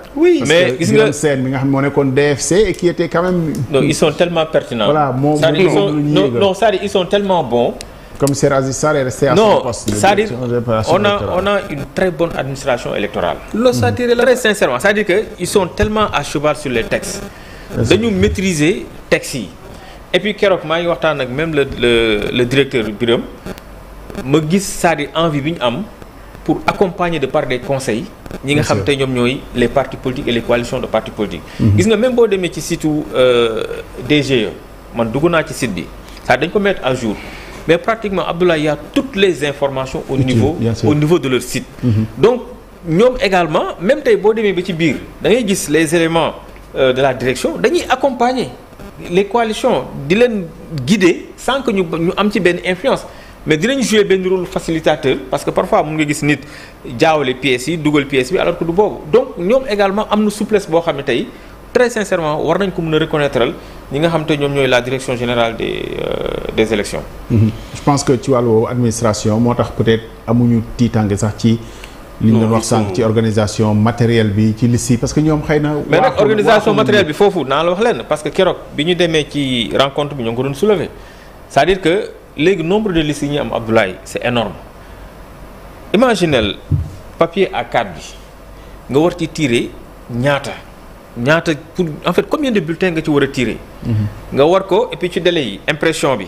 S2: mais gis nga nga xam ne moo nekkoon DFC
S1: et qui était quand même non ils sont tellement pertinents voilà moom non non cest tellement bons comme
S2: Sir Aziz est resté à son poste non c'est-à-dire on a on
S1: a une très à dire très sincèrement c'est-à-dire que cheval sur les textes dañu maîtriser textes et puis keroog maa ngi waxtaan ak même le le le directeur Birame ma gis cest à envie bi ñu am pour accompagner de par des conseils. ñi nga xam te ñoom ñooy les partis politiques et les coalitions de partis politiques. Mhm. gis nga même boo demee ci site euh, DGE man dugg naa ci site bi ça dañ ko mettre à jour mais pratiquement Abdoulaye y a toutes les informations au niveau au niveau de leur site. Mhm. donc ñoom également même tey boo demee ba ci biir da ngay gis les éléments euh, de la direction dañuy accompagner. les coalitions di leen guider sans que ñu ñu am ci benn influence mais dinañ jouer benn rôle facilitateur parce que parfois mu nga gis nit jaawale pièces yi dugal pièce bi alors que du boobu donc ñoom également am na souplesse boo xam ne tey très sincèrement war nañ ko mën a reconnaitre ñi nga xam te ñoom ñooy la direction générale de euh, des élections.
S4: Mm
S2: je pense que ci wàllu administration moo tax peut-être amuñu tiitange sax ci. li ñu doon wax sànq ci organisation matériel bi ci liste yi parce que ñoom xëy na. mais nag
S1: organisation matériel bi foofu naa la wax leen parce que keroog bi ñu demee ci rencontre bi ñoo ngi ko doon soulever c'est-à-dire que léegi nombre de listes yi ñu am Abdoulaye c'est énorme imaginel papier A4 bi nga war ci tirer ñaata ñaata pour en fait combien de bulletins nga ci war a tiire mhm. nga war ko et puis ci délai yi impression bi.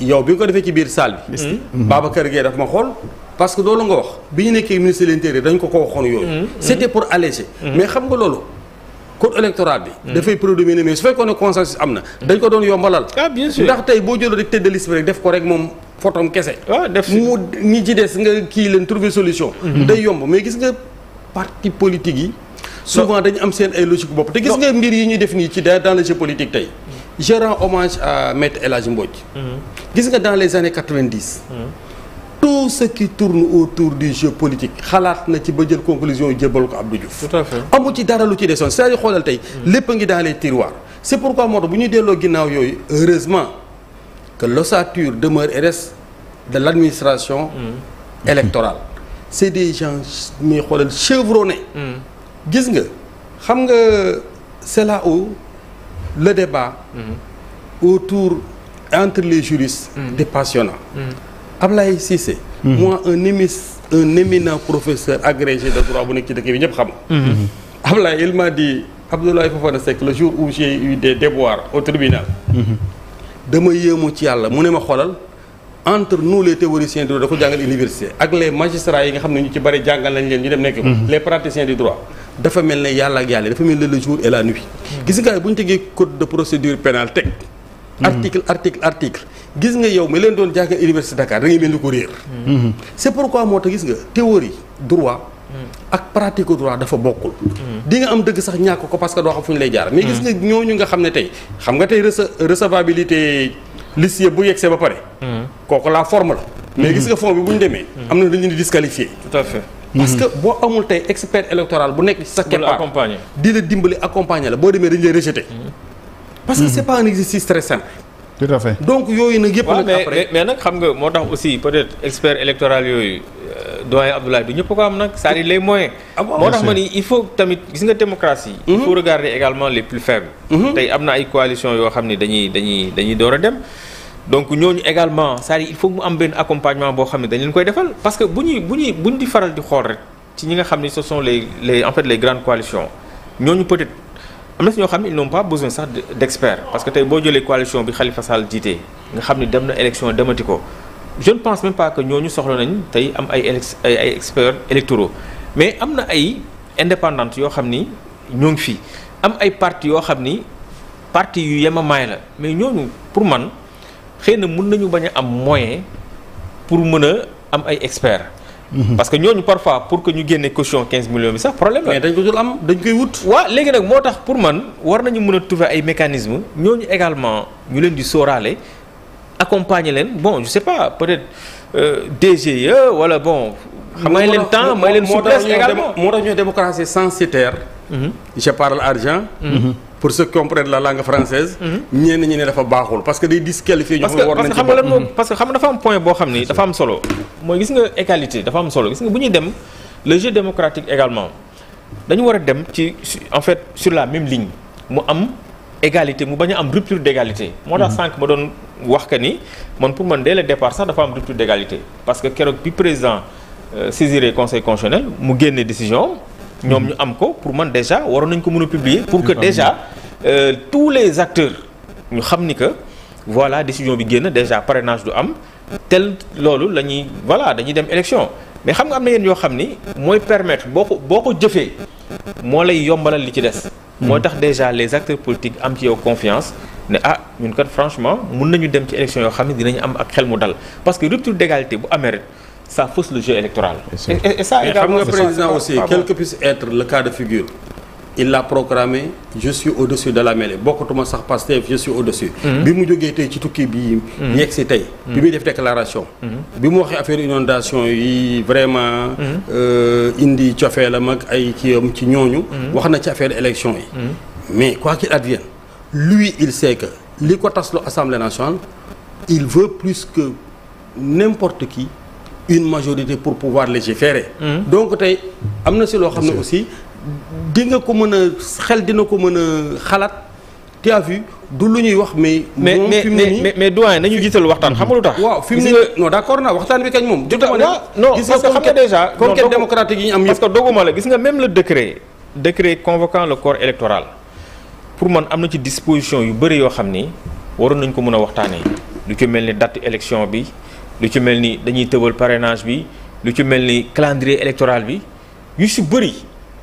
S3: yow bi nga ko defee ci biir salle bi. Hmm. Babacar Gueye daf ma xool. parce que loolu nga wax bi ñu nekkee ministre de l'intérieur dañ ko ko waxoon yooyu. Hmm. Hmm. c'était pour alléger. mais xam nga loolu. code électoral bi. dafay prédominer mais su fekkoon ne consensus am na. dañ ko doon yombalal. ah bien sûr ndax tey boo jëloo rek tête de bi rek def ko rek moom fotom kese. waaw ah, def mu ñi ci des nga kii leen trouver solution. day yomb mais gis nga parti politique yi. souvent dañu am seen ay logique bopp te gis nga def nii ci dans le jeu tey. je rends hommage à maître El Hadj Mbodj. Mhm. gis nga dans les années quatre vingt dix. Mhm. tout ce qui tourne autour du jeu politique xalaat na ci ba jël conclusion jébbal ko Abdou Diouf.
S4: tout à
S3: ci dara lu ci desoon c'est-à-dire xoolal tey. Mhm. lépp a ngi dans les tiroirs. c'est pourquoi moo tax bu ñu delloo ginnaaw yooyu heureusement que l'ossature demeure et reste de l'administration électorale c'est des gens muy xoolal chevronnés. gis nga xam nga c'est là où le débat mhm. autour entre les juristes mhm. des passionnants mhm. Ablaye Cissé moi un émis un éminent professeur agrégé de droit bu nekk ci dëkk bi ñëpp xam Ablaye il m'a dit Abdoulaye Fofana Seck le jour où j'ai eu des déboires au tribunal dama yéemu ci yàlla mu ne ma xoolal entre nous les théoriciens du droit dafa jàngal université ak les magistrats yi nga xam ne ñu ci bari jàngal nañ leen ñu dem nekk ko mhm. les praticiens du droit dafa mel ne yàlla ak yàlla dafa mel ne a jour et la nuit gis nga bu ñu tegee code de procédure pénale mhm. article article article gis nga yow mi leen doon jàngal université Dakar da ngay mel ni ko réer mhm. c'est pourquoi moo tax gis nga théorie droit ak pratique a dafa bokkul. Mm. di nga am dëgg sax ñàkk ko parce doo xam fu ñu lay jaar. mais gis mm. nga ñooñu nga xam ne tey xam nga tey recevabilité liste bu yegsee ba pare. Mm. kooku la forme la. mais gis nga fond bu ñu demee. am na dañu di disqualifié. tout boo amul tey expert électoral bu nekk ci sa keppaar di la dimbali accompagner la boo demee dañu lay rejeté. parce que c'est exercice très simple. tout à donc yooyu nag yëpp nag après
S1: mais nag xam nga moo tax aussi peut-être expert électoral yooyu euh, doyen Abdoulaye du ñëpp ko am nag c'est-à-dire les moyens ah moo tax ma ni il faut tamit gis nga démocratie il mhm. faut regarder également les plus faibles mhm. tey am na ay coalition yoo xam ne dañuy dañuy dañuy door a dem donc ñooñu également c'est-à-dire il faut mu am benn accompagnement boo xam ne dañ leen koy defal parce que bu ñuy bu ñuy bu ñu di faral di xool rek ci ñi nga xam ne ce sont les les en fait les grandes coalitions ñooñu am na si ñoo xam ne ils n'ont pas besoin sax d'experts parce que tey boo jëlee coalition bi Khalifa Sall jiite nga xam ni dem na élection demati ko je ne pense même pas que ñooñu soxla nañ tey am ay elec ay ay experts électoraux mais am na ay indépendantes yoo xam ni ñoo ngi fi am ay parti yoo xam ni parti yu yemamaay la mais ñooñu pour man xëy na mun nañu bañ a am moyen pour mën a am ay experts. Mhm. parce que ñooñu parfois pour que ñu génne caution 15 millions bi sax problème la. mais dañ ko dul am dañ koy wut. waaw léegi nag moo tax pour man war nañu mën a trouver ay mécanismes ñooñu également ñu leen di sóoraale accompagner leen bon je sais pas peut-être euh, DGE wala bon.
S3: xam nga may leen temps may leen souplesse également
S1: moo tax ñu démocratie
S3: censitaire. Mhm. je parle argent. Mhm. pour ceux qui comprennent la langue française
S1: ñenn ñi ne dafa baaxul parce que day disqualifier ñu xam war nañ ci parce parce que xam nga dafa am point boo xam ni dafa am solo mooy gis nga égalité dafa am solo gis nga bu ñuy dem le jeu démocratique également dañu war a dem ci en fait sur la même ligne mu am égalité mu bañ a am rupture d'égalité moo tax mhm. sànq ma doon wax que ni man pour man dès le départ sax dafa am rupture d'égalité parce que keroog bi président euh, saisiré conseil constitutionnel mu génne décision ñoom ñu am ko pour man déjà waroon nañ ko mën a publier pour que déjà euh, tous les acteurs ñu xam ni que voilà décision bi génn déjà parrainage du am tel loolu la ñuy voilà dañuy dem élection mais xam nga am na yéen yoo xam ni mooy permettre boo ko boo ko jëfee moo lay yombalal li ci des moo tax déjà les acteurs politiques am ci yow confiance ne ah ñun kat franchement mun nañu dem ci élection yoo xam ne dinañu am ak xel mu dal parce que rupture d'égalité bu amee sa fausse le jeu électoral. et, xam nga président aussi quel que puisse être le
S3: cas de figure. il l'a programmé je suis au-dessus de la mêlée bokkatuma sax Pastef je suis au-dessus. Mhm. bi mu jógee tey ci tukki bi mhm. yegg si tey. Mhm. bi muy def déclaration. bi mu waxee affaire inondation yi vraiment. Euh, indi cofeelam ak ay kiyam ci ñooñu. wax na ci affaire élection yi. mais quoi qu'il advienne lui il sait que li ko taslu assemblée nationale il veut plus que n'importe qui. une majorité pour pouvoir légiférer. Mmh. donc tey am na si loo xam ne aussi di nga ko mën a xel dina ko mën a xalaat tu as vu du lu ñuy wax mais. mais mais mais
S1: mais doyen nañu jiital waxtaan xam nga lu tax. waaw
S3: fi mu ne non naa waxtaan bi
S1: kañ moom. jotuma ne non parce que xam nga déjà. am yëpp. parce que doguma la gis nga même le décret. décret convoquant le corps électoral pour man am na ci disposition yu bëri yoo xam ni waroon nañ ko mën a waxtaanee lu ci mel ni date élection bi. lu ci mel ni dañuy tëbal parrainage bi lu ci mel ni calendrier électoral bi yu si bëri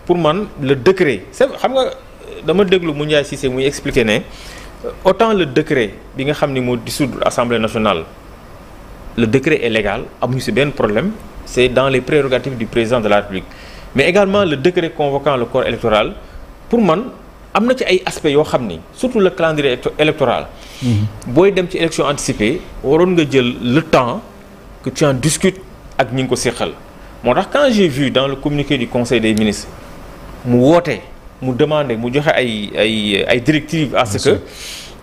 S1: pour man le décret c'est xam nga dama déglu mu Moundiaye Cissé muy expliquer ne autant le décret bi nga xam ni moo dissoudre assemblée nationale le décret est légal amuñu si benn problème c'est dans les prérogatives du président de la République mais également le décret convoquant le corps électoral pour man am na ci ay aspects yoo xam ni surtout le calendrier électoral booy dem ci élection anticipée waroon nga jël le temps que tu en ak ñi nga ko séqal moo tax quand j'ai vu dans le communiqué du conseil des ministres mu woote mu demandé mu joxe ay ay ay directives à ce que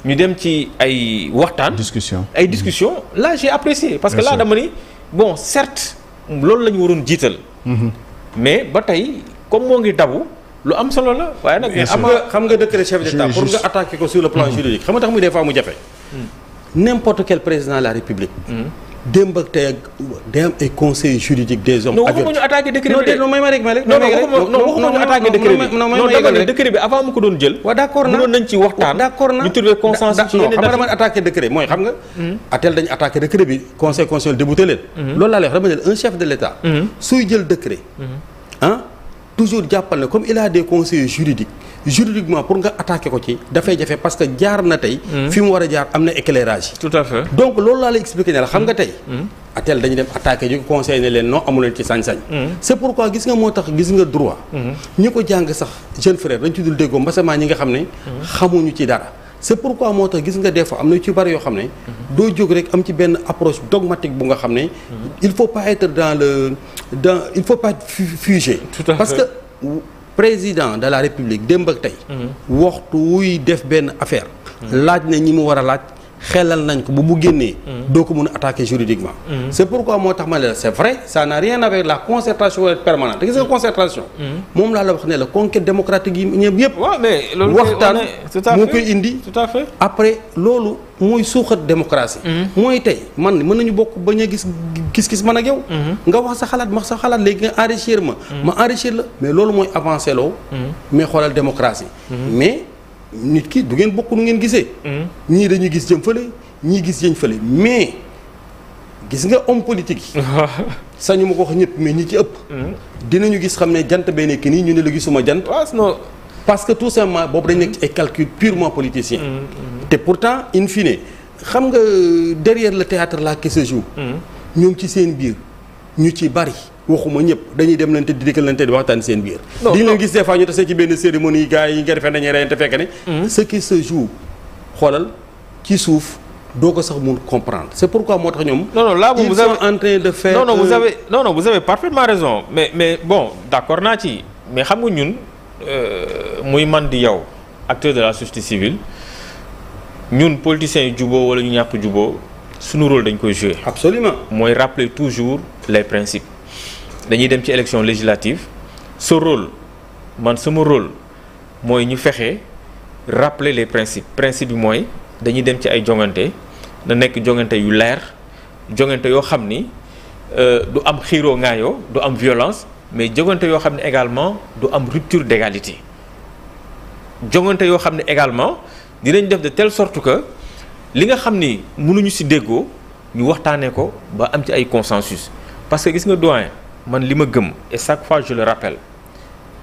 S1: ñu dem ci ay waxtaan discussion ay discussion mm-hmm. là j'ai parce que là dama ni bon certes loolu la waroon jiital mm-hmm. mais ba tey comme moo ngi dabu lu am solo la waaye nag. am nga xam nga décret chef d'État pour nga attaquer
S3: ko sur le plan mm. juridique xam nga tax muy mu jafe. Mm. n'importe quel président de la République. Mm. démb ak tey ak ay conseil juridique des hommes. ajoy waxuma ñu attaqué décret bi avant mu doon jël. waaw d'accord naa mënoon nañ ci waxtaan. d'accord naa ñu trouver consensus ci mooy xam nga. atel dañu attaqué décret bi conseil constitutionnel débouté leen. Mm-hmm. loolu laa lay wax dama toujours jàppal ne comme il a des conseillers juridiques juridiquement pour nga attaqué ko ci dafay jafe parce que jaar na tey. Hmm. fi mu war a jaar am na éclairage. tout à fait donc loolu laa lay expliqué ne la xam nga tey. Hmm. atel dañu dem attaqué ji conseil ne leen non amu ci sañ-sañ. Hmm. c' est pourquoi gis nga moo tax gis nga droit. ñi ko jàng sax jeune frère dañ ci dul déggoo mbasamaa ñi nga xam ne. xamuñu ci dara. c'est pourquoi moo tax gis nga des fois am na ci bari yoo xam ne. Mhm. doo jóg rek am ci benn approche dogmatique bu nga xam ne. Mhm. il faut pas être dans le dans il faut pas fugé. tout parce que président de la république démb ak tey. Mhm. waxtu wuy def benn affaire. laaj na ñi mu war a laaj. xelal nañ ko bu mu génnee. Mm. doo ko mun a attaquer juridiquement. Mm. c' est pourquoi moo tax ma ne la c' vrai ça n' rien avec la concertation permanente te gis nga mm. concertation. moom laa la wax ne la conquête démocratique yi ñëpp yëpp. waxtaan moo koy indi. après loolu mooy suuxat démocratie. mooy tey man mën nañu bokk bañ a gis gis-gis man ak yow. Mm-hmm. nga wax sa xalaat ma sa xalaat léegi nga enrichir ma. ma enrichir la mais loolu mooy avancé loo. mais xoolal démocratie mm-hmm. mais. nit ki du ngeen bokk nu ngeen gisee. Hmm. ñii dañuy gis jëm fële ñi gis jëñ fële mais gis nga homme politique yi. sañu ma ko wax ñëpp mais ñi ci ëpp. Hmm. dinañu gis xam ne jant bee nekk nii ñu ne la gisuma jant. Ah, parce que tout simplement boobu dañ nekk ci ay calcul purement politicien. Hmm, te pourtant in fine xam nga derrière le théâtre là qui se joue. ñoom ci seen biir ñu ci bari. waxuma ñëpp dañuy dem lante di dëkkalante di waxtaan seen biir di leen gis des fois ñu tasee ci benn cérémonie gars yi nga defee nañuy reyante fekk ne mm-hmm. ce qui se joue xoolal ci suuf doo ko sax mun comprendre c'est pourquoi moo tax ñoom non non là vous avez...
S1: en de faire euh, non non vous avez parfaitement raison mais mais bon d'accord naa ci mais xam nga ñun euh, muy man di yow acteur de la société civile ñun politiciens yu juboo wala ñu ñàkk juboo suñu rôle dañ koy jouer absolument mooy rappeler toujours les principes dañuy dem ci élection législative sa rôle man sama rôle mooy ñu fexe rappeler les principes principe bi mooy dañuy dem ci ay jongante da nekk jongante yu leer jongante yoo xam ni euh, du am xiiroo ngaayoo du am violence mais jongante yoo xam ne également du am rupture d'égalité jongante yoo xam ne également dinañ def de telle sorte que li nga xam ni mënuñu ci déggoo ñu waxtaanee ko ba am ci ay consensus parce que gis nga doyen man li ma gëm et chaque fois je le rappelle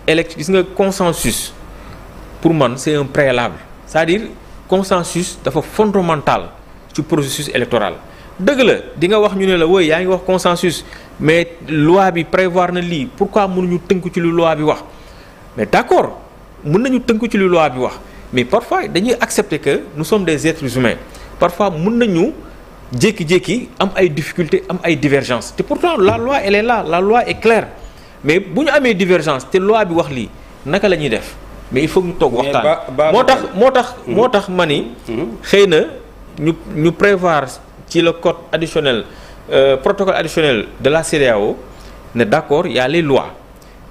S1: élect gis nga consensus pour man c'est un préalable c'est-à-dire consensus dafa fondamental ci processus électoral dëgg la di nga wax ñu ne la woy yaa ngi wax consensus mais loi bi prévoir na lii pourquoi mënuñu tënk ci lu loi bi wax mais d'accord mun nañu tënk ci lu loi bi wax mais parfois dañuy accepter que nu sommes des êtres humains parfois mën nañu jékki-jékki am ay difficulté am ay divergence te pourtant la loi elle est là la loi est claire mais bu ñu amee divergence te loi bi wax lii naka la ñuy def mais il faut ñu toog waxtaan moo tax moo tax mhm. moo tax ma ni mhm. xëy na ñu ñu prévoir ci le code additionnel euh, protocole additionnel de la CEDEAO ne d'accord y a les lois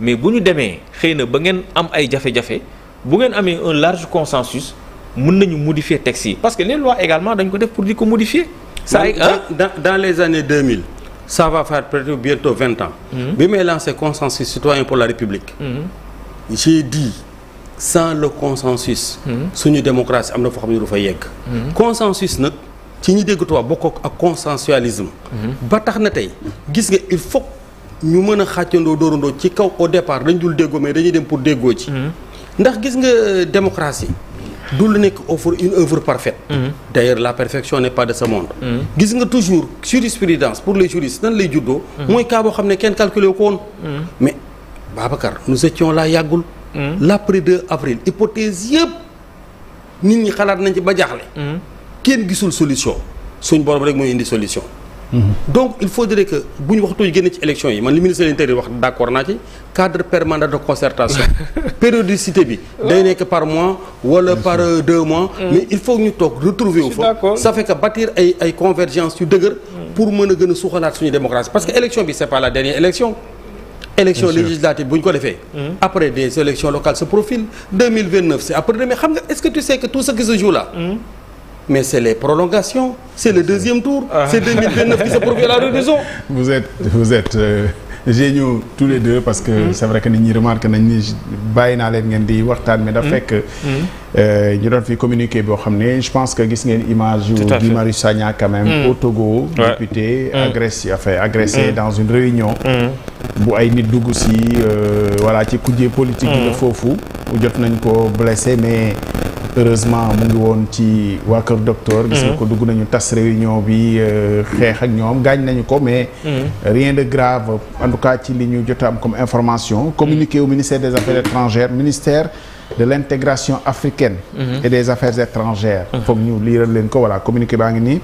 S1: mais bu ñu demee xëy na ba ngeen am ay jafe-jafe bu ngeen amee un large consensus mën nañu modifier texte yi parce que les lois également dañ ko def pour di ko modifier ça dans, dans les années 2000 ça va
S3: faire peut-être bientôt vingt ans mhm. bi may lancé consensus citoyen pour la République mhm. j'ai sans le consensus mhm. suñu démocratie am na foo xam ne du fa yegg consensus nag ci ñi dégg tubaab bokk ak consensualisme ba tax na tey gis nga il faut ñu mën a xàccandoo dóorandoo ci kaw au départ dañ dul déggoo mais dañuy dem pour déggoo ci ndax gis nga démocratie du lu nekk offre une œuvre parfaite mhm. d' ailleurs la perfection n'est pas de ce mhm. gis nga toujours jurisprudence pour les juristes nan lay juddoo mhm. mooy cas boo xam ne kenn calculé ko woon mais Babacar nu étions là yàggul l'après de avril hypothèse yëpp nit ñi xalaat nañ ci ba jaaxle kenn gisul solution suñ borom rek mooy indi solution Mm-hmm. donc il faudrait que bu ñu waxtoo génne ci élection yi man li ministre de l'intérieur wax d'accord naa ci cadre permanent de concertation périodicité bi day nekk par mois wala par euh, deux mois mm. mais il faut ñu toog retrouver wu fa ça fait que ay convergence yu dëgër mm. pour mën a gën a suuxalaat suñu démocratie parce que mm. élection bi c'est la dernière élection élection législative bu ñu ko defee après des élections locales se profilent 2029 c'est après demain xam mais c'est les prolongations c'est le deuxième tour ah. c'est 2029 qui se profile à l'horizon
S2: vous êtes vous êtes euh, tous les deux parce que mm. c'est vrai que ni ñi remarque nañ ni bàyyi naa leen ngeen di waxtaan mais dafa hmm. fekk hmm. Euh, ñu doon fi communiqué boo xam ne je pense que gis ngeen image yu Guy Marius Sagna quand même mm. au Togo ouais. député mm. dans une réunion bu ay nit dugg si euh, voilà ci kujje politique bi foofu jot nañ ko blessé mais heureusement mu ngi woon ci waa Kër Docteur. gis nga mhm. ko dugg nañu tas réunion bi euh, xeex ak ñoom gaañ nañu ko mais. Mhm. rien de grave en tout cas ci li ñu jot a am comme information. communiqué au ministère des affaires étrangères ministère. Mhm. Mhm. de l'intégration africaine et des affaires étrangères foog ñu liiral leen ko voilà communiqué ngi nii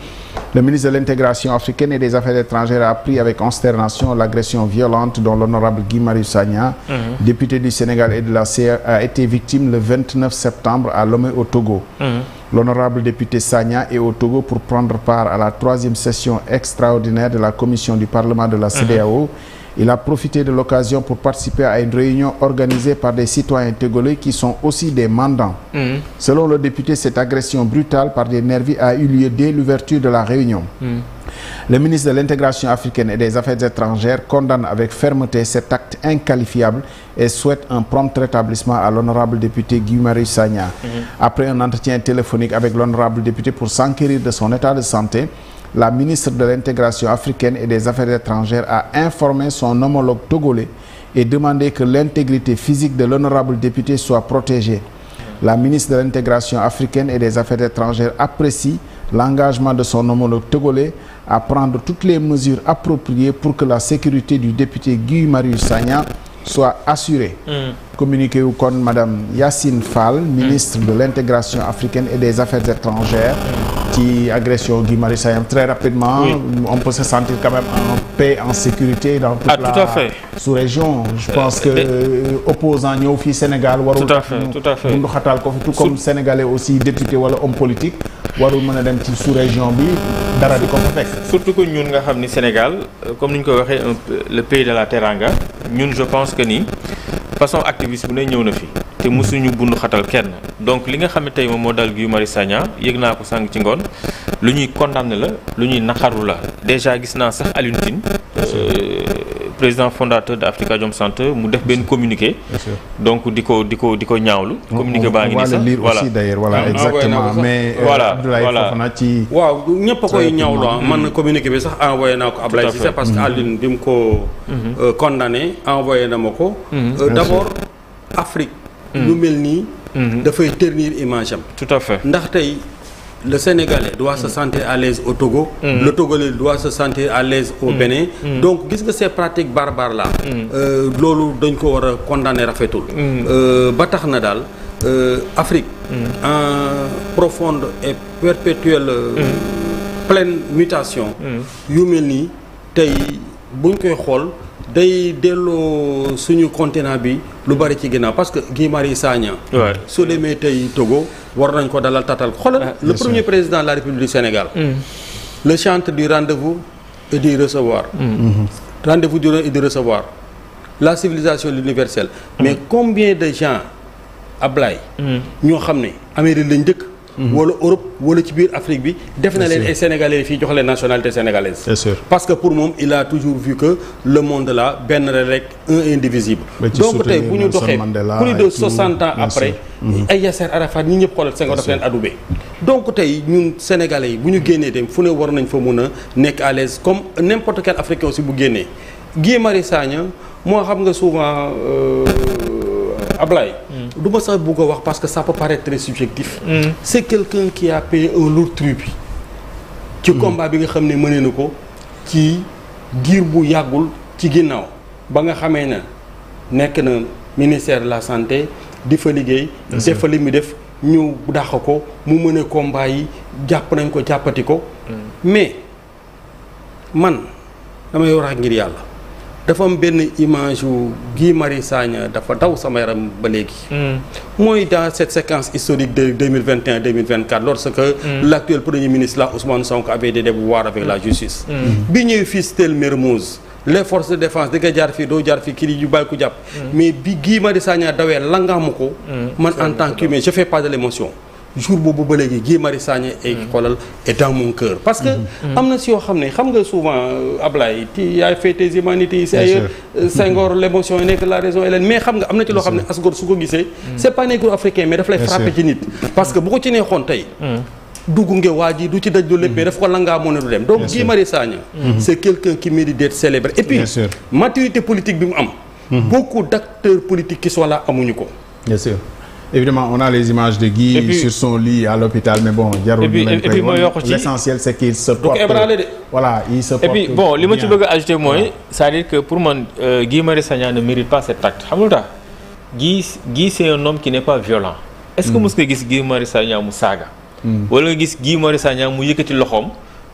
S2: le ministre de l'intégration a pris avec consternation l'agression violente dont l'honorable Guy Marius Sagna mhm. député du Sénégal et la CA e a été victime le 29 septembre à Lomé au Togo L'honorable député Sagna est au Togo pour prendre la troisième session extraordinaire de la commission du Parlement de la Il a profité de l'occasion pour participer à une réunion organisée par des citoyens togolais qui sont aussi des mandants. Mmh. Selon le député, cette agression brutale par des nervis a eu lieu dès l'ouverture de la réunion. Mm. Le ministre de l'intégration africaine et des affaires étrangères condamne avec fermeté cet acte inqualifiable et souhaite un prompt rétablissement à l'honorable député Guy-Marie Sagna. Mm-hmm. Après un entretien téléphonique avec l'honorable pour s'enquérir de son état la ministre de l'intégration africaine et des affaires étrangères a informé son homologue togolais et demandé que l'intégrité physique de l'honorable député soit protégée. La ministre de l'intégration africaine et des affaires étrangères apprécie l'engagement de son homologue togolais à prendre toutes les mesures appropriées pour que la sécurité du député Guy Marius Sagna soit assurée. Mm. communiqué wu kon madame Yacine Fall. ministre mm. de l'intégration africaine et des affaires étrangères. ci mm. agression Guy Marius Sagna très rapidement. Oui. on peut se sentir quand en paix en sécurité. dans ah, tout à fait. sous-région. je euh, pense que euh, opposant ñëw fii Sénégal warul. tout à fait tout à xataal ko fi tout comme sénégalais aussi député wala homme politique warul mën a dem ci sous-région bi
S1: dara di ko fa fekk. surtout que ñun nga xam ni Sénégal euh, comme ni ñu ko waxee le pays de la teranga. ñun je pense que ni façon activiste bu ne ñëw na fii te mosuñu bund xatal kenn donc li nga xam ne tey moom moo dal yu Marius Sagna yëg naa ko sàng ci ngoon lu ñuy condamné la lu ñuy naqaru la déjà gis naa sax Alioune Tine euh, président fondateur de a Jom Center mu def benn communiqué. donc di ko di ko di ko ñaawlu. communiqué baa ngi nii sax voilà aussi d'ailleurs voilà ah, ah, exactement mais. Euh, voilà voilà ci.
S2: waaw
S3: ñëpp a koy ñaawlu ah man mm-hmm. communiqué bi sax envoyé naa ko Ablaye Cissé parce que mm-hmm. Aline bi mu ko. Mm-hmm. Euh, condamné envoyé na ma ko. Euh, d'abord Afrique. lu mel nii. dafay ternir image tout à fait ndax le Sénégalais doit se sentir à l'aise au Togo. Mm. le Togolais doit se à l'aise au mm. Bénin. Mm. donc gis nga ces pratiques barbares là. Euh, loolu dañ ko war a condamner rafetul. Euh, ba tax na daal euh, Afrique. en profonde et perpétuelle. pleine mutation. yu mel nii tey buñ koy xool. day delloo suñu continent bi lu bari ci ginnaaw parce que Guy Marius Sagna su demee tey Togo war nañ ko dalal tatal xoolal ah, le premier président de la République du Sénégal mmh. le chante du rendez-vous et du recevoir mmh. rendez-vous du et du recevoir la civilisation universelle mm. mais combien de gens Ablaye mm. ñoo xam ne Amérique lañ dëkk Mhm. wala Europe wala ci biir Afrique bi. def na leen ay sénégalais fii jox leen nationalité sénégalaise. bien sûr parce que pour moom il a toujours vu que le monde là benn rek un indivisible. donc tey bu ñu doxee plus de 60 ans après. Mhm. ay Yasser Arafat ñi ñëpp xoolal Senghor daf leen adoubé. donc tey ñun sénégalais yi bu ñu génnee dem fu ne war nañ fa mun a nekk à l'aise comme n'importe quel africain aussi bu génnee Guy Marius Sagna moo xam nga souvent. Euh, Ablaye. Hmm. du ma sax bugg a wax parce que ça peut paraître très subjectif. Hmm. c' est quelqu'un qui a payé ci hmm. combat bi nga xam ne mënee na ko ci diir bu yàggul ci ginnaaw ba nga xamee na nekk na ministère de la santé di fa liggéey. def fa def ñëw dàq ko mu mëne combat yi jàpp nañ ko jàppati ko. mais man damay wax ngir yàlla. dafa am benn image yu Guy Marius dafa daw sama yaram ba léegi. Hmm. mooy dans cette séquence historique de 2021 2024 lorsque mm. l' actuel premier ministre là Ousmane Sonko avait des déboires avec la justice. Hmm. bi ñuy fistel Mermoz les forces de défense di nga jaar fii doo jaar fii kii yu bàyyi ko jàpp. Hmm. mais bi Guy Marius Sagna dawee langaamu ko. man en tant qu'humain je fais pas de l' jour boobu ba léegi Guy Marius Sagna ay mm. xoolal est dans mon parce que mm. am na si yoo xam ne xam nga souvent euh, Ablaye ti yaay fait tes humanités yi si ailleurs euh, Senghor yi mm. nekk la raison hélène mais xam nga am na ci loo xam ne asgor su ko gisee c'est pas négro-africain mais daf lay frappé ci nit parce que bu ko ci neexoon tey du gunge waa ji du ci daj lu lépp mais daf ko langaa moo ne du dem donc Guy Marius Sagna c'est quelqu'un qui mérite d'être célébré et mu am mm-hmm. beaucoup d'acteurs politiques qui sont amuñu ko
S2: bien évidemment on a les images de Guy puis, sur son lit à l'hôpital mais bon jarul l'essentiel c'est qu'il voilà il se li ma ci bëgg
S1: a mooy cest dire que pour man euh, Guy Marius Sagna ne mérite pas cet acte xam nga Guy Guy c'est un homme qui n'est pas violent est-ce que hmm. mos nga gis Guy Marius Sagna mu saaga hmm. wala nga gis Guy Marius Sagna mu yëkkati loxoom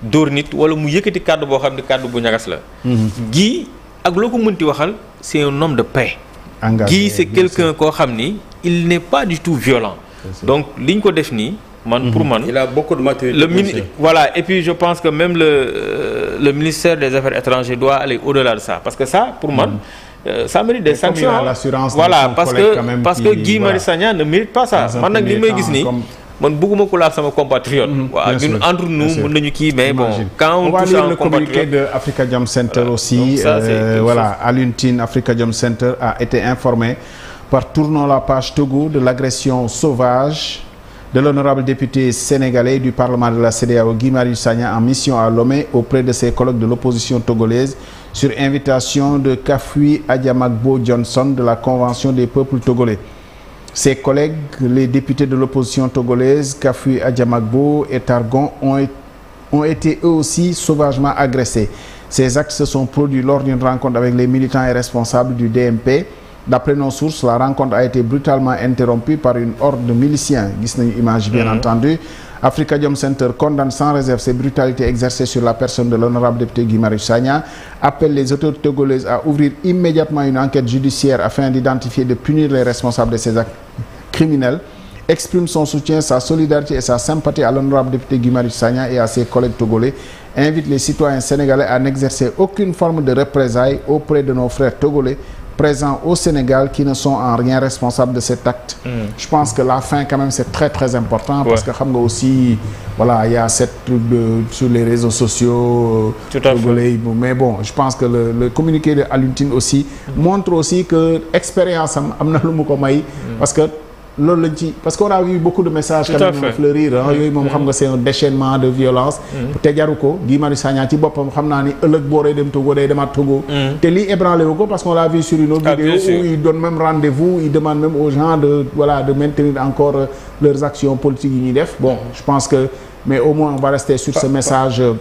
S1: dóor nit wala mu yëkkati kàddu boo xam ne kàddu bu ñagas la hmm. Guy ak loo ko mënti waxal c'est un de paix Guy c'est quelqu'un koo xam ni il n'est pas du tout violent donc li ñu ko def nii man pour mhm. man il a beaucoup le mini voilà et puis je pense que même le euh, le ministère des affaires étrangères doit aller au-delà de ça parce que ça pour man mhm. Euh, ça mérite des sanctions voilà parce que parce que Guy Marius Sagna ne mérite pas ça man nag li may gis nii man bëgguma ko laal sama compatriote mhm. waaw ñun entre nous mën nañu kii mais bon quand on touche à un compatriote
S2: on va de Africa Jam Center aussi euh, voilà Alioune Tine Africa Jam Center a été informé par tournant la page Togo de l'agression sauvage de l'honorable député sénégalais du Parlement de la CEDEAO Guy Marius Sagna en mission à Lomé auprès de ses collègues de l'opposition togolaise sur invitation de Kafui Adjamakbo Johnson de la Convention des peuples togolais. Ses collègues, les députés de l'opposition togolaise Kafui Adjamakbo et Targon ont, ont été eux aussi sauvagement agressés. Ces actes se sont produits lors d'une rencontre avec les militants D'après nos sources, la rencontre a été brutalement interrompue par une horde de miliciens. Gis nañu image bien mm entendu. Africa Jom Center condamne sans réserve ces brutalités exercées sur la personne de l'honorable député Guy Marius Sagna, appelle les autorités togolaises à ouvrir immédiatement une enquête judiciaire afin d'identifier et de punir les responsables de ces actes criminels, exprime son soutien, sa solidarité et sa sympathie à l'honorable député Guy Marius Sagna et à à n'exercer aucune forme de représailles présents au Sénégal qui ne sont en rien responsables de cet acte. Mm. Je pense que la fin, quand même, c'est très, très important ouais. parce que, xam nga aussi, voilà, il y a cette truc sur les réseaux sociaux. Euh, mais bon, je pense que le, le communiqué de Aluntine aussi mmh. montre aussi que expérience am na lu mu ko may mm. parce que loolu lañ ci parce que on a eu beaucoup de messages quand même fleurir yooyu moom mm-hmm. xam nga c'est un de violence mm-hmm. te jaru ko Guy Marius Sagna ci boppam xam naa ni ëllëg booree dem Togo day demaat Togo mm-hmm. te lii ébranlé wu ko parce qu'on l'a vu sur une autre ah, vidéo où il donne même rendez il demande même aux gens de voilà de maintenir encore euh, leurs actions politiques yi ñuy def bon je pense que mais au moins on va rester sur ce message euh,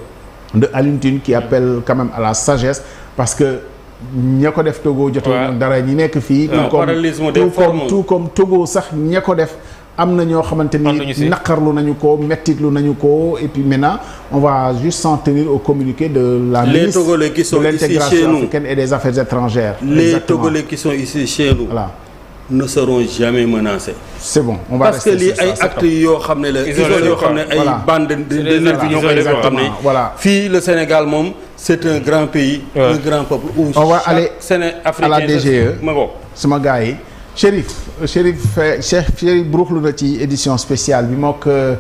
S2: de Alioune Tine qui appelle quand même à la sagesse ña ko def Togo jotee ñoom dara ñi nekk fii tout comme tout comme Togo sax ña ko def am na ñoo xamante ni naqarlu nañu ko mettitlu nañu ko et puis maintenant on va juste s'en tenir au communiqué de la ministre de l'intégration africaine et des affaires étrangères les Togolais
S3: qui sont ici chez nous voilà ne seront jamais menacés.
S2: c'est bon parce que
S3: lii ay actes yoo xam ne la. isolé yoo voilà fii le Sénégal moom c'est un grand pays. un grand peuple où on va aller Séné africain à la DGE e.
S2: sama gars yi. Chérif Chérif Cheikh Chérif buruxlu na ci édition spéciale bi mook euh,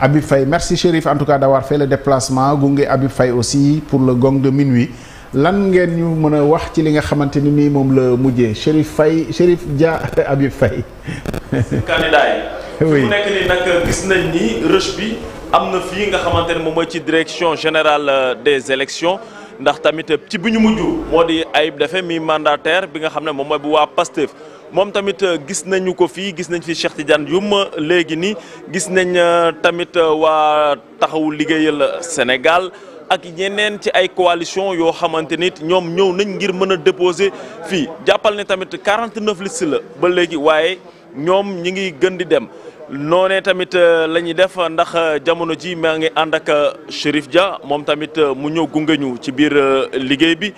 S2: abi Faye merci Chérif en tout cas d'avoir fait le déplacement gunge Habib Faye aussi pour le gong de minuit. lan ngeen ñu mën a wax ci li nga xamante ni nii moom la mujjee Chérif Faye Chérif Dia Habib Faye
S9: candidat yi nekk ni nag gis nañ ni rush bi am na fii nga xamante ne moom mooy ci direction générale euh, des élections ndax tamit ci bi ñu mujj moo di Ayib Daffé mi mandataire bi nga xam ne moom mooy bu waa Pastef moom tamit euh, gis nañu ko fii gis nañ fi Cheikh Tidiane Youm euh, léegi nii gis nañ tamit waa taxawu liggéeyal Sénégal ak yeneen ci ay coalition yoo xamante nit ñoom ñëw nañ ngir mën a déposer fii jàppal ne tamit 49 listes la ba léegi waaye ñoom ñi ngi gën di dem noonee tamit euh, la ñuy def ndax euh, jamono ji maa ngi ànd ak euh, Chérif Dia moom tamit mu ñëw gunge ñu ci biir liggéey bi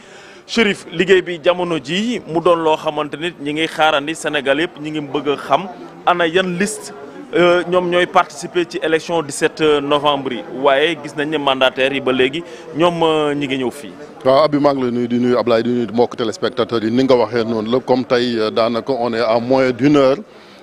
S9: Chérif liggéey bi jamono ji mu doon loo xamante nit ñi ngi xaarandi Sénégal yëpp ñi ngi bëgg xam ana yan list Euh, ñoom ñooy participer ci élection 17 euh, novembre yi waaye gis nañ ne mandataires yi ba léegi ñoom euh, ñi ngi ñëw fii.
S11: waaw Habib maa ngi lay nuyu di nuyu Ablaye di nuyu mbokk yi ni nga waxee noonu la comme tey daanaka on est à moins d'une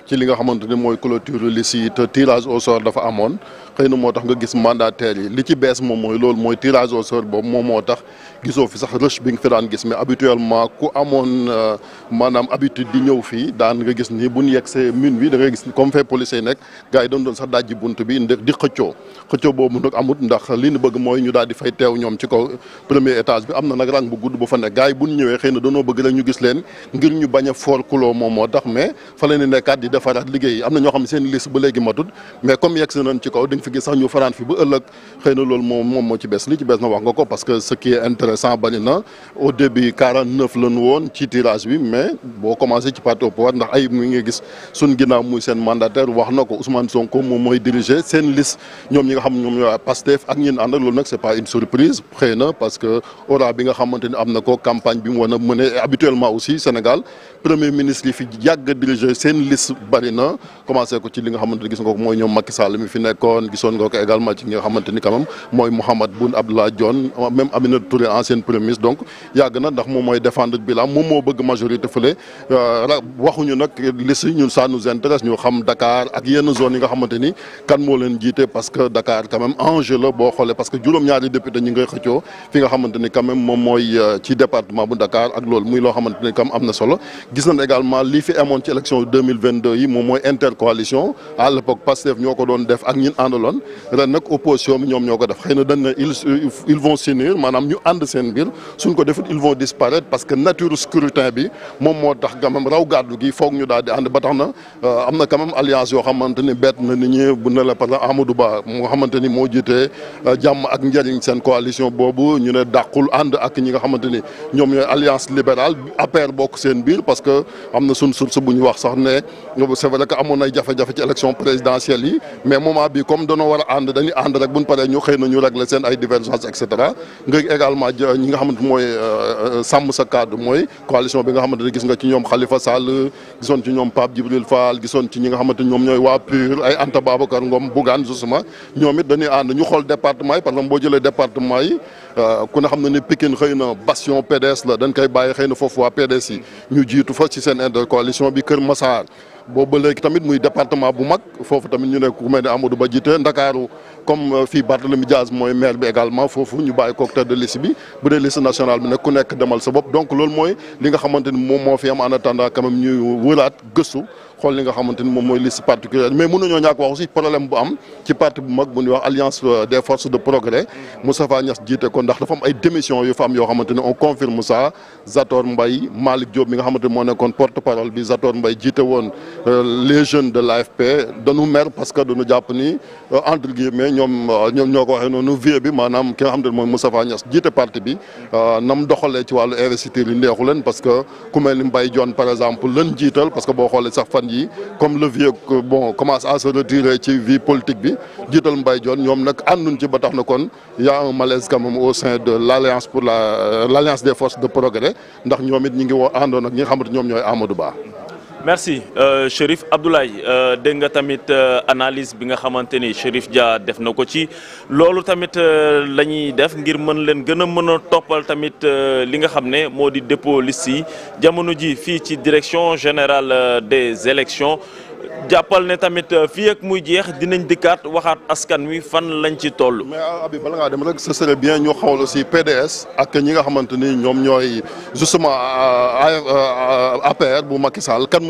S11: ci li nga xamante ne mooy clôture li yi te tirage au sort dafa amoon xëy na moo tax nga gis mandataires yi li ci bees moom mooy lool mooy tirage au sort boobu moom moo tax gisoo fi sax rush bi nga fi daan gis mais habituellement ku amoon euh, maanaam habitude di ñëw fii daan nga gis ni bu ñu yegg see minuit da ngay gis comme fee policier yi nekk gars yi doon doon sax dajji bunt bi di xëccoo xëccoo boobu nag amut ndax li ñu bëgg mooy ñu daal di fay teew ñoom ci kaw premier étage bi am na nag rang bu gudd bu fa ne gars bu ñu ñëwee xëy na danoo bëgg rek ñu gis leen ngir ñu bañ a foor kuloo moom moo tax mais fa la ne nekkaat di defaraat liggéey yi am na ñoo xam ne seen liste ba léegi matut mais comme yegg si ci kaw di fi gis sax ñu faraan fi ba ëllëg xëy na loolu moom moo ci bees li ci bees na wax nga ko parce que ce qui est intéressant boo commencé ci parti au pouvoir ndax ay na ko moom mooy seen liste ñi nga xam ñoom ñooy Pastef ak ñeen ànd loolu nag c'est pas une surprise parce que aura bi nga xamante am na ko campagne bi mu war a habituellement aussi Sénégal premier ministre yi fi yàgg a seen liste bari commencé ko ci li nga xamante ni mooy ñoom Macky Sall mi fi nekkoon gisoon ancienne premier ministre donc yàgg na ndax moom mooy défendre bilan moom moo bëgg majorité fële euh, waxuñu nag liste ñun ça nous ñu xam Dakar Dakar quand même la boo xoolee parce que juróom-ñaari député ñu ngay xëccoo nga xamante ni moom mooy euh, ci département bu Dakar ak loolu muy loo xamante kam am na solo gis nañ également lii fi amoon ci élection yi moom mooy intercoalition à l'époque Pastef ñoo ko doon def ak ñin àndaloon ren nag opposition bi ñoom ñoo ko def xëy na ils ils vont maanaam ñu ànd seen biir suñ ko defut ils vont disparaître parce que nature scrutin xamante ni moo jiite euh, jàmm ak njëriñ seen coalition boobu ñu ne dàqul ànd ak ñi nga xamante ni ñoom ñooy alliance libérale APR bokk seen biir parce que am na suñ source bu ñu wax sax ne c'est vrai que amoon na jafe-jafe ci élection présidentielle yi mais moment bi comme dañoo war a ànd dañuy ànd rek bu ñu paree ñu xëy ñu régler seen ay divergences et nga également ñi nga xamante mooy euh, euh, sàmm sa cadre mooy coalition bi nga xamante ne gis nga ci ñoom Khalifa Sall gisoon ci ñoom Pape Djibril Fall gisoon ci ñi nga xamante ñoom ñooy waa PUR ay Anta Babacar Ngom Bougane justement ñoom it dañuy ñu xool département yi par exemple boo jëlee département Euh, ku ne xam na ni Pikine xëy na bastion PDS la dañ koy bàyyi xëy na foofu waa PDS yi ñu jiitu fa ci seen intercoalition bi Kër Massar boobu ba léegi tamit muy département bu mag foofu tamit ñu ne ku mel ne Ba jiite Ndakaaru comme euh, fii Barthélemy Diaz mooy maire bi également foofu ñu bàyyi koog tête de liste bi bu dee liste nationale bi nag ku nekk demal sa bopp donc loolu mooy li nga xamante ni moom moo fi am ana attendant quand même ñuy wëraat gëstu xool li nga xamante moom mooy liste particulière mais mënuñoo ñàkk wax jiite ko ndax dafa am ay démission yu fa yoo xamante on confirme ça Zator Mbaye Malick Diop mi nga xamante ni moo nekkoon porte parole bi Zator Mbaye jiite woon euh, les jeunes de l'AFP dañu mer parce que dañu jàpp ni euh, entre euh, ñoom ñoo ko waxee noonu vieux bi maanaam ki nga xamante ni mooy Moustapha Niass jiite parti bi nam doxalee ci wàllu investiture yi neexu parce que ku mel ni Mbaye yi comme le vieux euh, bon commence à se retirer ci vie politique bi jiital mbay Dione ñoom nag ànduñ ci ba tax na kon y a un malaise quand au sein de l' alliance pour la euh, l' alliance des forces de progrès ndax ñoom it ñi ngi woo àndoon ak ñi nga xamante ñoom ñooy Amadou Ba
S9: merci euh, Chérif Abdoulaye euh, dégg nga tamit euh, analyse bi nga xamante ni Chérif Dia def na ko ci loolu tamit la ñuy def ngir mën leen gën a mën a toppal tamit li nga xam ne moo di dépôt liste yi jamono ji fii ci direction générale des élections jàppal ne tamit euh, fii ak muy jeex dinañ dikkaat waxaat askan wi fan lañ ci toll. mais
S11: euh, abi bala ngaa dem rek ce serait bien ñu xawal aussi PDS ak euh, kan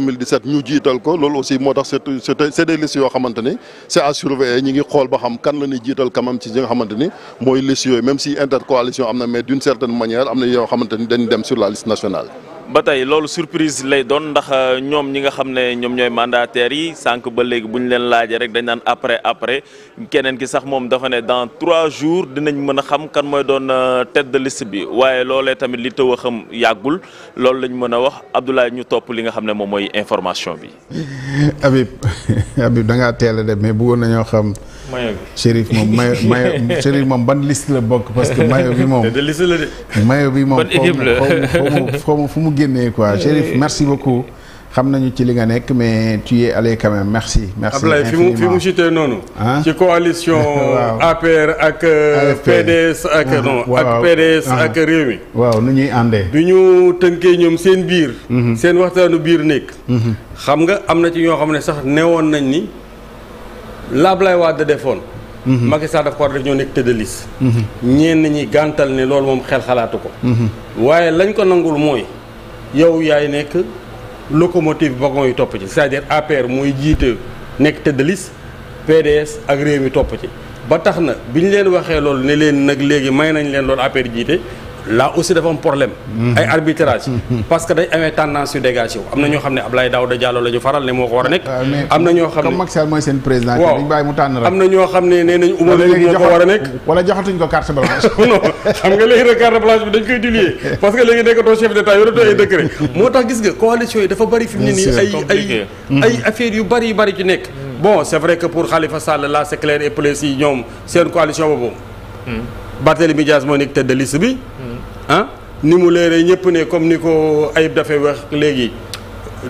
S11: mooy ñu jiital ko loolu aussi moo tax c' est yoo xamante ni c' est à ñi ngi xool ba xam kan la ñuy jiital quand même ci ñi nga ni mooy liste yooyu même si intercoalition am na mais d' certaine manière ne yoo xamante ni dañ dem sur la liste nationale
S9: ba tey loolu surprise lay doon ndax euh, ñoom ñi nga xam ne ñoom ñooy mandataires yi sànq ba léegi bu ñu leen laajee rek dañ naan après après keneen ki sax moom dafa ne dans trois jours dinañ mën a xam kan mooy doon euh, tedd de bi waaye loole tamit li tëw a xam yàggul loolu lañ mën a wax Abdoulaye ñu topp li nga xam ne moom mooy information bi.
S2: Habib Habib da ngaa teel a dem mais bëggoon nañoo xam. mayo moom mayo moom ban liste la bokk parce que mayo bi moom. mayo bi moom foo génnee quoi euh, Chérif merci beaucoup xam nañu ci li nga nekk mais tu y es allé quand même merci. merci Ablaye fi mu fi mu cité noonu. ci
S3: coalition. APR ak. Euh, PDS ak non ak PDS ak Rewmi. waaw nu ñuy àndee. du ñu tënkee ñoom seen biir. Mhm. seen waxtaanu biir nekk. Mhm. xam nga am na ci ñoo xam ne sax newoon nañ ni la Ablaye Wade defoon. Mhm. Macky Sall daf ko war def ñoo nekk tête de liste. ñenn ñi gàntal ne loolu moom xel xalaatu ko. waaye lañ ko nangul mooy. yow yaay nekk locomotive wagon yu topp ci c'est-à-dire APR mooy jiite nekk tête de liste PDS ak réew mi topp ci ba tax na bi ñu leen waxee loolu ne leen nag léegi may nañ leen loolu APR jiite laa aussi dafa am problème. Mm-hmm. ay arbitrage. Mm-hmm. parce que dañ amee tendance yu dégage yow am na ñoo xam ne Ablaye Daouda Diallo la ñu faral ne moo ko war a nekk. Ah, am na ñoo xam ne comme
S2: Macky seen président. waaw dañ bàyyi mu tànn am ne a nekk. wala joxatuñ
S3: yu bari yu bari ci nekk. Mm. bon c'est vrai pour Khalifa Sall là c'est clair et précis ñoom seen mm. bi ah ni mu leeree ñëpp ne comme ni ko Ayib dafay wax léegi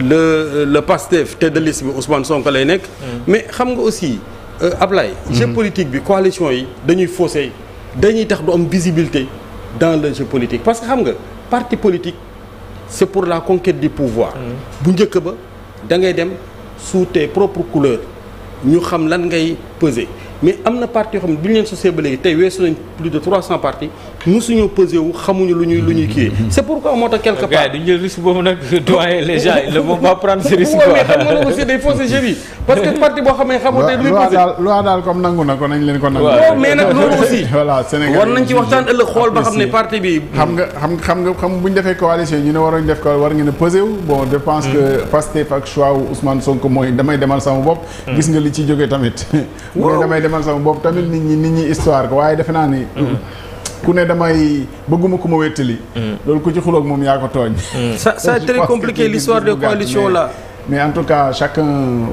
S3: le le Pastef tête de liste bi Ousmane Sonko lay nekk. Mm. mais xam nga aussi euh, Ablaye. Mm. jeu politique bi coalition yi dañuy faussé dañuy tax du am visibilité dans le jeu politique parce que xam nga parti politique c'est pour la conquête du pouvoir. Mm. bu njëkk ba da ngay dem suutee tes propres ñu xam lan ngay peser mais am na parti yoo xam ne bi ñu leen ba léegi tey weesu nañ plus de 300 partis. musuñu pesé wu xamuñu lu ñuy lu ñuy kii mm-hmm. c'est pourquoi moo tax quelque part que parti boo xamee xamoo tey lu muy
S2: daal comme nangu na ko nañ leen ko nangu mais nag loolu aussi voilà Sénégal war nañ ci waxtaan
S3: ëllëg xool ba xam ne parti bi
S2: xam nga xam xam nga xam bu ñu defee coalition ñu ne waroon def ko war ngeen a pesé wu bon je pense que mm-hmm. Pastef ak choix wu Ousmane Sonko mooy damay demal sama bopp mm-hmm. gis nga li ci jógee tamit damay demal sama bopp tamit nit ñi nit ñi histoire waaye defe naa ni ku ne damay bëgguma ku ma wéttali mm. loolu ku ci xuloog moom yaa ko tooñ sa mm. ça est très compliqué l'histoire des coalitions là mais en tout cas chacun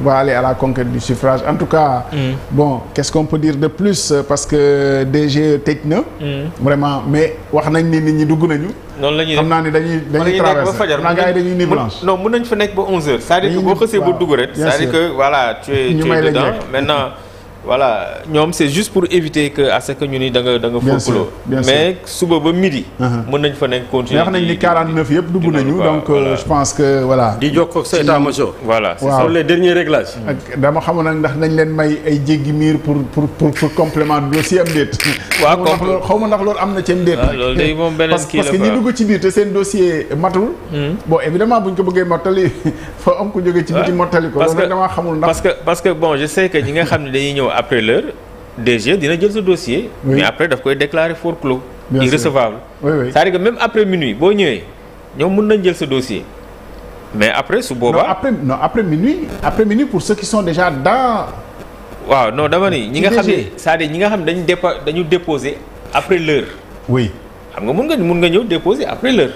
S2: va aller à la conquête du suffrage en tout cas mmh. bon qu'est-ce qu'on peut dire de plus parce que DG tëj na mm. vraiment mais wax nañ ni nit ñi dugg nañu
S1: noonu la ñuy xam naa ne dañuy dañuy traversé ba naa gars dañuy nuit blanche non mën nañ fa nekk ba 11h c'est-à-dire que boo xësee ba dugg rek cest dire que voilà tu es tu es dedans voilà ñoom c'est juste pour éviter que que ñu ni da nga da nga. bien sûr mais suba ba midi. Uh-huh. mën nañ fa nekk continuer. wax nañ
S2: ndax pour pour pour pour complément dossier am déet. waaw ma ndax loolu am na ci am déet. waaw ah, loolu day moom beneen kii la parce que ñi dugg ci biir hmm. ko bëggee mottali fa am ku jógee ci biti ah, mottali ko. loolu nag xamul ndax
S1: parce que je sais que ñi nga xam ne dañuy ñëw après l'heure DG dina jël sa dossier. Oui. mais après daf koy déclarer forclos. bien irrecevable. oui oui c'est-à-dire que même après minuit boo ñëwee ñoom mun nañ jël sa dossier. mais après su boobaa non
S2: après non après minuit. après minuit pour ceux qui sont déjà dans.
S1: waaw non dama ni ñi nga xam ne cest à ñi nga xam ne dañu dépa dañu déposer après l'heure oui xam nga mun nga mun nga ñëw déposer après l'heure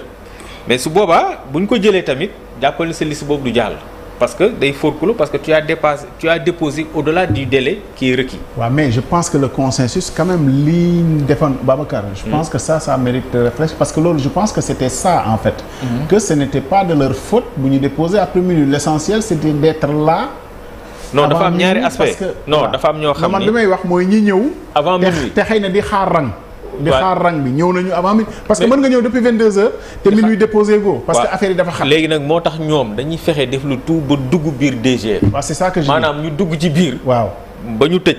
S1: mais su boobaa buñ ko jëlee tamit jàppal ni sa liste boobu du jaal parce que day forclos parce que tu as dépassé déposé au-delà du délai qui est requis.
S2: mais je pense que le consensus quand même li ñu defoon Babacar. je pense mm. que ça ça mérite de réfléchir parce que loolu je pense que c'était ça en fait. Mm-hmm. que ce n'était pas de leur faute bu ñu déposé après minute l'essentiel c'était d'être là.
S1: non dafa am ñaari aspect non dafa am ñoo xam ni man li may
S2: wax mooy ñi ñëw. avant te xëy na di xaar rang. di xaar rang bi ñëw nañu avant mi parce que mën nga ñëw depuis 22
S1: heures te minuit déposé go parce que affaire yi dafa xam léegi nag moo tax ñoom dañuy fexe def lu tout ba dugg biir DG waaw c'est ça que maanaam ñu dugg ci biir waaw ba ñu tëj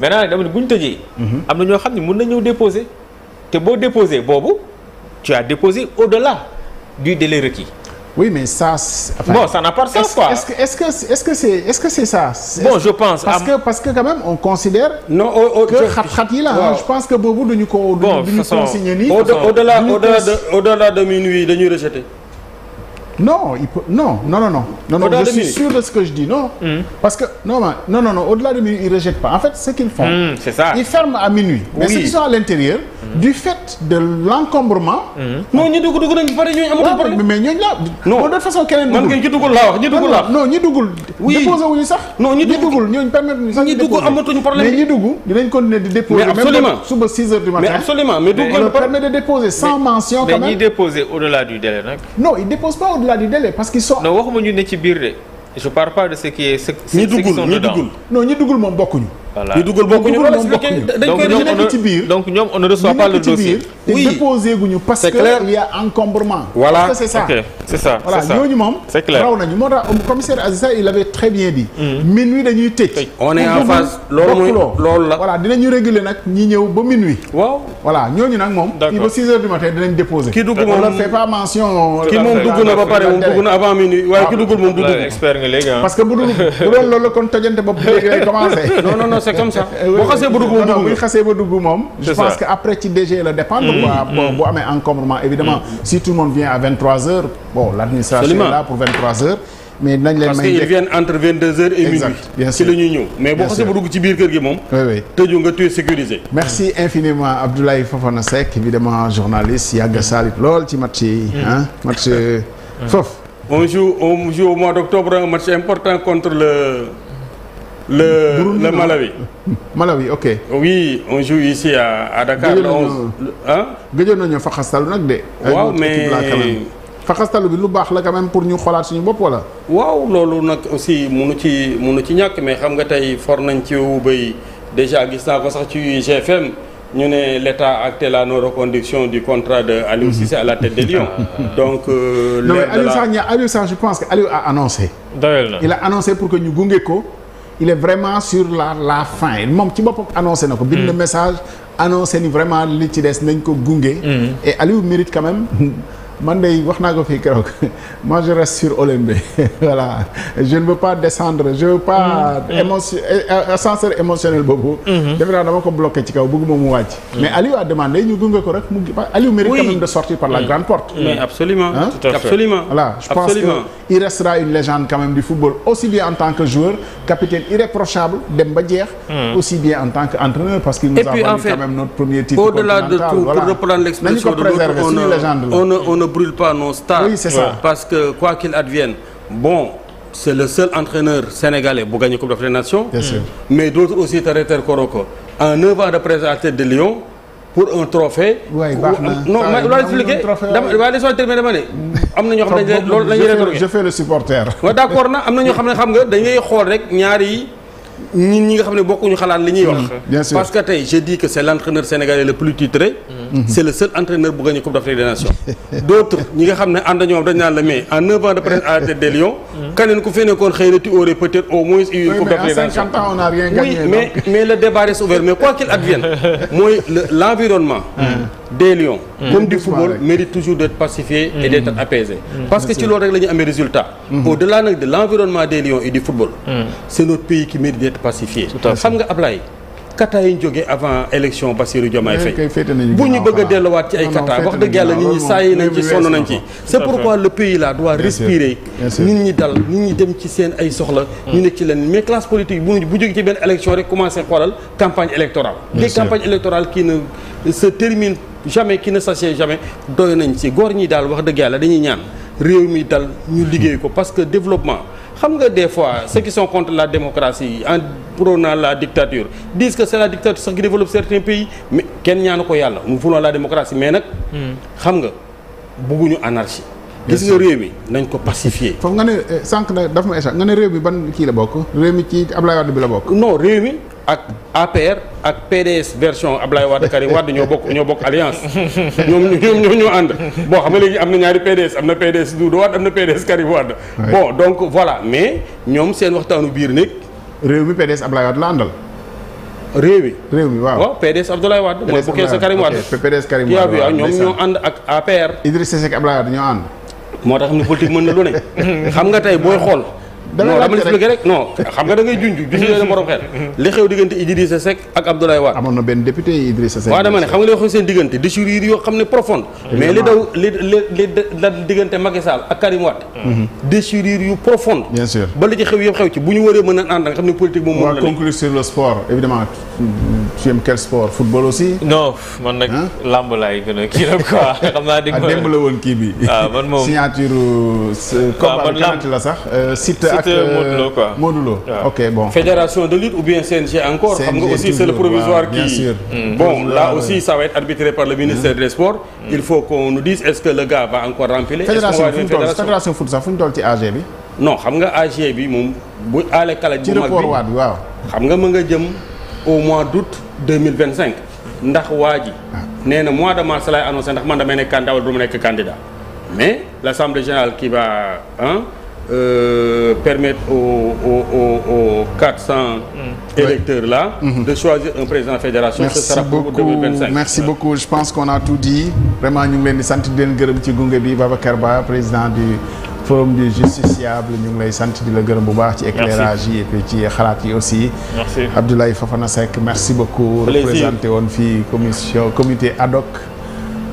S1: maintenant nag dama ne bu ñu tëjee mhm. am na ñoo xam ne mun na ñëw déposé te boo déposé boobu tu as déposé au la du délai requis
S2: Oui, mais ça. Enfin,
S1: bon, ça n'a pas de sens, quoi. Est-ce que
S2: est-ce que est-ce que c'est est-ce que c'est ça. bon je pense parce à... que parce que quand même on considère. non au oh, au oh, que xat-xat yi la ah je pense que boobu duñu ko. bon façon duñu consigné nii. au delà au delà de au
S3: delà de minuit dañuy rejeté.
S2: non il peut non non non non. non, non je suis sûr de ce que je dis non. Mmh. parce que non non non, non au-delà de minuit ils rejettent pas en fait ce qu'ils font.
S1: Mmh, c'est ça
S2: ils ferment à minuit. Oui. mais ceux qui sont à l'intérieur. Mmh. du fait de l'encombrement. Hmm. non ñi dugg dugg nañ ba pare ñooñu amatul problème mais ñooñu la. non de toute façon keneen duggul man kay ñi duggul laa wax ñi duggul laa. non ñi duggul. oui déposé wuñu sax. non ñi duggul ñooñu permettre ñu sax ñu déposé ñi dugg amatuñu problème mais ñi dugg dinañ continuer di déposer. mais absolument même suba 6 heures du matin. mais absolument mais dugg permet de déposer sans mention. quand même mais ñi
S1: déposer au-delà du délai nag.
S2: non ils déposent pas au-delà y a du délai parce qu'ils sont.
S1: ñu ne ci biir de. je parle pas de ce qui est ce, ñi duggul ñi duggul
S2: non ñi duggul moom bokkuñu.
S1: voilà ñi duggul bokkuñu moom bokkuñu. donc ñoom on ne ci biir donc ñoom on ne reçoit pas le dossier. oui
S2: déposé guñu parce que il y a encombrement. voilà parce que c'est ça ok c'est ça voilà ñooñu moom. c'est clair raw nañu moo tax euh, commissaire Aziz Sarr il avait très bien dit. Mm-hmm. minuit dañuy tëj. on est en phase loolu mooy loolu la. voilà dinañu réguler nag ñi ñëw ba minuit. waaw voilà ñooñu nag moom. d'accord ba 6 heures du matin dinañ déposé. kii dugg moom on ne fait pas mention. Euh, kii moom dugg na ba pare moom dugg na avant minuit waaye ki ah. duggul moom du dugg
S1: nga léegi parce que bu dul bu doon
S2: loolu kon tojante bopp léegi lay commencé. non non non c'est comme ça. Eh boo xasee ba dugg moom bu ñu xasee ba dugg moom. je pense que après ci DG la dépendre. Mm. quoi mm. bu amee encombrement évidemment mm. si tout le monde vient à 23 bon l'administration est là pour 23 mais nañ leen may parce qu'ils
S3: viennent entre 22 et minuit. ci la ñuy mais boo xasee ba dugg ci biir kër gi
S2: moom. oui oui nga tu
S3: sécurisé. merci
S2: infiniment Abdoulaye
S3: on joue on joue mois d'octobre un match important contre le le Burundi, le Malawi.
S2: Malawi ok. oui on
S3: joue ici à à Dakar. le 11
S2: nañu fa xastalu nag de. waaw mais faxastalu bi lu baax la quand pour ñu xoolaat suñu bopp wala. waaw loolu nag
S3: aussi munu ci munu ci ñàkk mais xam nga tey for nañ ci wu bay déjà gis naa ko sax ci GFM. ñu ne l'État acte la non reconduction du contrat de Aliou Cissé à la tête des Lions. donc euh, non mais Aliou
S2: sax ña je pense que Aliou a annoncé. doyal il a annoncé pour que ñu gunge ko. il est vraiment sur la la fin moom ci boppam annoncé na ko. bind na mm. message annoncé ni vraiment li ci des nañ ko gunge. Mm. et Aliou mérite quand même. man de wax naa ko fi keroog moi je reste sur Olembe voilà je ne veux pas descendre je veux pas. Mm-hmm. Mm-hmm. Euh, émotionnel boobu. Mm-hmm. defe dama ko bloqué ci kaw bëgguma mu wàcc. mais Aliou a demandé ñu gunge ko rek mu Aliou mérite quand même de sortir par la mm. grande porte. Mm. mais
S3: absolument tout à je pense que
S2: il restera une légende quand même du football aussi bien en tant que joueur capitaine irréprochable dem ba jeex. Mm. aussi bien en tant qu'entraîneur parce qu'il a valu quand même notre premier titre
S3: brûle pas nos stars. parce que quoi qu'il advienne bon. c'est le seul entraîneur sénégalais bu gagné Coupe d'Afrique des mm. mais d'autres aussi te répercorderont ko en neuf de présence à la de Lyon pour un trophée.
S2: waay ne. am na ñoo d'accord na am na ñoo xam
S3: ne xam nga dañuy xool rek ñaar yi ñi nga xam ne bokkuñu xalaat li ñuy wax. Mm, parce que tey je dis que c'est l'entraîneur sénégalais le plus titré. Mm. Mm-hmm. c' est seul entraîneur bu gagné Coupe d' Afrique des Nations. ñi nga xam ne ànd ñoom dañ naan la mais en neuf de presse à la tête mm-hmm. ku fi nekkoon xëy na tu aurais peut être eu une Coupe d' Afrique des mais en 50
S2: ans n' a rien gagné. mais
S3: mais le mooy l' environnement.
S4: Mm-hmm.
S3: des Lions. comme du football mérite toujours d' être pacifié. et d' être apaisé. parce que ci loolu rek la ñuy résultat. au delà nag de l' environnement des et du football. d' kata yi ñu jógee avant élection Bassirou Diomaye eh,
S2: Faye bu ñu bëgg a delluwaat
S3: ci ay kata wax dëgg yàlla nit ñi saayi nañ ci sonn nañ ci c'est pourquoi le pays là doit respirer nit ñi dal nit ñi dem ci seen ay soxla hmm. ñu nekk ci leen mais classe politique bu bu jógee ci benn élection rek commencé xoolal campagne électorale des campagnes électorales qui ne se terminent jamais ki ne s'achèvent jamais doy nañ ci góor ñi daal wax dëgg yàlla dañuy ñaan réew mi dal ñu liggéey ko parce que développement xam nga des fois ceux qui la démocratie en prônant la dictature disent que c'est la dictature sax qui développe certains pays mais kenn ñaanu ko yàlla nous voulons la démocratie mais nag. Hmm. xam nga
S2: bugguñu anarchie. gis nga réew mi nañ ko pacifier. foofu nga ne eh, sànq na daf ma échec nga ne réew mi ban kii la bokk. réew mi ci Ablaye Wade bi la bokk. non réew mi. ak APR ak
S3: PDS version Ablaye Wade Karim Wade ñoo bokk ñoo bokk alliance
S2: ñoom ñoom ñoo ñoo ànd
S3: bon xam nga léegi am na ñaari PDS am na PDS Doudou Wade am na PDS Karim Wade bon donc voilà mais
S2: ñoom seen waxtaanu biir nekk réew mi PDS Ablaye Wade la àndal réew mi réew mi waaw waaw
S3: PDS Abdoulaye Wade mooy bu kees Karim Wade PDS Karim Wade ah, ñoom ñoo ànd ak APR
S2: Idrissa Seck Ablaye Wade ñoo ànd moo tax xam ne politique mën na lu ne xam nga tey booy xool non dama expliqué
S3: rek non xam nga da ngay junj junj leen borom xel li xew diggante Idrissa Seck ak Abdoulaye Wade amoon
S2: na benn député Idrissa Seck waaw dama ne xam
S3: nga li xew seen diggante déchirure yoo xam ne profonde mais li daw li mhm. a ànd nga
S2: xam la sport évidemment tu aimes quel sport football aussi non
S1: man nag lamb a kii la quoi xam naa ah, la
S2: woon kii bi waaw ah, man moom signature euh, ah, combat la sax euh, Euh, Modou Lo quoi Modou Lo ok bon. fédération
S3: de lutte ou bien CNG encore. xam nga aussi c'est le provisoire wow, mm. mm. bon là aussi ça va arbitré par le ministère mm. des Sports. il faut qu'on nous dise est-ce que encore remplir. fédération
S2: foot sax fu ñu toll ci AG bi.
S3: non xam nga AG bi moom bu aale kala. ci report waat
S2: bi xam nga mën nga jëm au mois d'août deux
S3: mille vingt cinq ndax waa ji. Ah. nee na mois de mars laay annoncé ndax man damay nekk candidat wala du ma nekk candidat mais l'assemblée générale qui va hein euh, permettre aux, aux, aux, aux 400 mmh. électeurs-là mmh. de choisir un président de fédération. Merci ce sera beaucoup, pour 2025. Merci ouais.
S2: beaucoup. Je pense qu'on a tout dit. Vraiment, ñu ngi leen di sant di gërëm ci gunge bi Babacar Ba président du forum du justiciable ñu ngi lay sant di la gërëm bu baax ci éclairage yi et ci xalaat yi aussi Abdoulaye Fofana Seck merci beaucoup représenté woon fii commission communité ad hoc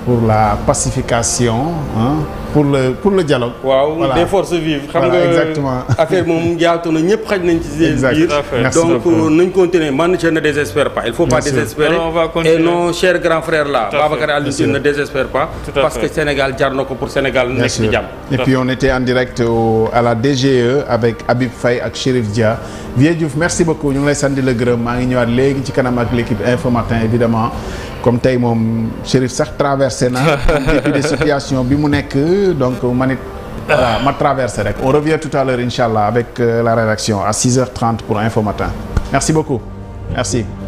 S2: pour la pacification hein, pour le le dialogue.
S3: waaw voilà. des forces vives. xam voilà, moom jaatu na ñëpp xaj nañ ci seen biir. donc nañ continuer man je ne désespère pas. il faut Bien pas désespérer et non cher grand frère là. Babacar Aliou ne désespère pas. parce que Sénégal jar ko pour Sénégal nekk ci jàmm. et puis
S2: on était en direct au, à la DGE avec Habib Faye ak Chérif Dia. Vieux Diouf merci beaucoup ñu lay sant la gërëm maa ngi ñëwaat léegi ci kanam ak l'équipe Info comme tey moom Chérif sax traversé na début de situation bi mu nekk donc man it voilà ma traverse rek on revient tout à l'heure incha allah avec euh, la rédaction à 6h30 pour Info Matin merci beaucoup merci